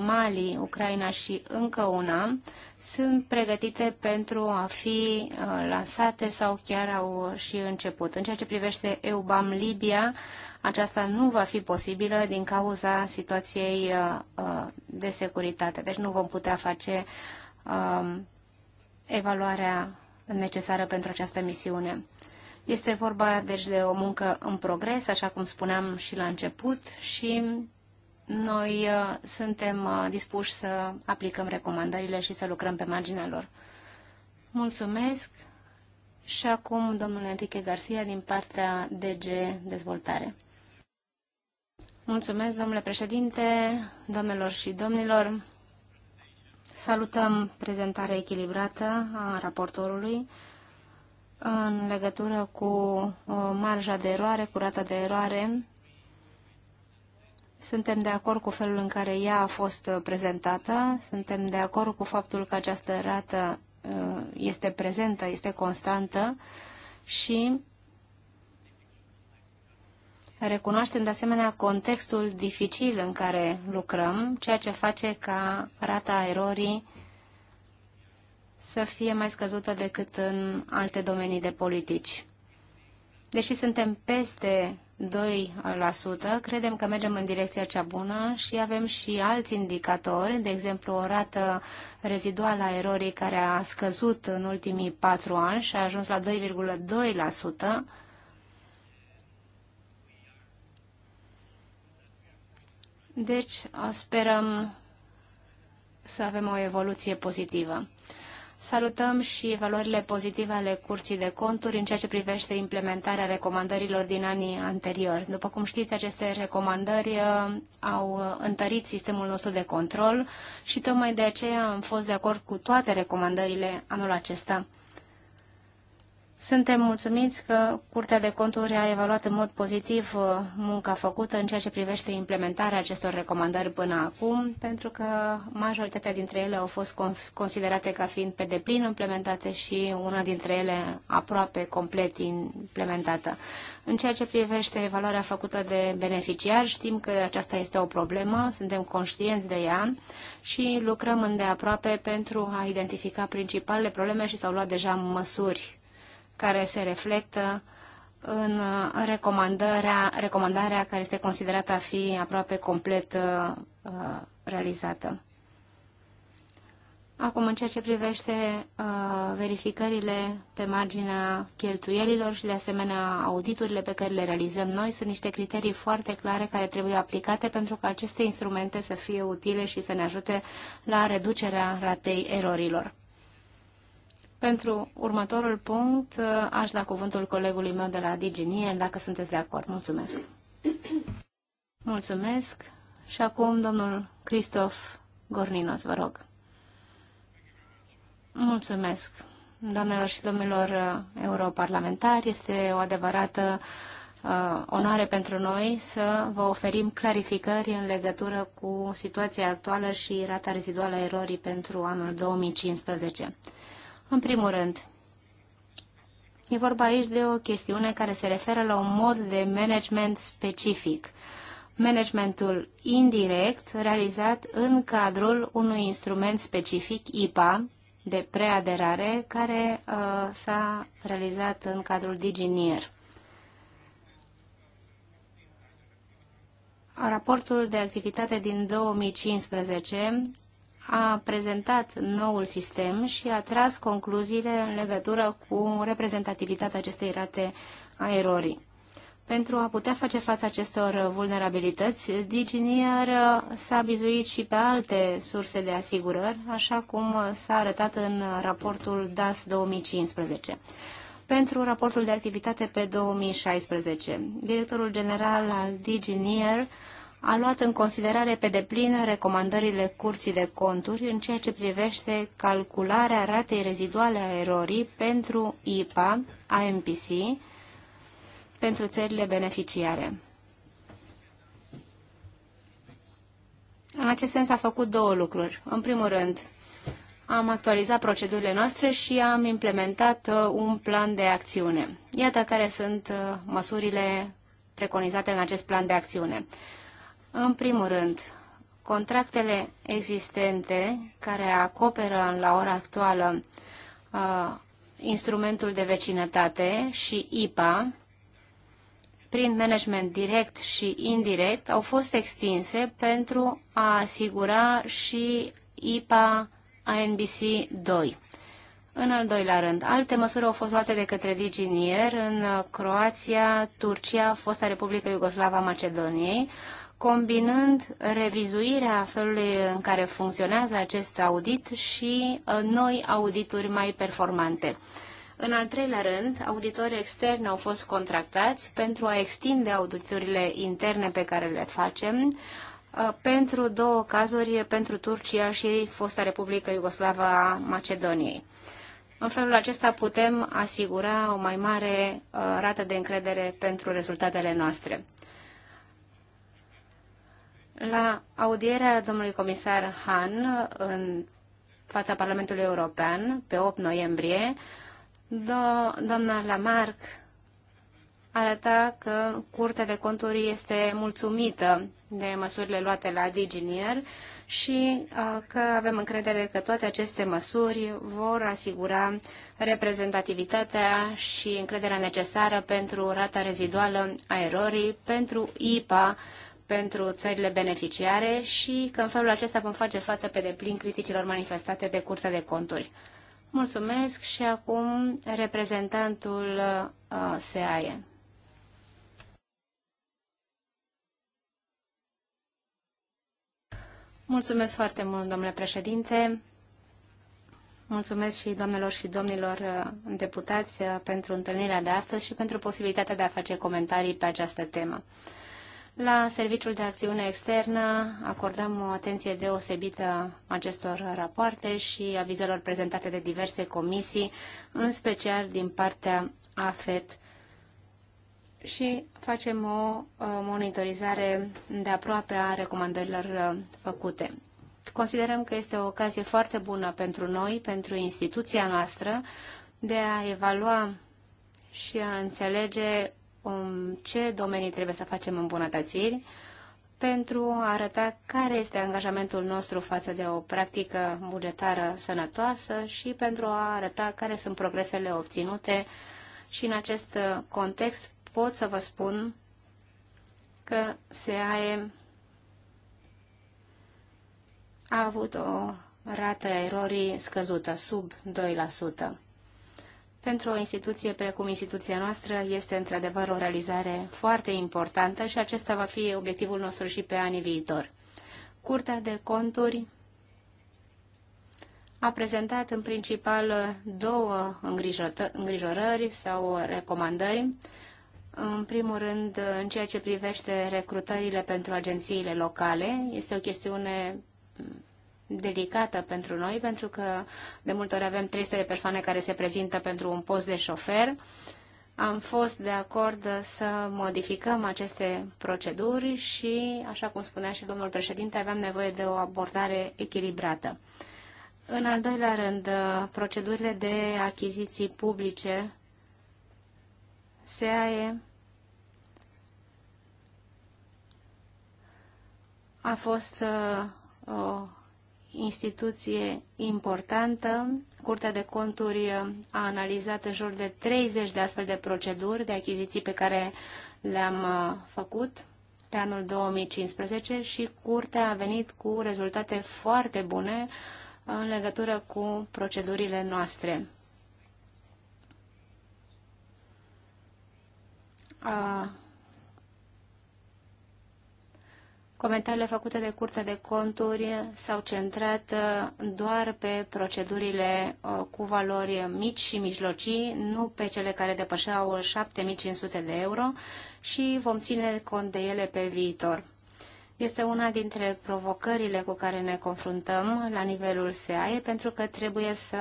C: Mali, Ucraina și încă una, sunt pregătite pentru a fi lansate sau chiar au și început. În ceea ce privește EUBAM Libia, aceasta nu va fi posibilă din cauza situației uh, uh, de securitate. Deci nu vom putea face um, evaluarea necesară pentru această misiune. Este vorba deci de o muncă în progres, așa cum spuneam și la început, și noi uh, suntem dispuși să aplicăm recomandările și să lucrăm pe marginea lor. Mulțumesc și acum domnul Enrique Garcia din partea DG Dezvoltare. Mulțumesc, domnule președinte, domnilor și domnilor. Salutăm prezentarea echilibrată a raportorului în legătură cu uh, marja de eroare, cu rata de eroare. Suntem de acord cu felul în care ea a fost uh, prezentată, suntem de acord cu faptul că această rată uh, este prezentă, este constantă și Recunoaștem de asemenea contextul dificil în care lucrăm, ceea ce face ca rata erorii să fie mai scăzută decât în alte domenii de politici. Deși suntem peste 2%, credem că mergem în direcția cea bună și avem și alți indicatori, de exemplu o rată reziduală a erorii care a scăzut în ultimii patru ani și a ajuns la 2,2%, Deci sperăm să avem o evoluție pozitivă. Salutăm și valorile pozitive ale Curții de Conturi în ceea ce privește implementarea recomandărilor din anii anteriori. După cum știți, aceste recomandări uh, au întărit sistemul nostru de control și tocmai de aceea am fost de acord cu toate recomandările anul acesta. Suntem mulțumiți că Curtea de Conturi a evaluat în mod pozitiv uh, munca făcută în ceea ce privește implementarea acestor recomandări până acum, pentru că majoritatea dintre ele au fost considerate ca fiind pe deplin implementate și una dintre ele aproape complet implementată. În ceea ce privește evaluarea făcută de beneficiar, știm că aceasta este o problemă, suntem conștienți de ea și lucrăm îndeaproape pentru a identifica principalele probleme și s-au luat deja măsuri care se reflectă în recomandarea, recomandarea care este considerată a fi aproape complet uh, uh, realizată. Acum, în ceea ce privește uh, verificările pe marginea cheltuielilor și, de asemenea, auditurile pe care le realizăm noi, sunt niște criterii foarte clare care trebuie aplicate pentru ca aceste instrumente să fie utile și să ne ajute la reducerea ratei erorilor. Pentru următorul punct, uh, aș da cuvântul colegului meu de la Diginiel, dacă sunteți de acord. Mulțumesc! Mulțumesc! Și acum, domnul Cristof Gorninos, vă rog. Mulțumesc! Doamnelor și domnilor uh, europarlamentari, este o adevărată uh, onoare pentru noi să vă oferim clarificări în legătură cu situația actuală și rata reziduală a erorii pentru anul 2015. În primul rând, e vorba aici de o chestiune care se referă la un mod de management specific managementul indirect realizat în cadrul unui instrument specific IPA de preaderare care uh, s-a realizat în cadrul Diginier. Raportul de activitate din 2015 a prezentat noul sistem și a tras concluziile în legătură cu reprezentativitatea acestei rate a erorii. Pentru a putea face față acestor vulnerabilități, Diginier s-a bizuit și pe alte surse de asigurări, așa cum s-a arătat în raportul DAS 2015 pentru raportul de activitate pe 2016. Directorul general al DigiNear a luat în considerare pe deplin recomandările Curții de Conturi în ceea ce privește calcularea ratei reziduale a erorii pentru IPA, AMPC, pentru țările beneficiare. În acest sens a făcut două lucruri. În primul rând, am actualizat procedurile noastre și am implementat uh, un plan de acțiune. Iată care sunt uh, măsurile preconizate în acest plan de acțiune. În primul rând, contractele existente care acoperă la ora actuală uh, instrumentul de vecinătate și IPA, prin management direct și indirect, au fost extinse pentru a asigura și IPA ANBC 2. În al doilea rând, alte măsuri au fost luate de către Diginier în Croația, Turcia, fosta Republică Iugoslava Macedoniei, combinând revizuirea felului în care funcționează acest audit și uh, noi audituri mai performante. În al treilea rând, auditorii externi au fost contractați pentru a extinde auditurile interne pe care le facem uh, pentru două cazuri, pentru Turcia și fosta Republică Iugoslavă a Macedoniei. În felul acesta putem asigura o mai mare uh, rată de încredere pentru rezultatele noastre. La audierea domnului comisar Han în fața Parlamentului European, pe 8 noiembrie, do- doamna Lamarck arăta că Curtea de Conturi este mulțumită de măsurile luate la Diginier și că avem încredere că toate aceste măsuri vor asigura reprezentativitatea și încrederea necesară pentru rata reziduală a erorii, pentru IPA, pentru țările beneficiare și că în felul acesta vom face față pe deplin criticilor manifestate de Curtea de Conturi. Mulțumesc și acum reprezentantul uh, SEAE. Mulțumesc foarte mult, domnule președinte. Mulțumesc și doamnelor și domnilor uh, deputați uh, pentru întâlnirea de astăzi și pentru posibilitatea de a face comentarii pe această temă. La Serviciul de Acțiune Externă acordăm o atenție deosebită acestor rapoarte și avizelor prezentate de diverse comisii, în special din partea AFET și facem o monitorizare de aproape a recomandărilor uh, făcute. Considerăm că este o ocazie foarte bună pentru noi, pentru instituția noastră, de a evalua și a înțelege în um, ce domenii trebuie să facem îmbunătățiri pentru a arăta care este angajamentul nostru față de o practică bugetară sănătoasă și pentru a arăta care sunt progresele obținute. Și în acest context pot să vă spun că SEAE a avut o rată erorii scăzută, sub 2% pentru o instituție precum instituția noastră este într-adevăr o realizare foarte importantă și acesta va fi obiectivul nostru și pe anii viitor. Curtea de conturi a prezentat în principal două îngrijorări sau recomandări. În primul rând, în ceea ce privește recrutările pentru agențiile locale, este o chestiune delicată pentru noi, pentru că de multe ori avem 300 de persoane care se prezintă pentru un post de șofer. Am fost de acord să modificăm aceste proceduri și, așa cum spunea și domnul președinte, aveam nevoie de o abordare echilibrată. În al doilea rând, procedurile de achiziții publice, SEAE, a fost uh, o instituție importantă. Curtea de Conturi a analizat în jur de 30 de astfel de proceduri de achiziții pe care le-am uh, făcut pe anul 2015 și Curtea a venit cu rezultate foarte bune uh, în legătură cu procedurile noastre. Uh, Comentariile făcute de Curtea de Conturi s-au centrat uh, doar pe procedurile uh, cu valori mici și mijlocii, nu pe cele care depășeau 7500 de euro și vom ține cont de ele pe viitor. Este una dintre provocările cu care ne confruntăm la nivelul SEAE, pentru că trebuie să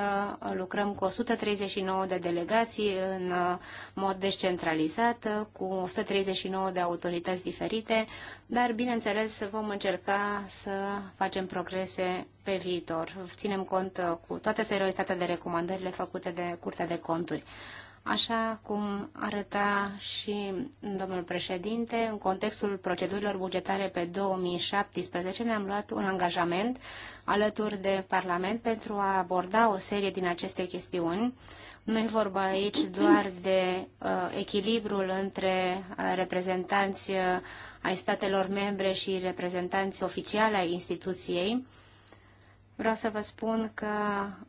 C: lucrăm cu 139 de delegații în uh, mod descentralizat, uh, cu 139 de autorități diferite, dar, bineînțeles, vom încerca să facem progrese pe viitor. Ținem cont uh, cu toată seriozitatea de recomandările făcute de Curtea de Conturi. Așa cum arăta și domnul președinte, în contextul procedurilor bugetare pe 2017 ne-am luat un angajament alături de Parlament pentru a aborda o serie din aceste chestiuni. Nu e vorba aici doar de uh, echilibrul între uh, reprezentanți uh, ai statelor membre și reprezentanți oficiale ai instituției, uh, Vreau să vă spun că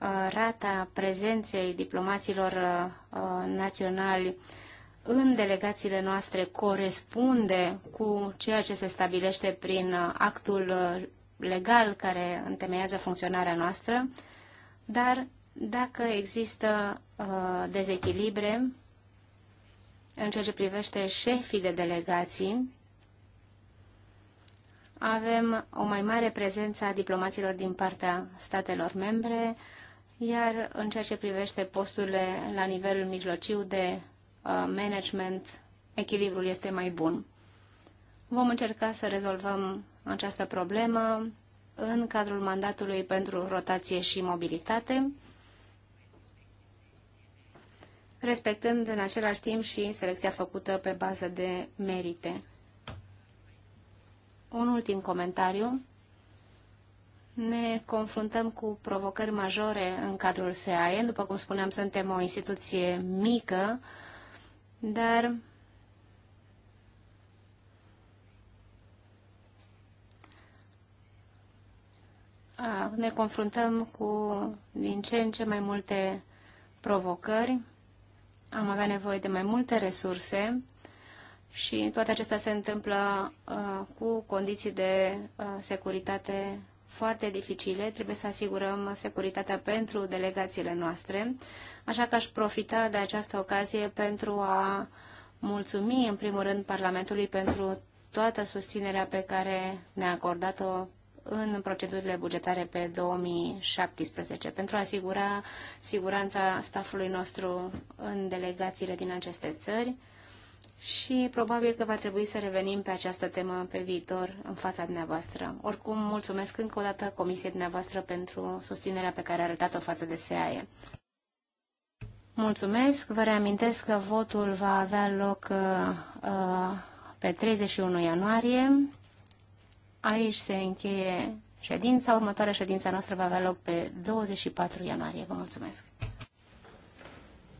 C: uh, rata prezenței diplomaților uh, naționali în delegațiile noastre corespunde cu ceea ce se stabilește prin uh, actul legal care întemeiază funcționarea noastră, dar dacă există dezechilibre în ceea ce privește șefii de delegații, avem o mai mare prezență a diplomaților din partea statelor membre, iar în ceea ce privește posturile la nivelul mijlociu de uh, management, echilibrul este mai bun. Vom încerca să rezolvăm această problemă în cadrul mandatului pentru rotație și mobilitate, respectând în același timp și selecția făcută pe bază de merite. Un ultim comentariu. Ne confruntăm cu provocări majore în cadrul SEAE. După cum spuneam, suntem o instituție mică, dar ne confruntăm cu din ce în ce mai multe provocări. Am avea nevoie de mai multe resurse și toate acestea se întâmplă uh, cu condiții de uh, securitate foarte dificile. Trebuie să asigurăm securitatea pentru delegațiile noastre, așa că aș profita de această ocazie pentru a mulțumi, în primul rând, Parlamentului pentru toată susținerea pe care ne-a acordat-o în procedurile bugetare pe 2017 pentru a asigura siguranța stafului nostru în delegațiile din aceste țări și probabil că va trebui să revenim pe această temă pe viitor în fața dumneavoastră. Oricum, mulțumesc încă o dată Comisiei dumneavoastră pentru susținerea pe care a arătat-o față de SEAE. Mulțumesc, vă reamintesc că votul va avea loc uh, uh pe 31 ianuarie. Aici se încheie ședința. Următoarea ședința noastră va avea loc pe 24 ianuarie. Vă mulțumesc!